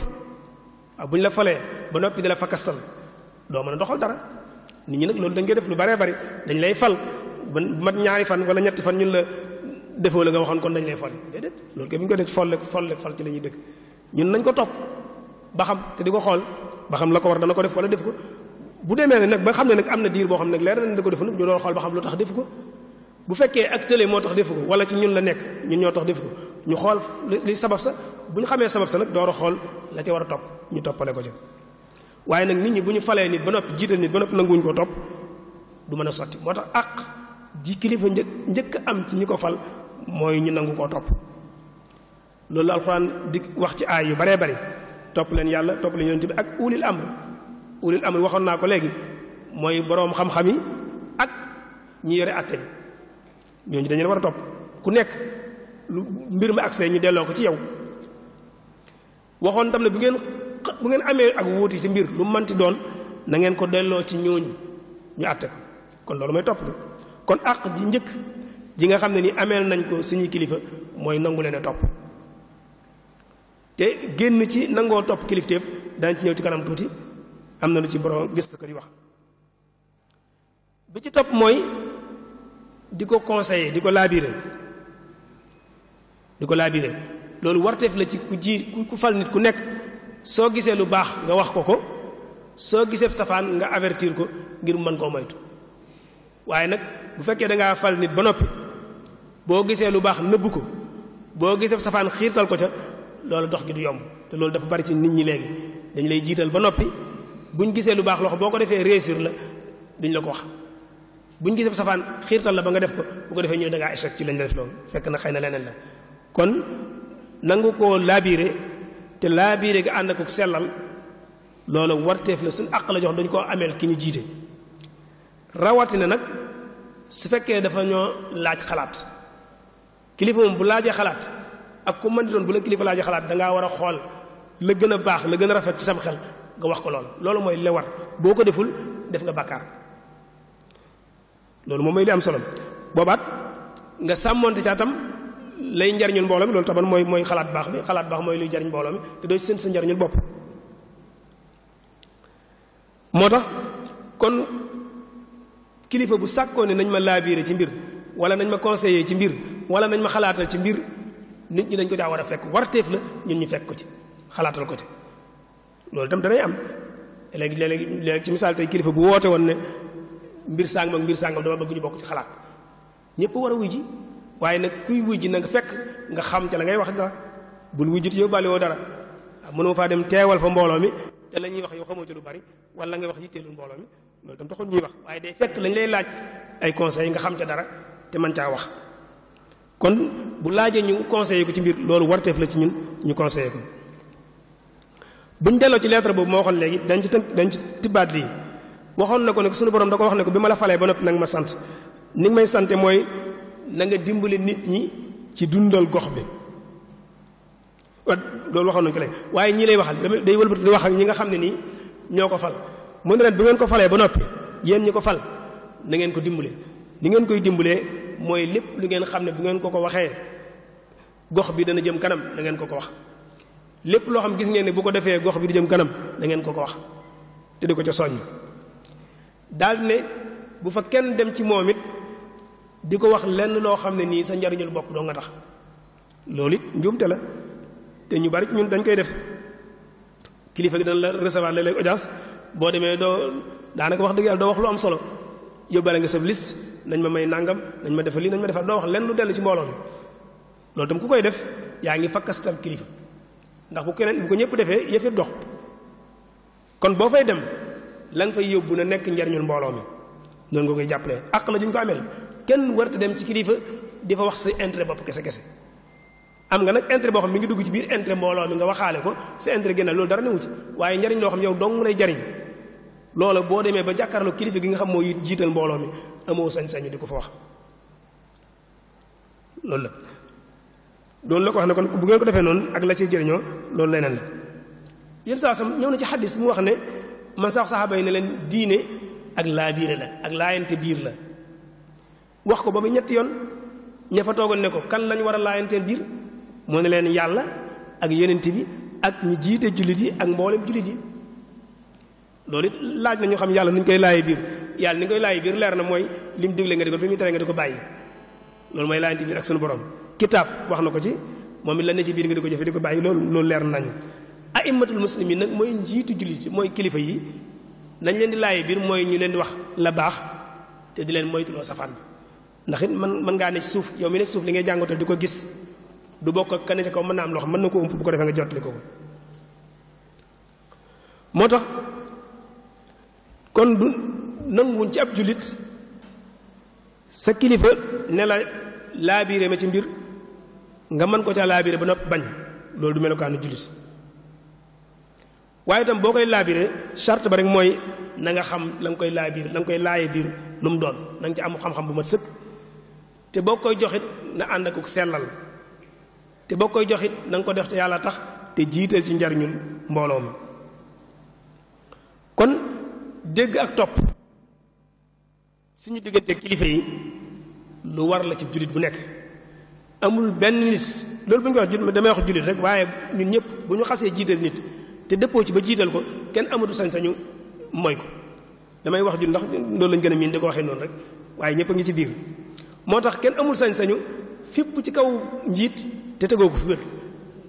ak bu ñu la falee ba noppi di la fakastal doo mën a doxal dara nit ñi nag loolu dañ koy def lu baree bari dañ lay fal ba mat ñaari fan wala ñetti fan ñun la defoo la nga waxoon kon dañ lay fal déedéet loolu kay bu ñu ko def folle folle fal ci la ñuy dëkk ñun nañ ko topp ba xam te di ko xool ba xam la ko war dana ko def wala def ko bu demee ne nag ba xam ne nag am na diir boo xam ne nag leer na ko defu nag ñu doon xool ba xam lu tax def ko bu fekkee ak tële moo tax defu ko wala ci ñun la nekk ñun ñoo tax defu ko ñu xool li sabab sa bu ñu xamee sabab sa nag door a xool la ca war a topp ñu toppale ko ca waaye nag nit ñi bu ñu falee nit ba noppi jiital nit ba noppi nanguwuñ koo topp du mën a sotti moo tax àq ji kilifa njëkk njëkk am ci ñi ko fal mooy ñu nangu koo topp loolu la alxuraan di wax ci aay yu baree bari topp leen yàlla topp leen yonent bi ak ulil amr ulil amr waxoon naa ko léegi mooy boroom xam yi ak ñi yore àtte bi ñooñu dañu war a topp ku nekk lu mbir mi accès ñu delloo ko ci yow waxoon tam ne bu ngeen bu ngeen amee ak wuuti ci mbir lu mu mënti doon na ngeen ko delloo ci ñooñu ñu àtte kon loolu may topp gi kon àq ji njëkk ji nga xam ne ni ameel nañ ko suñuy kilifa mooy nangu leen a topp te génn ci nangoo topp kilifteef daañ ci ñëw ci kanam tuuti am na lu ci borom gis ko di wax bi ci topp mooy di ko conseiller di ko laabiré di ko laabiré loolu warteef la ci ku ji ku fal nit ku nekk soo gisee lu baax nga wax ko ko soo gisee safaan nga avertir ko ngir mën koo moytu waaye nag bu fekkee da ngaa fal nit ba noppi boo gisee lu baax nëbb ko boo gisee safaan xiirtal ko ca loolu dox gi du yomb te loolu dafa bari ci nit ñi léegi dañ lay jiital ba noppi buñ gisee lu baax loxo boo ko defee réussir la duñ la ko wax bu ñu gisee bu safaan xiirtal la ba nga def ko bu ko defee ñu da ngaa échec ci lañ la def loolu fekk na xëy na leneen la kon nangu koo laabiire te laabiire ga ànd ko sellal loolu warteef la suñ àq la jox dañ koo ameel ki ñu jiite rawatina nag su fekkee dafa ñoo laaj xalaat kilifa moom bu laajee xalaat ak ku man di doon bu la kilifa laajee xalaat da ngaa war a xool la gën a baax la gën a rafet ci sam xel nga wax ko loolu loolu mooy li boo ko deful def nga bàkkaar loolu moom may li am solo boobaat nga sàmmonte ca tam lay njariñul mbooloo mi loolu taman mooy mooy xalaat baax bi xalaat baax mooy luy jariñ mbooloo mi te doo ci seen sa njariñul bopp moo tax kon kilifa bu sàkkoo ne nañ ma laabiire ci mbir wala nañ ma conseiller ci mbir wala nañ ma xalaatal ci mbir nit ñi dañ ko caa war a fekk warteef la ñun ñu fekk ko ci xalaatal ko ci loolu itam danay am léegi léegi léegi ci misaal tey kilifa bu woote woon ne mbir sàngam ak mbir sàngam dama bëgg ñu bokk ci xalaat ñëpp war a wuy ji waaye nag kuy wuy ji na nga fekk nga xam ca la ngay wax dara bul wuy ji te yóbbaale woo dara mënoo faa dem teewal fa mbooloo mi te la ñuy wax yow xamoo ci lu bari wala nga wax yitteelu mbooloo mi loolu tam taxul ñuy wax waaye day fekk lañ lay laaj ay conseils nga xam ca dara te mën caa wax kon bu laajee ñu conseillé ko ci mbir loolu warteef la ci ñun ñu conseillé ko buñ delloo ci lettre boobu moo waxoon léegi dañ tënk dañ ci tibbaat waxoon na ko ne ko sunu borom da ko wax ne ko bi ma la falee ba noppi nag ma sant ni may sante mooy na nga dimbali nit ñi ci dundal gox bi wa loolu waxoon nañ ko léegi waaye ñii lay waxal day wëlbati di wax ak ñi nga xam ne nii ñoo ko fal mu ne leen bu ngeen ko falee ba noppi yéen ñi ko fal na ngeen ko dimbale ni ngeen koy dimbalee mooy lépp lu ngeen xam ne bu ngeen ko ko waxee gox bi dana jëm kanam na ko ko wax lépp loo xam gis ngeen ne bu ko defee gox bi di jëm kanam na ngeen ko ko wax te di ko ca soññ daal ne bu fa kenn dem ci moom it di ko wax lenn loo xam ne nii sa njariñul bopp doo nga tax loolu it njuumte la te ñu bari ci ñun dañ koy def kilifa gi dana la recevoir la léeg audience boo demee doo daanaka wax dëgg yàlla doo wax lu am solo yóbbaale nga sa liste nañ ma may nangam nañ ma defal lii nañ ma defal doo wax lenn lu dellu ci mbooloo loolu tam ku koy def yaa ngi fakkastal kilifa ndax bu keneen bu ko ñëpp defee yëf dox kon boo fay dem. la nga yóbbu na nekk njariñul mbooloo mi noonu nga koy jàppalee àq la juñ ko amel kenn warta dem ci kilifa di fa wax sa intérêt bopp kese kese am nga nag intérêt boo xam mi ngi dugg ci biir intérêt mbooloo mi nga waxaale ko sa intérêt génn loolu dara newu ci waaye njariñ loo xam yow dong lay jariñ loola boo demee ba jàkkaarloo kilifa gi nga xam moo jiital mbooloo mi amoo sañ-sañu di ko fa wax la loolu la ko wax ne kon bu ngeen ko defee noonu ak la ciy jëriñoo loolu leneen la yéen saa sam ñëw na ci xaddis mu wax ne man sax saxaaba yi ne leen diine ak laa laabiire la ak laayante biir la wax ko ba mu ñetti yoon ña fa toogoon ne ko kan lañu war a laayanteel biir mu ne leen yàlla ak yonent bi ak ñi jiite jullit yi ak mboolem jullit yi loolu it laaj na ñu xam yàlla nu ñu koy laayee biir yàlla ni ñu koy laayee leer na mooy lim digle ko fi muy tere nga di ko bàyyi loolu mooy laayante biir ak sunu borom. kitaab wax na ko ci moom it la ne ci biir nga di ko jëfe di ko bàyyi loolu loolu leer nañu a aimmatul muslimin nag mooy njiitu jullit mooy kilifa yi nañ leen di laay biir mooy ñu leen di wax la baax te di leen moytuloo safaan bi ndax it man mën ngaa ne ci suuf yow mi ne suuf li ngay jàngatoo di ko gis du bokk ak kane ca mën naa am loo mën na ko ëmp bu ko defee nga jottali ko ko moo tax kon du nanguwuñ ci ab jullit sa kilifa ne la laabiire ma ci mbir nga mën ko ca laabiire ba nopp bañ loolu du melokaanu jullit waaye itam boo koy laabiree charte ba rek mooy na nga xam la koy laabir la nga koy laaye biir lu mu doon na nga ci am xam-xam bu mat sëkk te boo koy joxit na ànd ak sellal te boo koy joxit na nga ko def te yàlla tax te jiital ci njariñul mbooloo ma kon dégg ak topp suñu diggante kilifa yi lu war la ci jullit bu nekk amul benn nit loolu bu ñu ko wax damay wax jullit rek waaye ñun ñëpp bu ñu xasee jiital nit te dëppoo ci ba jiital ko kenn amatu sañ-sañu mooy ko damay wax ju ndax loolu lañ gën a miin di ko waxee noonu rek waaye ñëpp ngi ci biir moo tax kenn amul sañ-sañu fépp ci kaw njiit te tegoo ko fi wér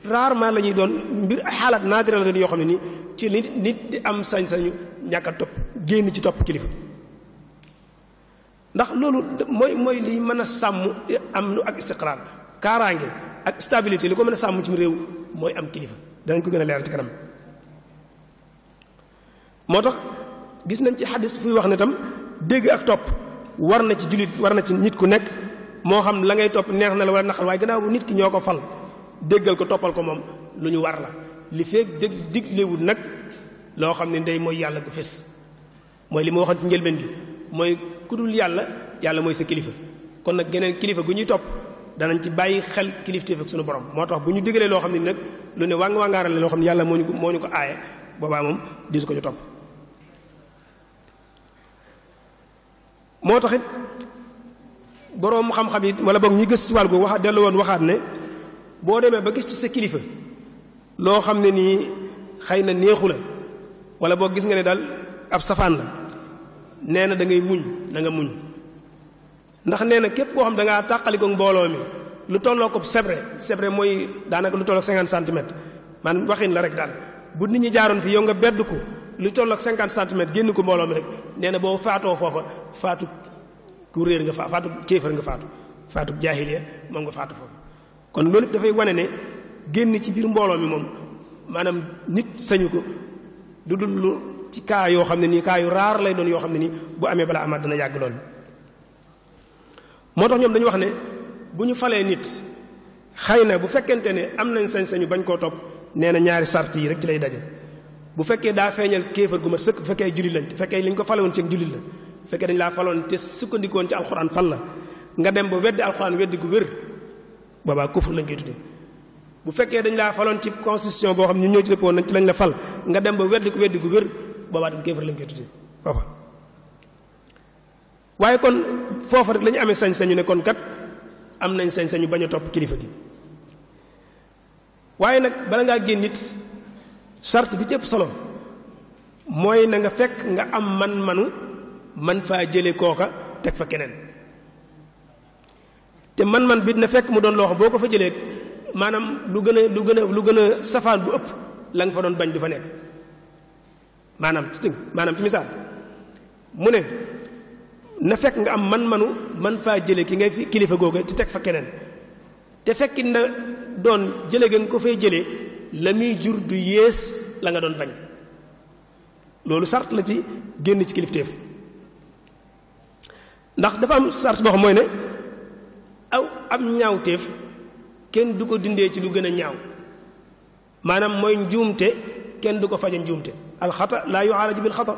rarement la ñuy doon mbir xaalaat naadira la doon yoo xam ne nii ci nit nit di am sañ-sañu ñàkk a topp génn ci topp kilifa ndax loolu mooy mooy liy mën a sàmm am nu ak istiqraar kaaraange ak stabilité li ko mën a sàmm ci réew mooy am kilifa danañ ko gën a leeral moo tax gis nañ ci xadis fuy wax ne tam dégg ak topp war na ci jullit war na ci nit ku nekk moo xam la ngay topp neex na la wala naqal waaye gannaaw bu nit ki ñoo ko fal déggal ko toppal ko moom lu ñu war la li feeg dég diglewul nag loo xam ne day mooy yàlla gu fés mooy li mu wax ci njëlbeen gi mooy ku dul yàlla yàlla mooy sa kilifa kon nag geneen kilifa gu ñuy topp danañ ci bàyyi xel kilifteef ak sunu borom moo tax bu ñu digalee loo xam ne nag lu ne wàng wàngaarale loo xam ne yàlla moo ko moo ko aaye boobaa moom ko ñu topp moo taxit borom xam-xam yi wala bok ñi gëstu wàll gu wax delu won waxat ne bo deme ba gis ci sa kilifa lo xamne ni nii neexu la wala bok gis nga ne dal ab safan la neena da ngay muñ da nga muñ ndax neena kep ko xam da takali ko mbolo mi lu ko sebre sebre moy danaka lu tolloo 50 cm man waxin la rek dal bu nit ñi jaaroon fi yow nga lu tolloog cinquante centimètres génn ko mbooloo mi rek nee na boo faatoo foofa faatu ku nga fa faatu nga faatu faatu jaahiliya moom nga faatu foofa kon loolu dafay wane ne génn ci biir mbooloo mi moom maanaam nit sañu ko du dul lu ci kaa yoo xam ne nii kaa yu raar lay doon yoo xam ne nii bu amee balaa amaat dana yàgg lool moo tax ñoom dañu wax ne bu ñu falee nit xëy na bu fekkente ne am nañ sañ-sañu bañ koo topp nee na ñaari sart yi rek ci lay daje bu fekkee daa feeñal kéefar gu ma sëkk bu fekkee jullit la bu fekkee li ñu ko faloon ci jullit la bu fekkee dañ laa faloon te sukkandikoon ci alxuraan fal la nga dem ba weddi alxuraan weddi gu wér boobaa kufur lañ koy tuddee bu fekkee dañ laa faloon ci constitution boo xam ñu ñoo ci dëppoon nañ ci lañ la fal nga dem ba weddi ko weddi gu wér boobaa dañ kéefar lañ koy tuddee foofa waaye kon foofa rek la amee sañ-sañu ne kon kat am nañ sañ-sañu bañ a topp kilifa gi waaye nag bala ngaa génn nit sart bi ci solo mooy na nga fekk nga am man-manu man faa jële kooka teg fa keneen te man-man bi na fekk mu doon loo xam boo ko fa jëlee maanaam lu gën a lu gën a lu gën a safaan bu ëpp la fa doon bañ du fa nekk maanaam ci maanaam ci mu ne na fekk nga am man-manu man faa jële ki ngay fi kilifa googa te teg fa te fekk na doon jële ga nga ko fay jëlee la muy jur du yées la nga doon bañ loolu sart la ci génn ci kilifteef ndax dafa am sart boo mooy ne aw am ñaawteef kenn du ko dindee ci lu gën a ñaaw maanaam mooy njuumte kenn du ko faje njuumte alxata laa yu'aalaju bil xata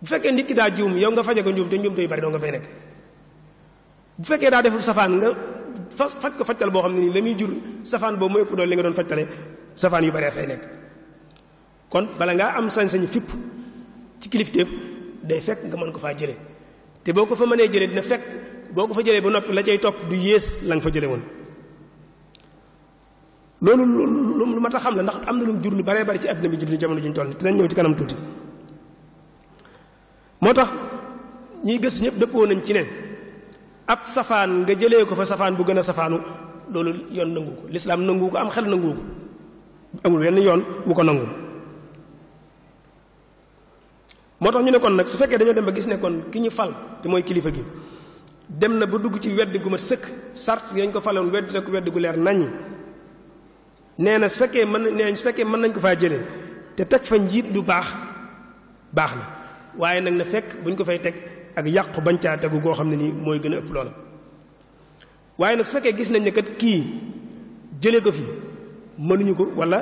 bu fekkee nit ki daa juum yow nga faje ko njuumte njuumte yu bari doo nga fay nekk bu fekkee daa deful safaan nga fa faj ko fajtal boo xam ne nii la muy jur safaan boobu mooy ëpp doon li nga doon fajtale safaan yu baree fay nekk kon bala ngaa am sañ-sañ fipp ci kilifteef day fekk nga mën ko faa jële te boo ko fa mënee jëlee dina fekk boo ko fa jëlee ba noppi la cay topp du yées la fa jëlee woon loolu lu lu mat a xam la ndax am na lu mu jur lu bare bari ci àddina bi jur jamono ji ñu toll nii dinañ ñëw ci kanam tuuti moo tax ñiy gëstu ñëpp dëppoo nañ ci ne. ab safaan nga jëlee ko fa safaan bu gën a safaanu loolu yoon nangu ko lislaam nangu ko am xel nangu ko amul wenn yoon bu ko nangu moo tax ñu nekkoon nag su fekkee dañoo dem ba gis nekkoon ki ñu fal te mooy kilifa gi dem na ba dugg ci wedd gu ma sëkk sart yañ ko faloon wedd rek wedd gu leer nañ nee na su fekkee mën nee su fekkee mën nañ ko faa jëlee te teg fa njiit lu baax baax na waaye nag na fekk buñ ko fay teg ak yàqu bañ caa tegu goo xam ne nii mooy gën a ëpp loola waaye nag su fekkee gis nañ ne kat kii jëlee ko fi mënuñu ko wala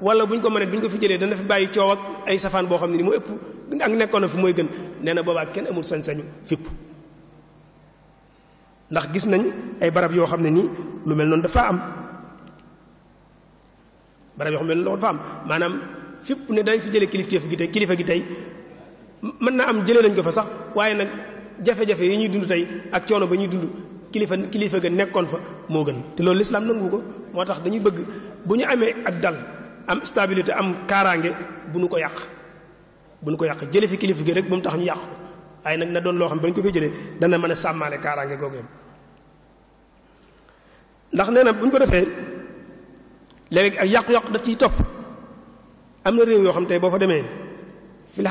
wala buñ ko mënee buñ ko fi jëlee dana fi bàyyi coow ak ay safaan boo xam ne nii mu ëpp ak nekkoon na fi mooy gën nee na boobaa kenn amul sañ-sañu fipp ndax gis nañ ay barab yoo xam ne nii lu mel noonu dafa am barab yoo xam ne noonu dafa am maanaam fipp ne dañ fi jële kilifteef gi tey kilifa gi tey mën naa am jële nañ ko fa sax waaye nag jafe-jafe yi ñuy dund tey ak coono ba ñuy dund kilifa kilifa gi nekkoon fa moo gën te loolu lislaam nangu ko moo tax dañuy bëgg bu ñu amee ak dal am stabilité am kaaraange bu nu ko yàq bu nu ko yàq jële fi kilifa gi rek bu mu tax ñu yàq ko waaye nag na doon loo xam ne ba ñu ko fi jëlee dana mën a sàmmaale kaaraange googu yam ndax nee na bu ñu ko defee léegi ak yàq yàqu daf ciy topp am na réew yoo xam tey boo fa demee fi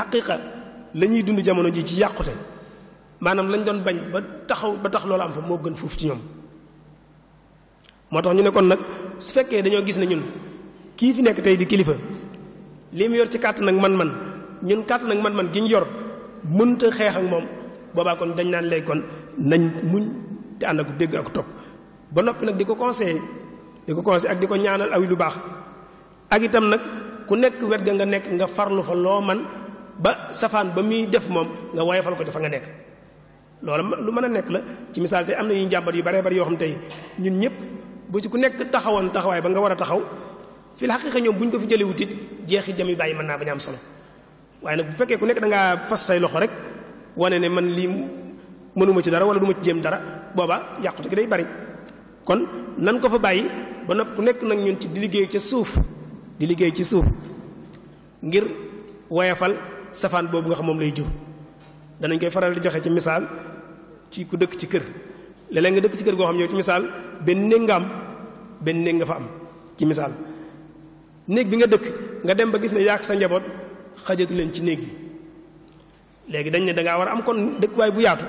la ñuy dund jamono ji ci yàqute maanaam lañ doon bañ ba taxaw ba tax loolu am fa moo gën fuuf ci ñoom moo tax ñu ne kon nag su fekkee dañoo gis na ñun kii fi nekk tey di kilifa li mu yor ci kàtt nag man-man ñun kàttan ak man-man gi ñu yor mënta xeex ak moom boobaa kon dañ naan lay kon nañ muñ te ànd ak dégg ak topp ba noppi nag di ko conseillé di ko conseillé ak di ko ñaanal aw lu baax ak itam nag ku nekk wet ga nga nekk nga farlu fa loo man ba safaan ba muy def moom nga woyefal ko ci fa nga nekk loolu lu mën a nekk la ci misaal tey am na ñuy yu bare bari yoo xam tey ñun ñëpp bu ci ku nekk taxawoon taxawaay ba nga war a taxaw fi la xaqiqa ñoom buñ ko fi jëlee wutit jeexi jami bàyyi mën naa ba am solo waaye nag bu fekkee ku nekk da ngaa fas say loxo rek wane ne man lii mënuma ci dara wala duma ci jëm dara booba gi day bari kon nan ko fa bàyyi ba nopp ku nekk nag ñun ci di liggéey ca suuf di liggéey ci suuf ngir woyafal safaan boobu nga xam moom lay jur danañ koy faral di joxe ci misaal ci ku dëkk ci kër léeg nga dëkk ci kër goo xam yow ci misaal benn néeg nga am benn néeg nga fa am ci misaal néeg bi nga dëkk nga dem ba gis ne yàq sa njaboot xajatu leen ci néeg bi léegi dañ ne da war a am kon dëkkuwaay bu yaatu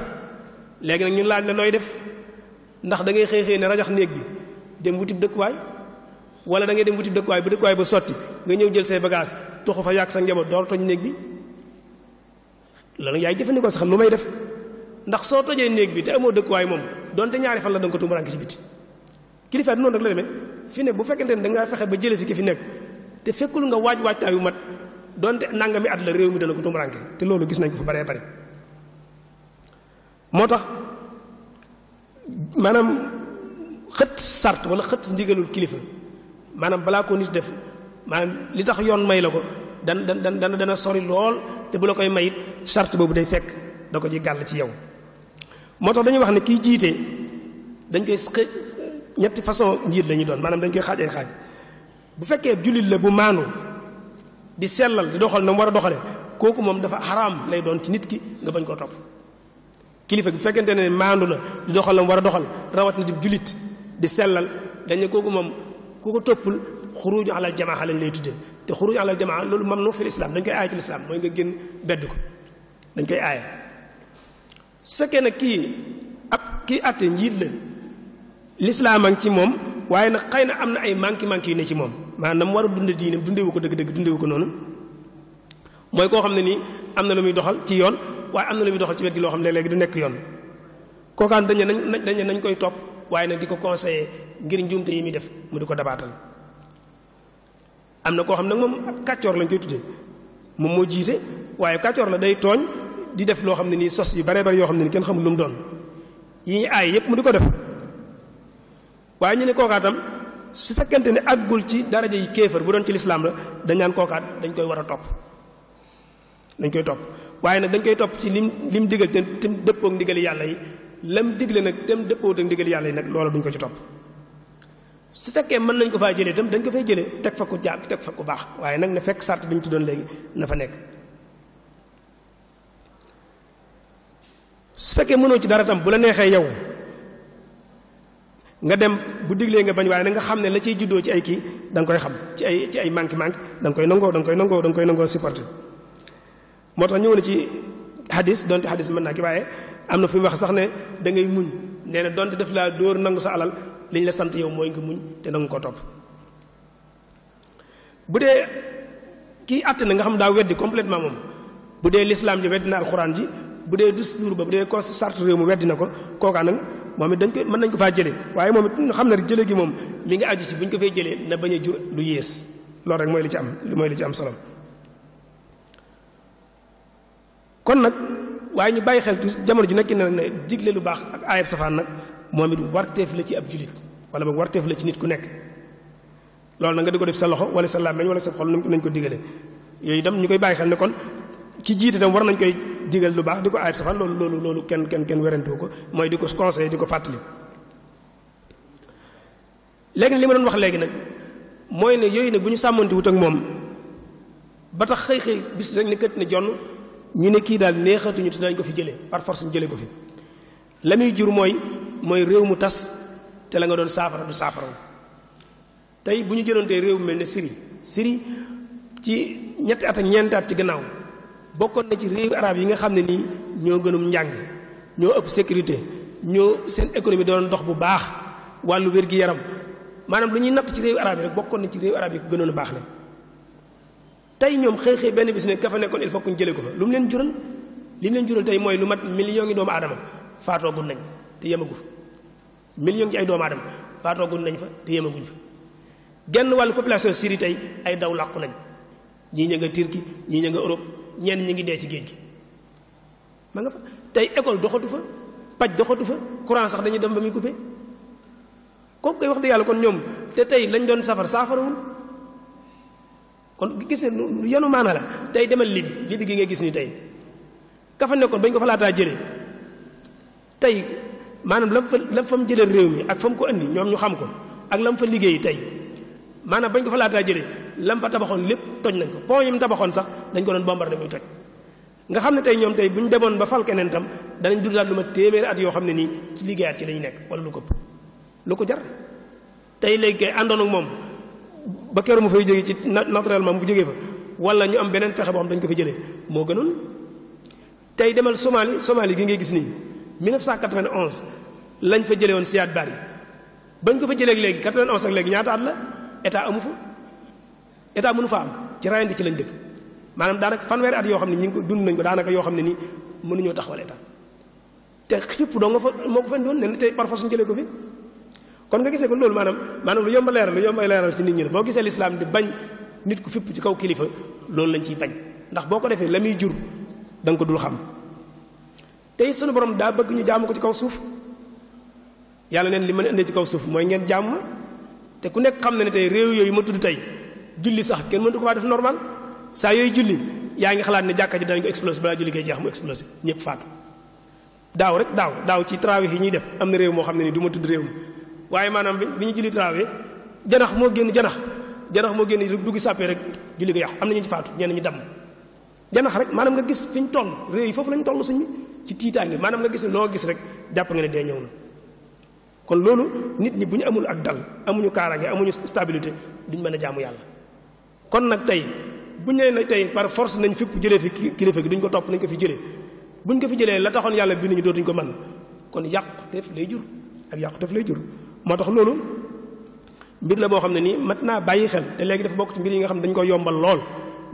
léegi nag ñu laaj la nooy def ndax da ngay xëy xëy ne rajax néeg bi dem wuti dëkkuwaay wala da ngay dem wuti dëkkuwaay ba dëkkuwaay ba sotti nga ñëw jël say bagage tuxu fa yàq sa njaboot door toñ néeg bi loolu yaay jëfëndiko sax lu may def ndax so tojé néeg bi te amo dëkk way mom donte ñaari fan la danga ko rank ci biti kilifa non nak la démé fi ne bu fekkente da nga fexe ba jële fi ki fi nekk te fekkul nga waj waj tayu mat donte nangami at la réew mi dana ko tuumaranke te loolu gis nañ ko fu bari bari motax manam xëtt sart wala xëtt ndigalul kilifa manam bala ko nit def manam li tax yoon may la ko dan dan dan dana sori lool te bu la koy mayit charte boobu day fekk da ko ci gàll ci yow moo tax dañuy wax ne kii jiite dañ koy xëj ñetti façon njiit la doon maanaam dañ koy xaaj ay xaaj bu fekkee jullit la bu maanu di sellal di doxal na mu war a doxale kooku moom dafa xaraam lay doon ci nit ki nga bañ koo topp kilifa bu fekkente ne maandu la di doxal la mu war a doxal rawat na di jullit di sellal dañ ne kooku moom ku ko toppul xuruju alal jamaa lañ lay tuddee te xuruj alal jamaa loolu mamnu fil islam dañ koy aaya ci lislaam mooy nga génn bedd dañ koy aaya su fekkee nag kii ab kii àtte njiit la lislaam a ci moom waaye nag xëy na am na ay manqué manqué yu ne ci moom maanaam war a dunde diine dundewu ko dëgg-dëgg dundewu ko noonu mooy koo xam ne nii am na lu muy doxal ci yoon waaye am na lu muy doxal ci wet gi loo xam ne léegi du nekk yoon kookaan dañ nañ dañ nañ koy topp waaye nag di ko conseiller ngir njuumte yi muy def mu di ko dabaatal am na koo xam nag moom kàccoor lañ koy tuddee moom moo jiite waaye kàccoor la day tooñ di def loo xam ne nii sos yi bare bare yoo xam ne nii kenn xamul lu mu doon yi aay yépp mu di ko def waaye ñu ne kookaatam su fekkente ne ak àggul ci daraja yi kéefër bu doon ci lislaam la dañ naan kookaat dañ koy war a topp dañ koy topp waaye nag dañ koy topp ci lim lim digal te te dëppook ndigali yàlla yi lam digle nag te dëppoot ak ndigali yàlla yi nag loola duñ ko ci topp su fekkee mën nañ ko faa jëlee itam dañ ko fay jëlee teg fa ku jàpp teg fa ku baax waaye nag na fekk sart bi ñu tuddoon léegi na fa nekk su fekkee mënoo ci dara tam bu la neexee yow nga dem bu diglee nga bañ waaye na nga xam ne la ciy juddoo ci ay kii danga koy xam ci ay ci ay manque manque da nga koy nangoo da nga koy nangoo da nga koy nangoo supporté moo tax ñëw na ci xadis donte xadis man naa ki waaye am na fu mu wax sax ne da ngay muñ nee na donte daf laa dóor nangu sa alal liñ la sant yow mooy nga muñ te na nga ko topp bu dee kii àtt na nga xam daa weddi complètement moom bu dee lislaam ji weddi na alxuraan ji bu dee dustuur ba bu dee ko sart réew mu weddi na ko kookaa nag moom it dañ ko mën nañ ko faa jëlee waaye moom it xam na jële gi moom mi ngi aju ci bu ñu ko fay jëlee na bañ a jur lu yées loolu rek mooy li ci am mooy li ci am solo kon nag waaye ñu bàyyi xel tu jamono ji nekk na ne digle lu baax ak ayab safaan nag moom it warteef la ci ab julit wala boog warteef la ci nit ku nekk loolu na nga di ko def sa loxo wala sa làmmeñ wala sa xol nañ ko digale yooyu dem ñu koy bàyyi xel ne kon ki jiite itam war nañ koy digal lu baax di ko aayib safaan loolu loolu loolu kenn kenn kenn ko mooy di ko conseillé di ko fàttali léegi nag li ma doon wax léegi nag mooy ne yooyu nag bu ñu sàmmonte wut ak moom ba tax xëy xëy bis rek ne kët ne jonn ñu ne kii daal neexatuñu te dañ ko fi jëlee par force ñu jëlee ko fi la muy mooy mooy réew mu tas te la nga doon saafara du saafarawu tey bu ñu jëloon réew mu mel ni siri siri ci ñetti ata ak ñeenti at ci gannaaw bokkoon na ci réew arab yi nga xam ne nii ñoo gënum njàng ñoo ëpp sécurité ñoo seen économie doon dox bu baax wàllu wér-gi-yaram maanaam lu ñuy natt ci réew arab yi rek bokkoon na ci réew arab yi ko gënoon baax la tey ñoom xëy-xëy benn bis ne ka fa nekkoon il faut que ñu jëlee ko fa lu mu leen jural li mu leen jural tey mooy lu mat million ngi doomu aadama faatoogun nañ te yemagu million ci ay adam aadama faatooguñ nañ fa te yemaguñ fa genn walu population siri tay ay daw laq lañ ñi ñinga turki ñi ñinga europe ñen ñi ngi dé ci geej gi ma nga fa tay école doxatu fa paj doxatu fa courant sax dañuy dem ba mi coupé ko koy wax de yalla kon ñom te tay lañ doon safar saafarawul kon gis ne lu yanu mana la tay demal libi libi gi nga gis ni tay ka fa nekkon bañ ko fa laataa jëlé tay maanaam lam fa lam fa mu jëlee réew mi ak fa mu ko indi ñoom ñu xam ko ak la mu fa liggéey tey maanaam bañ ko fa laataa jëlee lam fa tabaxoon lépp toj nañ ko pont yi mu tabaxoon sax dañ ko doon bombardé muy toj nga xam ne tey ñoom tey bu ñu demoon ba fal keneen tam danañ dundaat lu ma téeméeri at yoo xam ne nii ci liggéeyaat ci lañu nekk wala lu ko lu ko jar tey léegi àndoon ak moom ba keroog mu fay jógee ci naturellement mu jógee fa wala ñu am beneen fexe boo xam dañ ko fa jëlee moo gënoon tey demal Somalie Somalie gi ngay gis nii 1991 lañ fa jëlee woon siyaat bari bañ ko fa jëlee léegi 91 ak léegi ñaata at la état amu fa état mënu fa am ci rayante ci lañ dëkk maanaam daanaka fanweeri at yoo xam ne ko dund nañ ko daanaka yoo xam ne nii mënuñoo taxawal état te xipp doo nga fa moo ko fen doon ne tey par force ñu jëlee ko fi kon nga gis ne kon loolu lu yomba lu yomba ci nit ñi di bañ nit fipp ci kaw kilifa lañ ciy bañ ndax jur ko dul xam tey sunu borom daa bëgg ñu jaam ko ci kaw suuf yàlla neen li mën indee ci kaw suuf mooy ngeen jàmm te ku nekk xam na ne tey réew yooyu ma tudd tey julli sax kenn mëntu ko faa def normal saa yooyu julli yaa ngi xalaat ne jàkka ji danañ ko explosé balaa julli koy jeex mu explosé ñëpp faatu daaw rek daaw daaw ci trawih yi ñuy def am na réew moo xam ne ni du ma tudd réew mi waaye maanaam bi ñu julli trawih janax moo génn janax janax moo génn dugg sàppee rek julli ko yàq am na ñu ci faatu ñenn ñu damm janax rek maanaam nga gis fi ñu toll réew yi foofu lañ toll suñ ci tiitaange maanaam nga gis ne loo gis rek jàpp nga ne dee ñëw na kon loolu nit ñi bu ñu amul ak dal amuñu kaaraange amuñu stabilité duñ mën a jaamu yàlla kon nag tey bu ñu ne tey par force nañ fépp jëlee fi kilifa gi duñ ko topp nañ ko fi jëlee buñ ko fi jëlee la taxoon yàlla bi ñu dootuñ ko man kon yàqu def ak yàqu def lay jur moo tax loolu boo xam ne nii mat naa bàyyi xel te léegi dafa bokk yi nga xam ne dañ ko yombal lool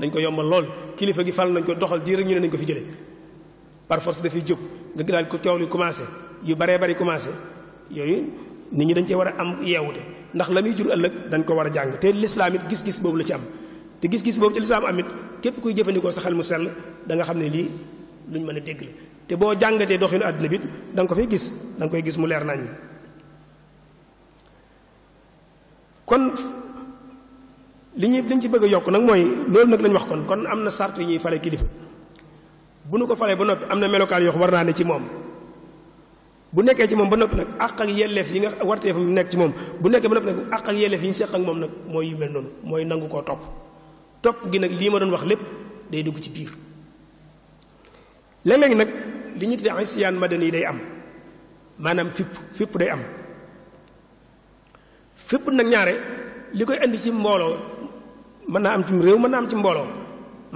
dañ ko yombal lool kilifa gi fal nañ ko doxal diir rek ñu ne nañ ko fi jëlee par force dafay jóg nga daal ko coow li commencé yu baree bari commencé yooyu nit ñi dañ cee war a am yeewute ndax la muy jur ëllëg dañ ko war a jàng te lislaam it gis-gis boobu la ci am te gis-gis boobu ci lislaam am it képp kuy jëfandikoo sa xel mu sell danga xam ne lii luñ mën a dégg la te boo jàngatee doxinu àdduna bi da nga ko fay gis da nga koy gis mu leer nañ kon li ñuy liñ ci bëgg yokk nag mooy loolu nag lañ wax kon kon am na sart yi ñuy fale kilifa bu nu ko falee ba noppi am na melokaan yoo xam war naa ne ci moom bu nekkee ci moom ba noppi nag àq ak yelleef yi nga warteef mu nekk ci moom bu nekkee ba noppi nag àq ak yelleef yi ñu seq ak moom nag mooy yu mel noonu mooy nangu koo topp topp gi nag lii ma doon wax lépp day dugg ci biir léeg-léeg nag li ñu ma isyaan madani day am maanaam fipp fipp day am fipp nag ñaare li koy indi ci mbooloo mën naa am ci réew mën naa am ci mbooloo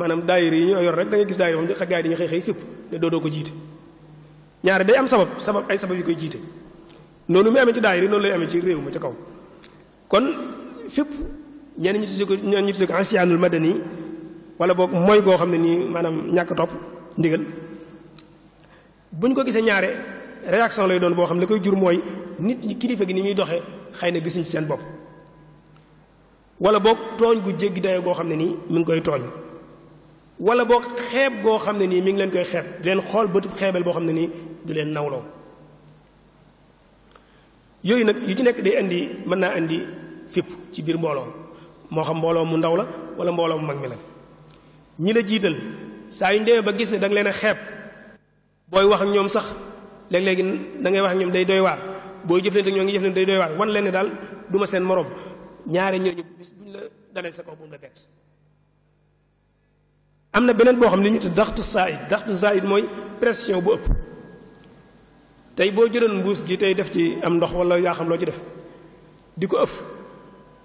maanaam daayira yi ñoo yor rek da ngay gis daayira moom xa gaay dañu xëy xëy fépp ne doodoo ko jiite ñaari day am sabab sabab ay sabab yu koy jiite noonu mu amee ci daayira noonu lay amee ci réew ma ci kaw kon fépp ñenn ñu tudde ko ñenn ñu tudde ko ansiyaanul madani wala boog mooy goo xam ne nii maanaam ñàkk topp ndigal ko gisee ñaare réaction lay doon boo xam ne koy jur mooy nit ñi kilifa gi ni muy doxee xëy na gisuñ ci seen bopp wala boog tooñ gu jéggi dayoo goo xam ne nii mu ngi koy tooñ wala boo xeeb goo xam ne nii mi ngi leen koy xeeb di leen xool bëtub xeebel boo xam ne nii du leen nawloo yooyu nag yu ci nekk day indi mën naa indi fipp ci biir mbooloo moo xam mbooloo mu ndaw la wala mbooloo mu mag mi la ñi la jiital saa yu ñu ba gis ne da leen a xeeb booy wax ak ñoom sax léeg-léegi da ngay wax ak ñoom day doy waar booy jëflante ak ñoom ngi jëflante day doy waar wan leen ne daal duma seen moroom ñaare ñooñu bis buñ la dalee sa kaw bu mu am na beneen boo xam ne ñu tudd daxtu saïd daxtu saïd mooy pression bu ëpp tey boo jëloon mbuus gi tey def ci am ndox wala yaa xam loo ci def di ko ëf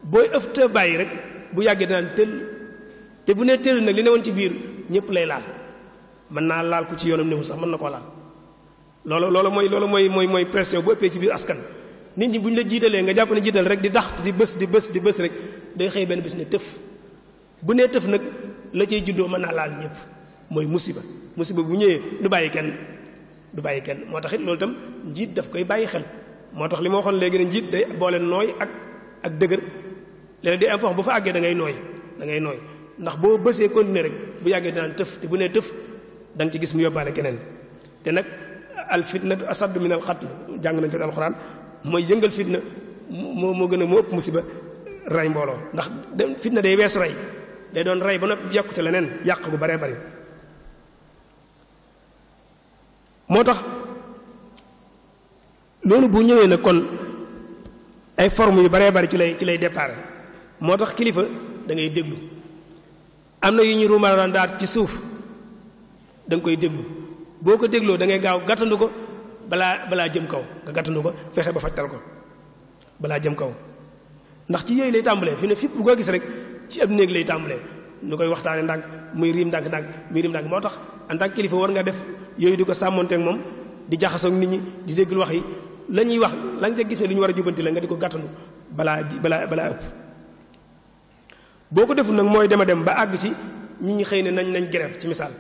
booy ëf te bàyyi rek bu yàggee danaan tël te bu nee tël nag li ne woon ci biir ñëpp lay laal mën naa laal ku ci yoonam néewul sax mën na ko laal loolu loolu mooy loolu mooy mooy mooy pression bu ëppee ci biir askan nit ñi bu ñu la jiitalee nga jàpp jiital rek di dax di bës di bës di bës rek day xëy benn bés ne tëf nag la cay juddoo mën naa laal ñëpp mooy musiba musiba bu ñëwee du bàyyi kenn du bàyyi kenn moo tax it loolu itam njiit daf koy bàyyi xel moo tax li ma waxoon léegi ne njiit day boole nooy ak ak dëgër léeg di inform bu fa àggee da ngay nooy da ngay nooy ndax boo bësee continuer rek bu yàggee danaan tëf te bu nee tëf danga ci gis mu yóbbaale keneen te nag al fitnatu asad min al qatl jàng nañ ko alxuraan mooy yëngal fitna moo moo gën a moo ëpp musiba rey mbooloo ndax dem fitna day weesu rey day doon rey ba noppi yokkute leneen yàq bu baree bare moo tax loolu bu ñëwee nag kon ay forme yu baree bari ci lay ci lay départ moo tax kilifa dangay ngay déglu am na yu ñuy ruumalaan ci suuf da koy déglu boo ko dégloo da ngay gaaw gàttandu ko balaa balaa jëm kaw nga gàttandu ko fexe ba fajtal ko balaa jëm kaw ndax ci yooyu lay tàmbalee fi ne fipp bu ko gis rek ci ab néeg lay tàmbalee nu koy waxtaane ndànk muy riim ndànk ndànk muy riim ndànk moo tax en tant kilifa war nga def yooyu di ko sàmmonteeg moom di jaxasoog nit ñi di déggul wax yi la ñuy wax lañ nga ca gis lu ñu war a jubanti la nga di ko gàttanu balaa balaa balaa ëpp boo ko deful nag mooy dema dem ba àgg ci nit ñu xëy ne nañ nañ grève ci misaal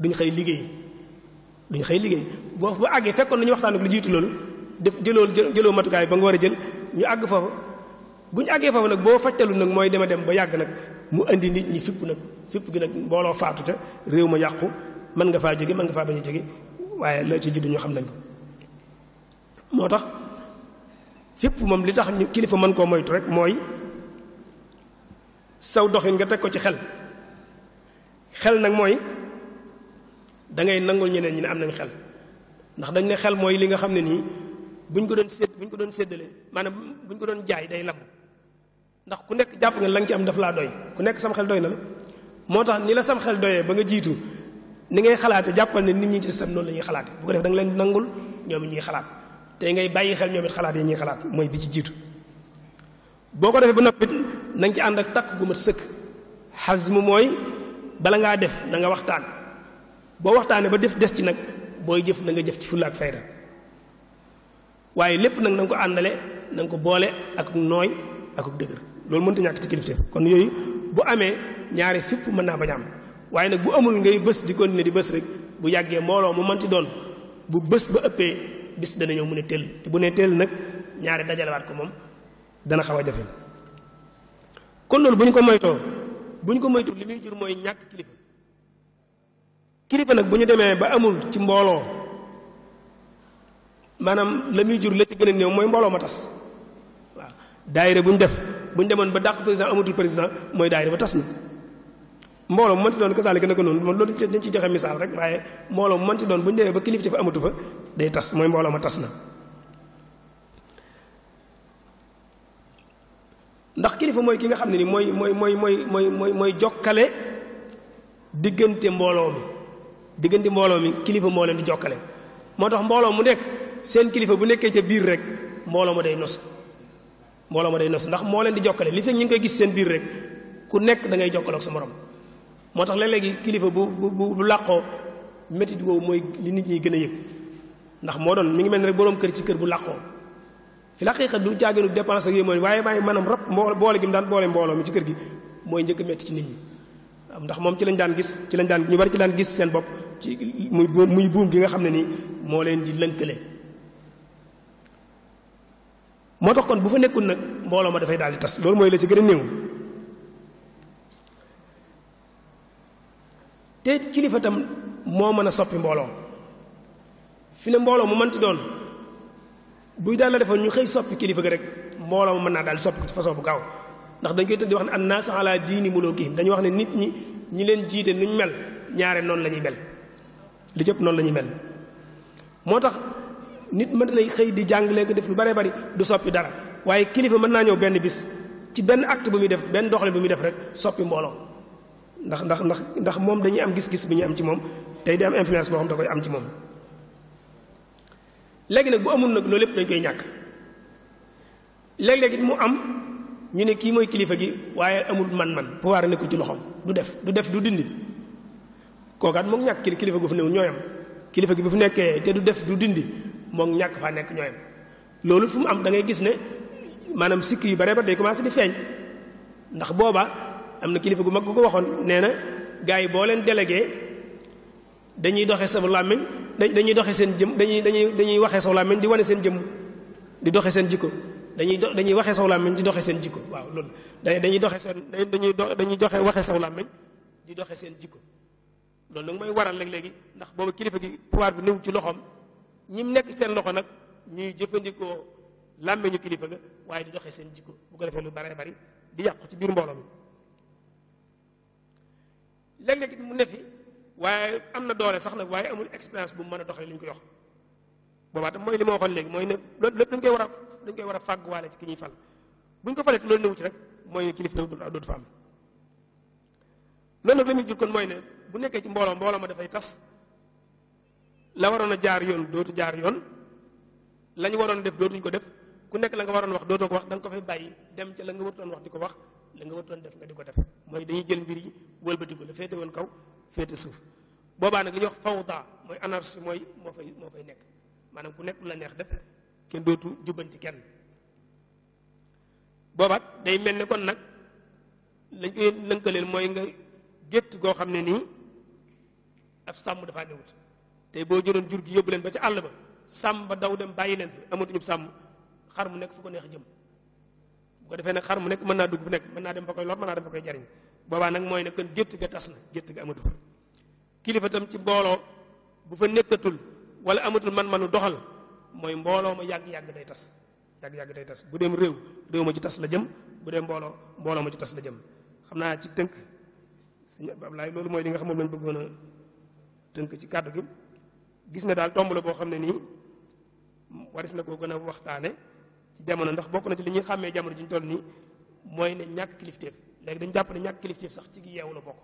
duñ xëy liggéey duñ xëy liggéey boo ba àggee fekkoon nañu waxtaan lu jiitu loolu def jëloo jëloo matukaay ba nga war a jël ñu àgg foofu bu ñu àggee foofu nag boo fajtalu nag mooy dema dem ba yàgg nag mu indi nit ñi fipp nag fipp gi nag mbooloo faatu ca réew ma yàqu mën nga faa jóge man nga faa bañ a jóge waaye la ci juddu ñoo xam nañ ko moo tax fipp moom li tax ñu kilifa mën koo moytu rek mooy saw doxin nga teg ko ci xel xel nag mooy dangay ngay nangul ñeneen ñi ne am nañ xel ndax dañ ne xel mooy li nga xam ne nii buñ ko doon sédd buñ ko doon séddalee maanaam buñ ko doon jaay day lab ndax ku nekk jàpp nga la ci am daf laa doy ku nekk sama xel doy na la moo tax ni la sam xel doyee ba nga jiitu ni ngay xalaate jàppal ne nit ñi ci sam noonu lañuy ñuy xalaate bu ko def da ñoom ñuy xalaat te ngay bàyyi xel ñoom xalaat yi ñuy xalaat mooy bi ci jiitu boo ko defee ba noppi na ci ànd ak takk gu mat sëkk xasmu mooy bala ngaa def da waxtaan boo waxtaanee ba def des ci nag booy jëf na nga jëf ci fulla ak fayda waaye lépp nag na ko àndale na ko boole ak nooy ak dëgër loolu mënta ñàkk ci kilifteef kon yooyu bu amee ñaari fipp mën naa bañ am waaye nag bu amul ngay bës di kon continuer di bës rek bu yàggee mbooloo mu mënti doon bu bës ba ëppee bis dana ñëw mu ne tëll te bu ne tëll nag ñaari dajale dajalewaat ko moom dana xaw a jafe kon loolu bu ñu ko moytoo bu ñu ko moytu li muy jur mooy ñàkk kilifa kilifa nag bu ñu demee ba amul ci mbooloo maanaam la muy jur la ci gën a néew mooy mbooloo ma tas waaw daayira bu ñu def bu ñu demoon ba dàq président amatul président mooy daayira ba tas na mbooloo mu mënti doon kasaali gën a ko noonu man loolu dañ ci joxe misaal rek waaye mbooloo mu mënti doon bu ñu demee ba kilif ci fa amatu fa day tas mooy mbooloo ma tas na kilifa mooy ki nga xam ne ni mooy mooy mooy mooy mooy mooy mooy jokkale diggante mbooloo mi mbooloo mi kilifa moo leen di moo tax mbooloo mu nekk seen kilifa bu nekkee ca biir rek mbooloo ma day nos mbooloo ma day nos ndax moo leen di jokkale li fekk ñu ngi koy gis seen biir rek ku nekk da ngay jokkale ak sa morom moo tax léeg-léegi kilifa bu bu bu làqoo métit woowu mooy li nit ñi gën a yëg ndax moo doon mi ngi mel ne rek boroom kër ci bu làqoo fi laqiqa du jaaginu dépense ak yé mooy waaye maangi maanaam rab mbo boole gi daan boole mbooloo mi ci kër gi mooy njëkk métti ci nit ñi ndax moom ci lañ daan gis ci lañ daan ñu bari ci daan gis seen bopp ci muy muy buum gi nga xam ne nii moo leen di lënkale moo tax kon bu fa nekkul nag mbooloo ma dafay daal di tas loolu mooy la néew te kilifa tam moo mën a soppi mbooloo fi ne mbooloo mu mën ci doon buy daal la defoon ñu xëy soppi kilifa gi rek mbooloo mu mën naa daal di soppi ci façon bu gaaw ndax dañ koy tëdd di wax ne an naasu ala diini mulukihim dañuy wax ne nit ñi ñi leen jiite nuñ mel ñaare noonu la ñuy mel li jëpp noonu la mel moo tax nit mën lay xëy di jàng léegi def lu bare bari du soppi dara waaye kilifa mën naa ñëw benn bis ci benn acte bu muy def benn doxalin bu muy def rek soppi mbooloo ndax ndax ndax ndax moom dañuy am gis-gis bi ñu am ci moom tey day am influence boo xam da koy am ci moom. léegi nag bu amul nag loolu lépp dañ koy ñàkk léeg-léeg it mu am ñu ne kii mooy kilifa gi waaye amul man-man pouvoir nekkul ci loxoom du def du def du dindi kookaat moom ñàkk kilifa gu fi ñooyam kilifa gi bu fu nekkee te du def du dindi. moom ñàkk fa nekk ñooyam loolu fu mu am da ngay gis ne maanaam sikk yu bare ba day commencé di feeñ ndax booba am na kilifa gu mag ko waxoon nee na gars yi boo leen délégué dañuy doxe sa làmmiñ dañuy doxee seen jëm dañuy dañuy dañuy waxee sa làmmiñ di wane seen jëmm di doxee seen jikko dañuy do dañuy waxee saw làmmiñ di doxee seen jikko waaw loolu dañuy doxee seen dañuy dañuy doxee waxee saw làmmiñ di doxe seen jikko loolu nag waral léegi ndax booba kilifa gi pouvoir bi néew ci loxoom ñim nekk seen loxo nag ñuy jëfandikoo làmmiñu kilifa ga waaye di doxee seen jikko bu ko defee lu bare bari di yàqu ci biir mbooloo mi mu ne fi waaye am na doole sax nag waaye amul expérience bu mën a doxalee li ñu koy wax boobaa tam mooy li ma waxoon léegi mooy ne loolu lépp dañ koy war dañ koy war a fàgguwaale ci ki ñuy fal bu ñu ko falee loolu newu ci rek mooy ne kilifa dootu fa am loolu nag la muy jur kon mooy ne bu nekkee ci mbooloo mbooloo ma dafay tas la waroon a jaar yoon dootu jaar yoon la ñu waroon def dootuñ ko def ku nekk la nga waroon wax dootoo ko wax da nga ko fay bàyyi dem ca la nga warutoon wax di ko wax la nga warutoon def nga di ko def mooy dañuy jël mbir yi wëlbati ko la féete woon kaw féete suuf boobaa nag li ñuy wax fawda mooy anarchie mooy moo fay moo fay nekk maanaam ku nekk la neex def kenn dootu jubbanti kenn boobaat day mel ne kon nag lañ koy lënkaleel mooy nga gétt goo xam ne nii ab sàmm dafaa newut tey boo jëloon jur gi yóbbu leen ba ci àll ba sàmm ba daw dem bàyyi leen fi amatuñu sàmm xar mu nekk fu ko neex jëm bu ko defee nag xar mu nekk mën naa dugg fu nekk mën naa dem fa koy lor mën naa dem fa koy jariñ nag mooy ne kon gétt ga tas na gétt ga amatu kilifa tam ci mbooloo bu fa nekkatul wala amatul man-manu doxal mooy mbooloo ma yàgg-yàgg day tas yàgg-yàgg day tas bu dem réew réew ma ci tas la jëm bu mbooloo mbooloo ma ci tas la jëm xam naa ci tënk sëñ Ablaay loolu mooy li nga xam moom lañ bëggoon a tënk ci kàddu gi gis na daal tomb la boo xam ne nii waris na koo gën a waxtaane ci jamono ndax bokk na ci li ñuy xàmmee jamono ji ñu toll nii mooy ne ñàkk kilifteef léegi dañu jàpp ne ñàkk kilifteef sax ci yeewu la bokk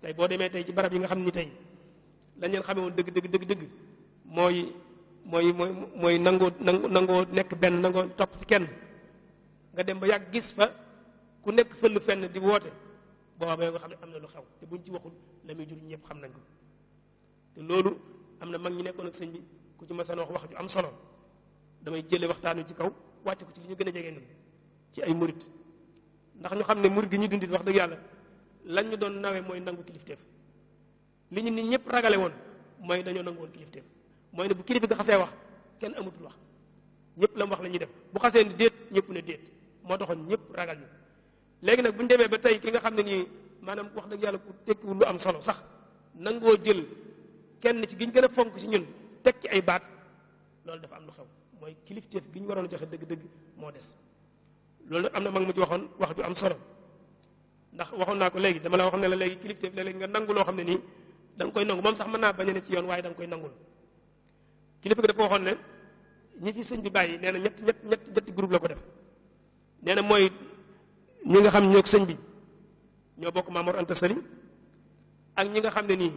tey boo demee tey ci barab yi nga xam ni tey lañ leen xamee woon dëgg dëgg dëgg dëgg mooy mooy mooy mooy nangoo nangoo nekk benn nangoo topp ci kenn nga dem ba yàgg gis fa ku nekk fël fenn di woote booba ba nga xam ne am na lu xew te buñ ci waxul la muy jur ñëpp xam nañ ko te loolu amna mag ñi nekkoon ak sëñ bi ku ci mësa wax wax ju am solo damay jëlé waxtaanu ci kaw wàcc ko ci li ñu gën a jege ci ay murit ndax ñu xam ne gi ñuy dundit wax dëgg yàlla lañ ñu doon nawe mooy nangu kilifteef li ñu nit ñëpp ragale woon mooy dañoo nangu woon kilifteef mooy ne bu kilifi ga xasee wax kenn amutul wax ñëpp lam wax la ñuy def bu xasee ni déet ñëpp ne déet moo taxoon ñëpp ragal ñu léegi nag bu ñu demee ba tey ki nga xam ne nii maanaam wax dëgg yàlla ku tekkiwul lu am solo sax nangoo jël kenn ci giñ gën a fonk ci ñun teg ci ay baat loolu dafa am lu xew mooy kilifteef gi ñu waroon a joxe dëgg-dëgg moo des loolu nag am na mag mu ci waxoon wax ju am solo ndax waxoon naa ko léegi dama la waxoon ne la léegi kilifteef léeg-léeg nga nangu loo xam ne nii da koy nangu moom sax mën naa bañ ne ci yoon waaye da nga koy nangul kilifa gi dafa waxoon ne ñi fi sëñ bi bàyyi nee na ñett ñett ñett ñetti groupe la ko def nee na mooy ñi nga xam ñoo sëñ bi ñoo bokk Maam Mor ak ñi nga xam ne nii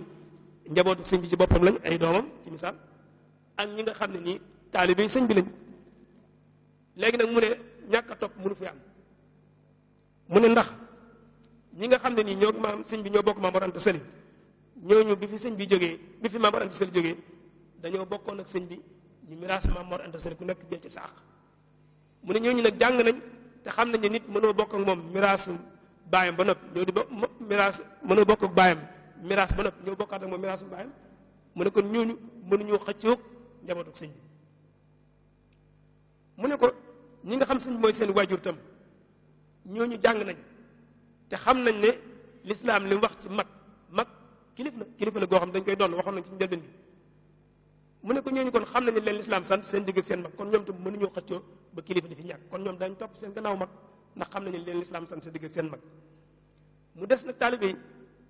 njabootu sëñ bi ci boppam lañ ay doomam ci misaal ak ñi nga xam ne nii taalibe sëñ bi lañ léegi nag mu ne ñàkk a topp mënu fi am mu ne ndax ñi nga xam ne nii ñoo maam sëñ bi ñoo bokk Maam Mor Anta Sali ñooñu bi fi sëñ bi jógee bi fi Maam Mor Anta Sali jógee dañoo bokkoon ak sëñ bi ñu miraas Maam Mor Anta Sali ku nekk jël ci saax mu ne ñu nag jàng nañ te xam nañ ne nit mënoo bokk ak moom miraas baayam ba noppi ñoo di bo miraas mënoo bokk ak baayam miraas ba noppi ñoo bokkaat moo moom miraasu baayam mu ne kon ñooñu mënuñoo xëccoog njabootu sëñ mu ne ko ñi nga xam sëñ mooy seen waajur tam ñu jàng nañ te xam nañ ne lislaam li mu wax ci mag mag kilif la kilif la goo xam dañ koy doon xam nañ ci njëlbeen bi mu ne ko ñooñu kon xam nañ ne leen lislaam sant seen digg seen mag kon ñoom tam mënuñoo xëccoo ba kilifa di fi ñàkk kon ñoom dañ topp seen gannaaw mag ndax xam nañ ne leen lislaam sant seen digg ak seen mag mu des nag taalibe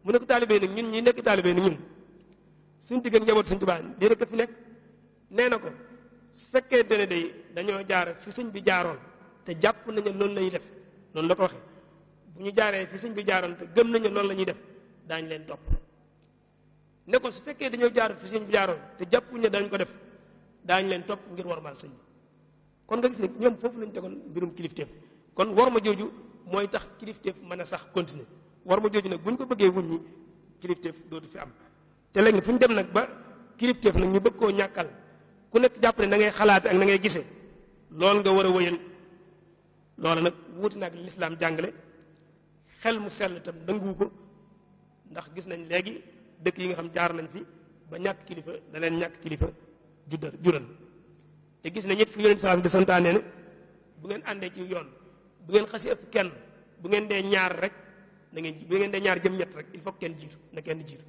mu nekk taalibe nag ñun ñi nekk taalibe ni ñun suñ digg ak njaboot suñ Tuubaa dina ko fi nekk nee na ko su fekkee dene day dañoo jaar fi sëñ bi jaaroon te jàpp nañu loolu la ñuy def noonu la ko waxee bu ñu jaaree fi sëñ bi jaaroon gëm nañu loolu la ñuy def daañ leen topp nekko su fekkee dañoo jaar jaaroon te jàppuñu ne dañ ko def daañu leen topp ngir warmal sëñ bi kon nga gis ne ñoom foofu lañ tegoon mbirum kilifteef kon war ma jooju mooy tax kilifteef mën a sax continuer war ma jooju nag bu ko bëggee wuññi kilifteef dootu fi am te léegi fu ñu dem nag ba kilifteef nag ñu bëgg koo ñàkkal ku nekk jàpp ne da ngay xalaate ak na ngay gisee loolu nga war a wëyal loola nag wuuti naag lislaam jàngale xel mu sell itam ko ndax gis nañ léegi dëkk yi nga xam jaar nañ fi ba ñàkk kilifa da leen ñàkk kilifa juddal jural te gis nañ it fi yonent salaam di santaane bu ngeen àndee ci yoon bu ngeen xasi ëpp kenn bu ngeen dee ñaar rek da ngeen bu ngeen dee ñaar jëm ñett rek il faut kenn jiitu na kenn jiitu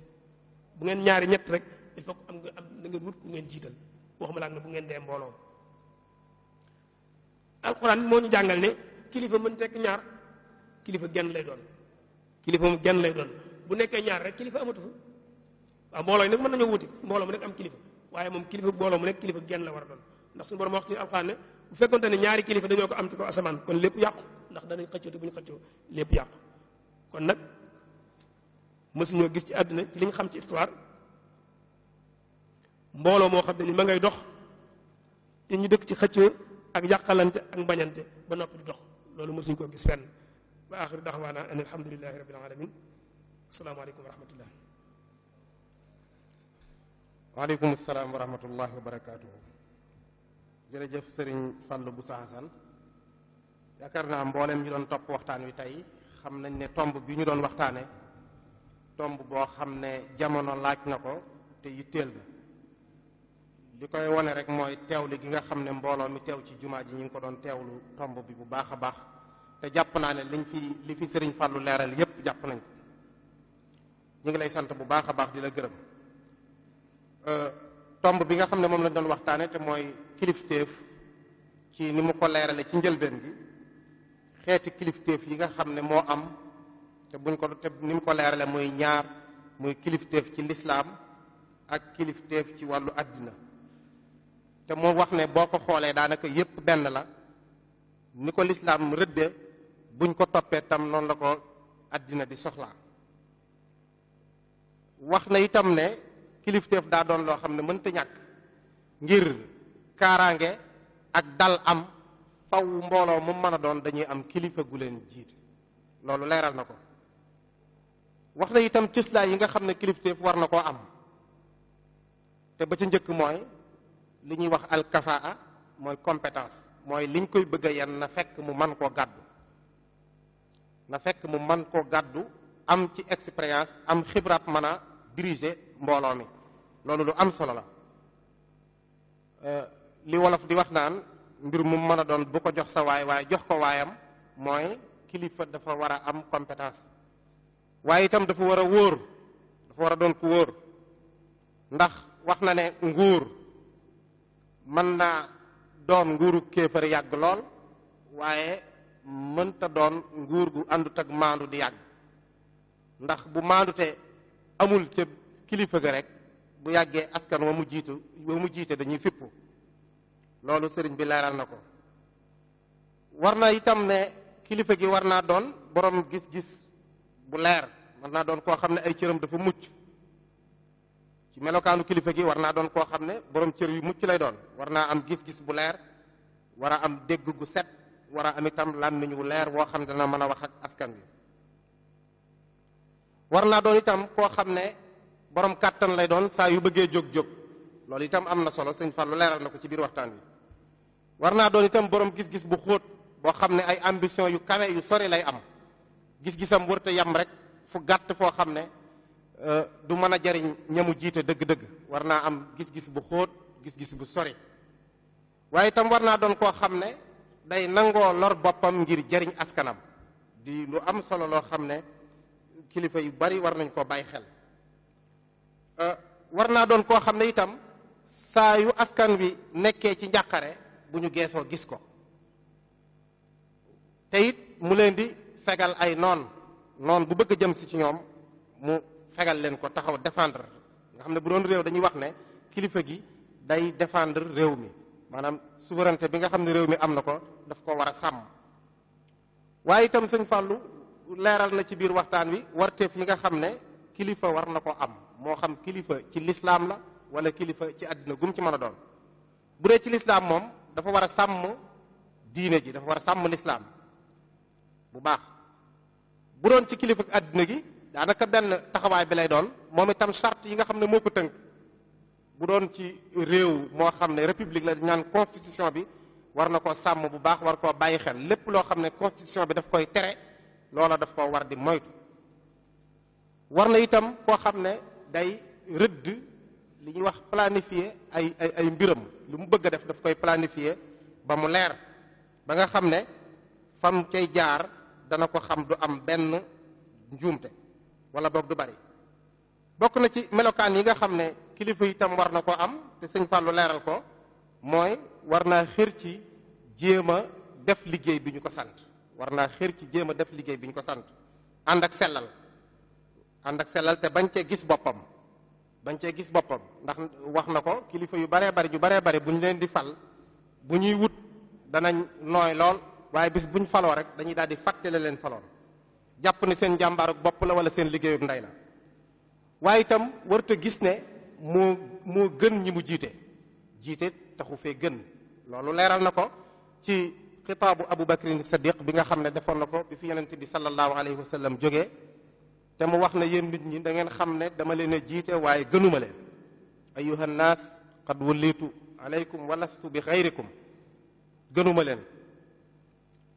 bu ngeen ñaari ñett rek il faut am nga ngeen wut ku ngeen jiital waxuma laak ne bu ngeen dee mbooloo alxuraan moo ñu jàngal ne kilifa mën nekk ñaar kilifa genn lay doon kilifa mu genn lay doon bu nekkee ñaar rek amatu fa waaw mbooloo yi nag wuti mbooloo mu nekk am kilifa waaye moom kilifa mbooloo mu nekk kilifa genn la war a doon ndax suñu borom wax ci alxuraan ne bu fekkonte ne ñaari kilifa dañoo ko am ci ko asamaan kon lépp yàqu ndax danañ xëccoo te bu ñu xëccoo lépp yàqu kon nag mësuñoo gis ci àddina ci li xam ci histoire mbooloo moo xam ne ni ma ngay dox te ñu dëkk ci xëccoo ak yàqalante ak mbañante ba noppi di dox loolu mësuñ koo gis fenn ba axir daxwaana an alhamdulilahi rabbil alamin asalaamaaleykum wa rahmatullah waaleykum salaam wa rahmatullahi wa barakaatuhu jërëjëf sëriñ Fallou Boussa Hassane yaakaar naa mboolem ñu doon topp waxtaan wi tey xam nañ ne tomb bi ñu doon waxtaane tomb boo xam ne jamono laaj na ko te yitteel na li koy wone rek mooy teewlu gi nga xam ne mbooloo mi teew ci jumaa ji ñu ngi ko doon teewlu tomb bi bu baax a baax te jàpp naa ne liñ fi li fi sëriñ Fallou leeral yépp jàpp nañ ko ñu ngi lay sant bu baax a baax di la gërëm euh, tomb bi nga xam ne moom lañ doon waxtaane te mooy kilifteef ci ni mu ko leerale ci njëlbeen bi xeeti kilifteef yi nga xam ne moo am te buñ ko te ni ko leerale muy ñaar muy kilifteef ci lislaam ak kilifteef ci wàllu àddina te mu wax ne boo ko xoolee daanaka yépp benn la ni ko lislaam rëdde buñ ko toppee tam noon la ko àddina di soxlaa wax na itam ne kilifteef daa doon loo xam ne mënta ñàkk ngir kaaraange ak dal am faw mbolo mu meuna don dañuy am kilifa gu len jiite lolou leral nako waxna itam tisla yi nga xamne ne kilifteef war nako am te ba ci njëkk moy liñuy wax al kafaa moy compétence moy liñ koy bëgg a yan na fekk mu man ko gaddu na fekk mu man ko gaddu am ci experience am xibraat mana diriger mbolo mi lolou lu am solo la euh li wolof di wax naan mbir mu mën a doon bu ko jox sa waay waaye jox ko waayam mooy kilifa dafa war a am compétence waaye itam dafa war a wóor dafa war a doon ku wóor ndax wax na ne nguur mën naa doon nguuru kéefar yàgg lool waaye mënta doon nguur gu àndut ak maandu di yàgg ndax bu maandute amul ca kilifa gi rek bu yàggee askan wa mu jiitu wa mu jiite dañuy fippu loolu sëriñ bi leeral na ko war na itam ne kilifa gi war naa doon boroom gis-gis bu leer war naa doon koo xam ne ay cëram dafa mucc ci melokaanu kilifa gi war naa doon koo xam ne borom cër yu mucc lay doon war naa am gis-gis bu leer war a am dégg gu set war a am itam làmmiñ wu leer woo xam ne dana mën a wax ak askan wi war naa doon itam koo xam ne borom kàttan lay doon saa yu bëggee jóg-jóg loolu itam am na solo sëñ Fallou leeral na ko ci biir waxtaan wi war naa doon itam boroom gis-gis bu xóot boo xam ne ay ambition yu kawe yu sori lay am gis-gisam wërta yam rek fu gàtt foo xam ne euh, du mën a jariñ ñamu jiite dëgg-dëgg war naa am gis-gis bu xóot gis-gis bu sori waaye itam war naa doon koo xam ne day nangoo lor boppam ngir jariñ askanam di lu am solo loo xam ne kilifa yu bari war nañ ko bàyyi xel euh, war naa doon koo xam ne itam saa yu askan wi nekkee ci njàqare bu ñu geesoo gis ko te it mu leen di fegal ay noon noon bu bëgg a jëm si ci ñoom mu fegal leen ko taxaw défendre nga xam ne bu doon réew dañuy wax ne kilifa gi day défendre réew mi maanaam souveraineté bi nga xam ne réew mi am na ko daf ko war a sàmm waaye itam sëñ Fallou leeral na ci biir waxtaan wi warteef yi nga xam ne kilifa war na ko am moo xam kilifa ci lislaam la wala kilifa ci àddina gum ci mën a doon bu dee ci lislaam moom dafa war a sàmm diine ji dafa war a sàmm lislaam bu baax bu doon ci kilifa àdduna gi daanaka benn taxawaay bi lay doon moom itam charte yi nga xam ne moo ko tënk bu doon ci réew moo xam ne république la ñaan constitution bi war na ko sàmm bu baax war koo bàyyi xel lépp loo xam ne constitution bi daf koy tere loola daf koo war di moytu war na itam koo xam ne day rëdd li ñuy wax planifier ay ay ay mbiram lu mu bëgg a def daf koy planifier ba mu leer ba nga xam ne fam cay jaar dana ko xam du am benn njuumte wala boog du bari bokk na ci melokaan yi nga xam ne kilifa itam war na ko am te sëñ Fallou leeral ko mooy war naa xër ci jéem a def liggéey bi ñu ko sant war naa xër ci jéem a def liggéey bi ko sant ànd ak sellal ànd ak sellal te bañ cee gis boppam dañ cee gis boppam ndax wax na ko kilifa yu baree bari ju baree bari bu ñu leen di fal bu ñuy wut danañ nooy lool waaye bis bu ñu faloo rek dañuy daal di fàttale leen faloon jàpp ne seen jàmbaarug bopp la wala seen liggéeyug ndey la waaye itam warut gis ne moo moo gën ñi mu jiite jiite taxu fee gën loolu leeral na ko ci xitaabu Abu Bakrin Sadiq bi nga xam ne defoon na ko bi fi yonent bi sallallahu alayhi wa sallam jógee te mu wax na yéen ñi da ngeen xam ne dama leen a jiite waaye gënuma leen ayuha nnaas qad wullitu aleykum walastu bi xayrikum gënuma leen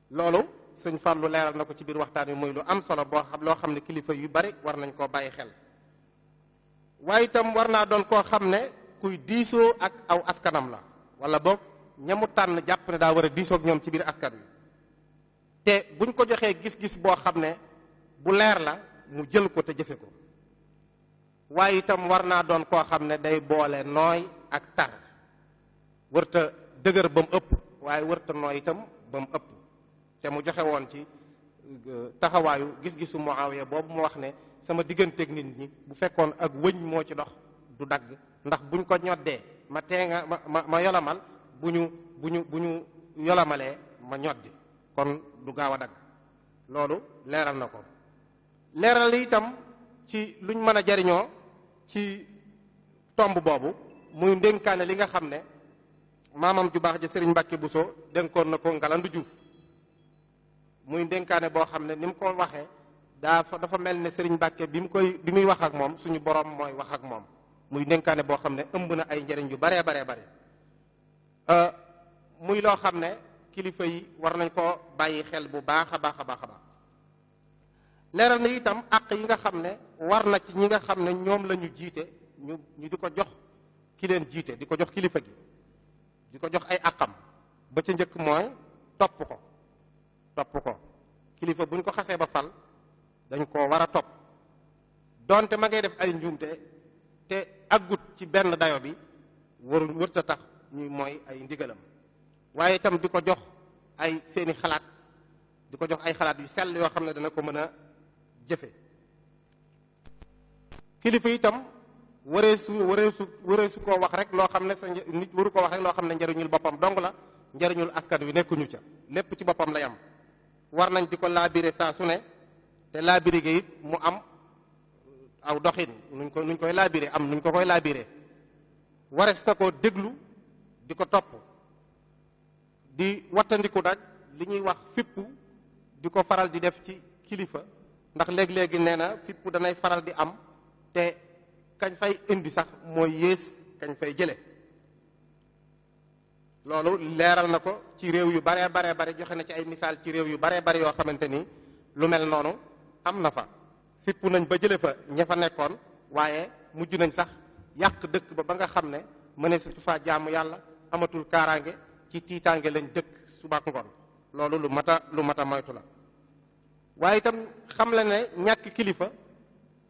loolu sëñ Fallou leeral na ko ci biir waxtaan wi muy lu am solo boo xam loo xam ne kilifa yu bari war nañ koo bàyyi xel waaye itam war naa doon koo xam ne kuy diisoo ak aw askanam la wala boog ñamu tànn jàpp ne daa war a diisoo ak ñoom ci biir askan wi te buñ ko joxee gis-gis boo xam ne bu leer la mu jël ko te jëfe ko waaye itam war naa doon koo xam ne day boole nooy ak tar wërta dëgër ba ëpp waaye wërta nooy itam ba ëpp te mu joxe woon ci euh, taxawaayu gis-gisu Muawiya boobu mu wax ne sama digganteeg nit ñi bu fekkoon ak wëñ moo ci dox du dagg ndax buñ ko ñoddee ma teenga ma ma ma yolamal bu ñu bu ñu bu ñu ma ñoddi kon du gaaw a dagg loolu leeral na ko leeral itam ci lu luñ mën a jariñoo ci tomb boobu muy ndénkaane li nga xam ne maamam ju baax ja sëriñ Mbàkke Buso dénkoon na ko Ngalandu Juuf muy ndénkaane boo xam ne ni mu ko waxee dafa dafa mel ne sëriñ Mbàkke bi mu koy bi muy wax ak moom suñu borom mooy wax ak moom muy ndénkaane boo xam ne ëmb na ay njariñ yu baree baree bare euh, muy loo xam ne kilifa yi war nañ ko bàyyi xel bu baax a baax a baax a baax leeral na itam àq yi nga xam ne war na ci ñi nga xam ne ñoom la jiite ñu ñu di ko jox ki leen jiite di ko jox kilifa gi di ko jox ay àqam ba ca njëkk mooy topp ko topp ko kilifa buñ ko xasee ba fal dañ koo war a topp donte ma ngay def ay njuumte te aggut ci benn dayo bi waru wërta tax ñuy mooy ay ndigalam waaye itam di ko jox ay seeni xalaat di ko jox ay xalaat yu sell yoo xam ne dana ko mën a jëfe kilifa itam waree su waree su waree wax rek loo xam ne sa nit waru ko wax rek loo xam ne njariñul boppam dong la njariñul askan wi nekkuñu ca lépp ci boppam lay am war nañ di ko laabire saa su ne te laabire gi mu am uh, aw doxin nuñ ko nuñ koy laabire am nuñ ko koy laabire wares na koo déglu di ko topp di wattandiku nag li ñuy wax fippu di ko faral di def ci kilifa ndax léeg-léegi nee na fipp danay faral di am te kañ fay indi sax mooy yées kañ fay jële loolu leeral na ko ci réew yu baree baree bare joxe na ci ay misaal ci réew yu baree bare yoo xamante ni lu mel noonu am na fa fipp nañ ba jële fa ña fa nekkoon waaye mujj nañ sax yàq dëkk ba ba nga xam ne mëneesatu faa jaamu yàlla amatul kaaraange ci tiitaange lañ dëkk subaak ngoon loolu lu mat a lu mat a moytu la waaye itam xam la ne ñàkk kilifa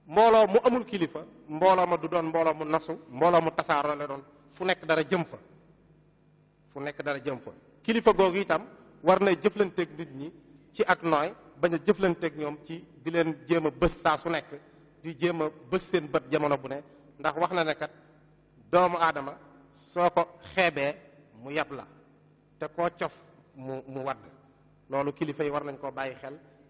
mbooloo mu amul kilifa mbooloo ma du doon mbooloo mu nasu mbooloo mu tasaaroo la doon fu nekk dara jëm fa fu nekk dara jëm fa kilifa googu itam war na jëflanteeg nit ñi ci ak nooy bañ a jëflanteeg ñoom ci di leen jéem a bës saa su nekk di jéem a bës seen bët jamono bu ne ndax wax na ne kat doomu aadama soo ko xeebee mu yab la te koo cof mu mu wadd loolu kilifa yi war nañ koo bàyyi xel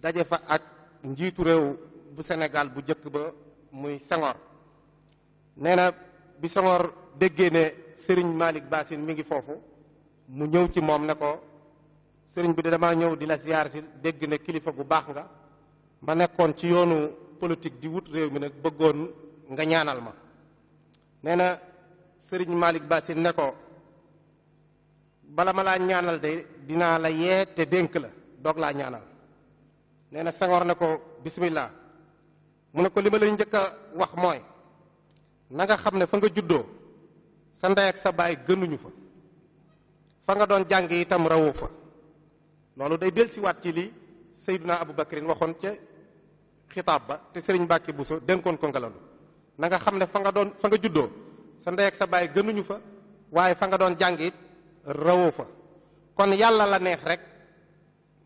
daje fa ak njitu rew bu Sénégal bu jëk ba muy sangor néna bi sangor déggé né sérigne malik Bassine mi ngi fofu mu ñëw ci mom né ko sérigne bi dama ñëw di la ziar ci dégg né kilifa gu bax nga ma nekkoon ci yoonu politique di wut rew mi nak bëggoon nga ñaanal ma néna sérigne malik Bassine né ko bala mala ñaanal de dina la yé té dénk la dog la ñaanal nee sangor nako bismillah munako ne ko jëk wax moy na nga xamne fa nga juddoo sa nday ak sa baay gënuñu fa fa nga doon jàng itam rawoo fa loolu day ci li waxon ca xitaab ba te sëriñ buso dénkoon ko ngalandu na nga xamne fa nga doon fa nga juddoo sa nday ak sa baay gënuñu fa waaye fa nga doon jàng it rawoo fa kon yàlla la neex rek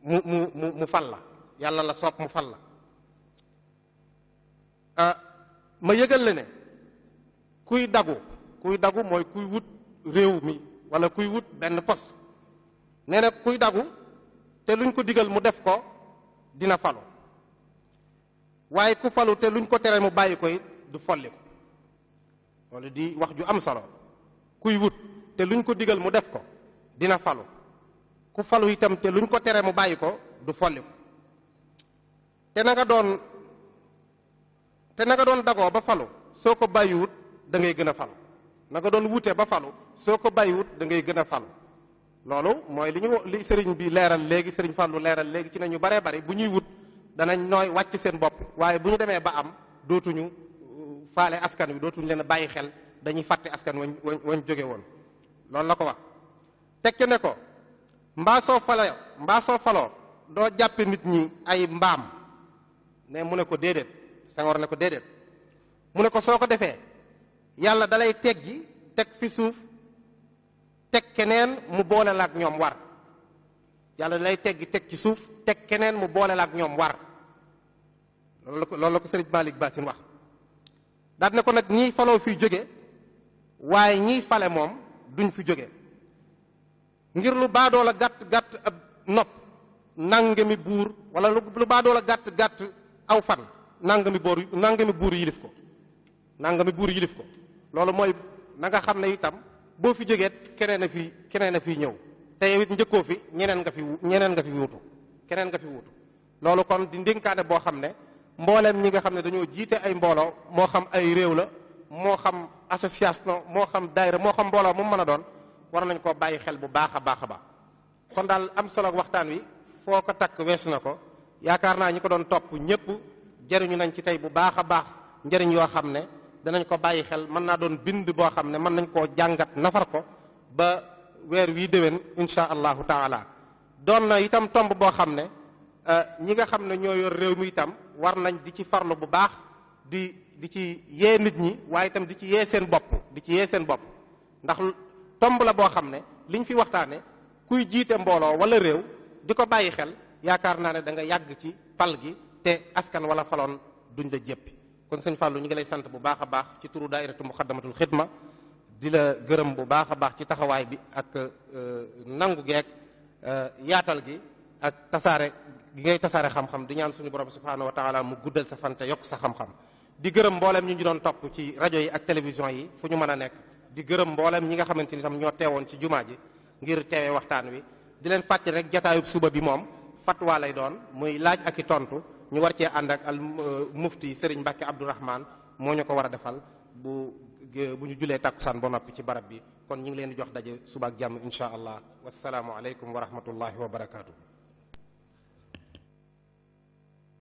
mu mu mu mu fal la yàlla la soob mu fal la ah, ma yëgal la ne kuy dagu kuy dagu mooy kuy wut réew mi wala kuy wut benn poste nee nag kuy dagu te luñ ko digal mu def ko dina falu waaye ku falu te luñ ko tere mu bàyyi ko du folli ko loolu di wax ju am solo kuy wut te luñ ko digal mu def ko dina falu ku falu itam te luñ ko tere mu bàyyi ko du folli ko te na doon te na nga doon dagoo ba falu soo ko bàyyiwut dangay ngay gën a falu na doon wute ba falu soo ko bàyyiwut da ngay gën a falu loolu mooy li ñu li sëriñ bi leeral léegi sëriñ Fallou leeral léegi ci nañu baree bari bu ñuy wut danañ nooy wàcc seen bopp waaye bu ñu demee ba am dootuñu uh, faale askan wi dootuñu leen bàyyi xel dañuy fàtte askan wañ wañ jóge woon loolu la ko wax tekki ne ko mbaa soo faloo mbaa soo faloo doo jàppe nit ñi ay mbaam mais mu ne ko déedéet Senghor ne ko déedéet mu ne ko soo ko defee yàlla dalay teggi teg fi suuf teg keneen mu boole la ak ñoom war yàlla dalay teggi teg ci suuf teg keneen mu boole la ñoom war loolu la ko loolu la ko sëriñ Malick Bassine wax daal ne ko nag ñiy faloo fiy jóge waaye ñiy fale moom duñ fi jóge ngir lu baadoo la gàtt gàtt ab nopp nangami buur walla lu baadoo la gàtt gàtt aw fan nangami boor nangami buur yilif ko nangami buur yilif ko loolu mooy na xam ne itam boo fi jógeet keneen a fi keneen a fi ñëw te yow it njëkkoo fi ñeneen nga fi ñeneen nga fi keneen nga fi wuutu loolu kon di ndénkaane boo xam ne mbooleem ñi nga xam ne dañoo jiite ay mbooloo moo xam ay réew la moo xam association moo xam daayira moo xam mbooloo mu mën a doon war nañ koo bàyyi xel bu baax a baax a baax kon daal am solo waxtaan wi foo ko takk weesu na ko yaakaar naa ñi ko doon topp ñëpp jëriñu nañ ci tey bu baax a baax njëriñ yoo xam ne danañ ko bàyyi xel mën naa doon bind boo xam ne mën nañ koo jàngat nafar ko ba weer wii déwén insha allahu taala doon na itam tomb boo xam ne euh, ñi nga xam ne yor réew mi itam war nañ di ci farlu bu baax di di ci yee nit ñi waaye itam di ci yee seen bopp di ci yee seen bopp ndax tomb la boo xam ne liñ fi waxtaane kuy jiite mbooloo wala réew di ko bàyyi xel yaakaar naa ne da nga yàgg ci pal gi te askan wala faloon duñ la jëpp kon sëñ Fallou ñu ngi lay sant bu baax a baax ci turu daairatu muqaddamatul xidma di la gërëm bu baax a baax ci taxawaay bi ak euh, nangu geeg euh, yaatal gi ak tasaare gi ngay tasaare xam-xam di ñaan suñu borom subhaanahu wa taala mu guddal sa fante yokk sa xam-xam di gërëm mboolem ñu ngi doon topp ci rajo yi ak télévision yi fu ñu mën a nekk di gërëm mboolem ñi nga xamante ni tam ñoo teewoon ci jumaa ji ngir teewee waxtaan wi di leen fàttali rek jataayub suba bi moom fatwa lay doon muy laaj ak i tontu ñu war cee ànd ak al euh, mufti Serigne Mbacke Abdourahman moo ñu ko war a defal bu euh, bu ñu julee tàkkusaan ba noppi ci barab bi kon ñu ngi leen di jox daje suba jàmm incha allah wasalaamualeykum wa rahmatullahi wa barakaatu.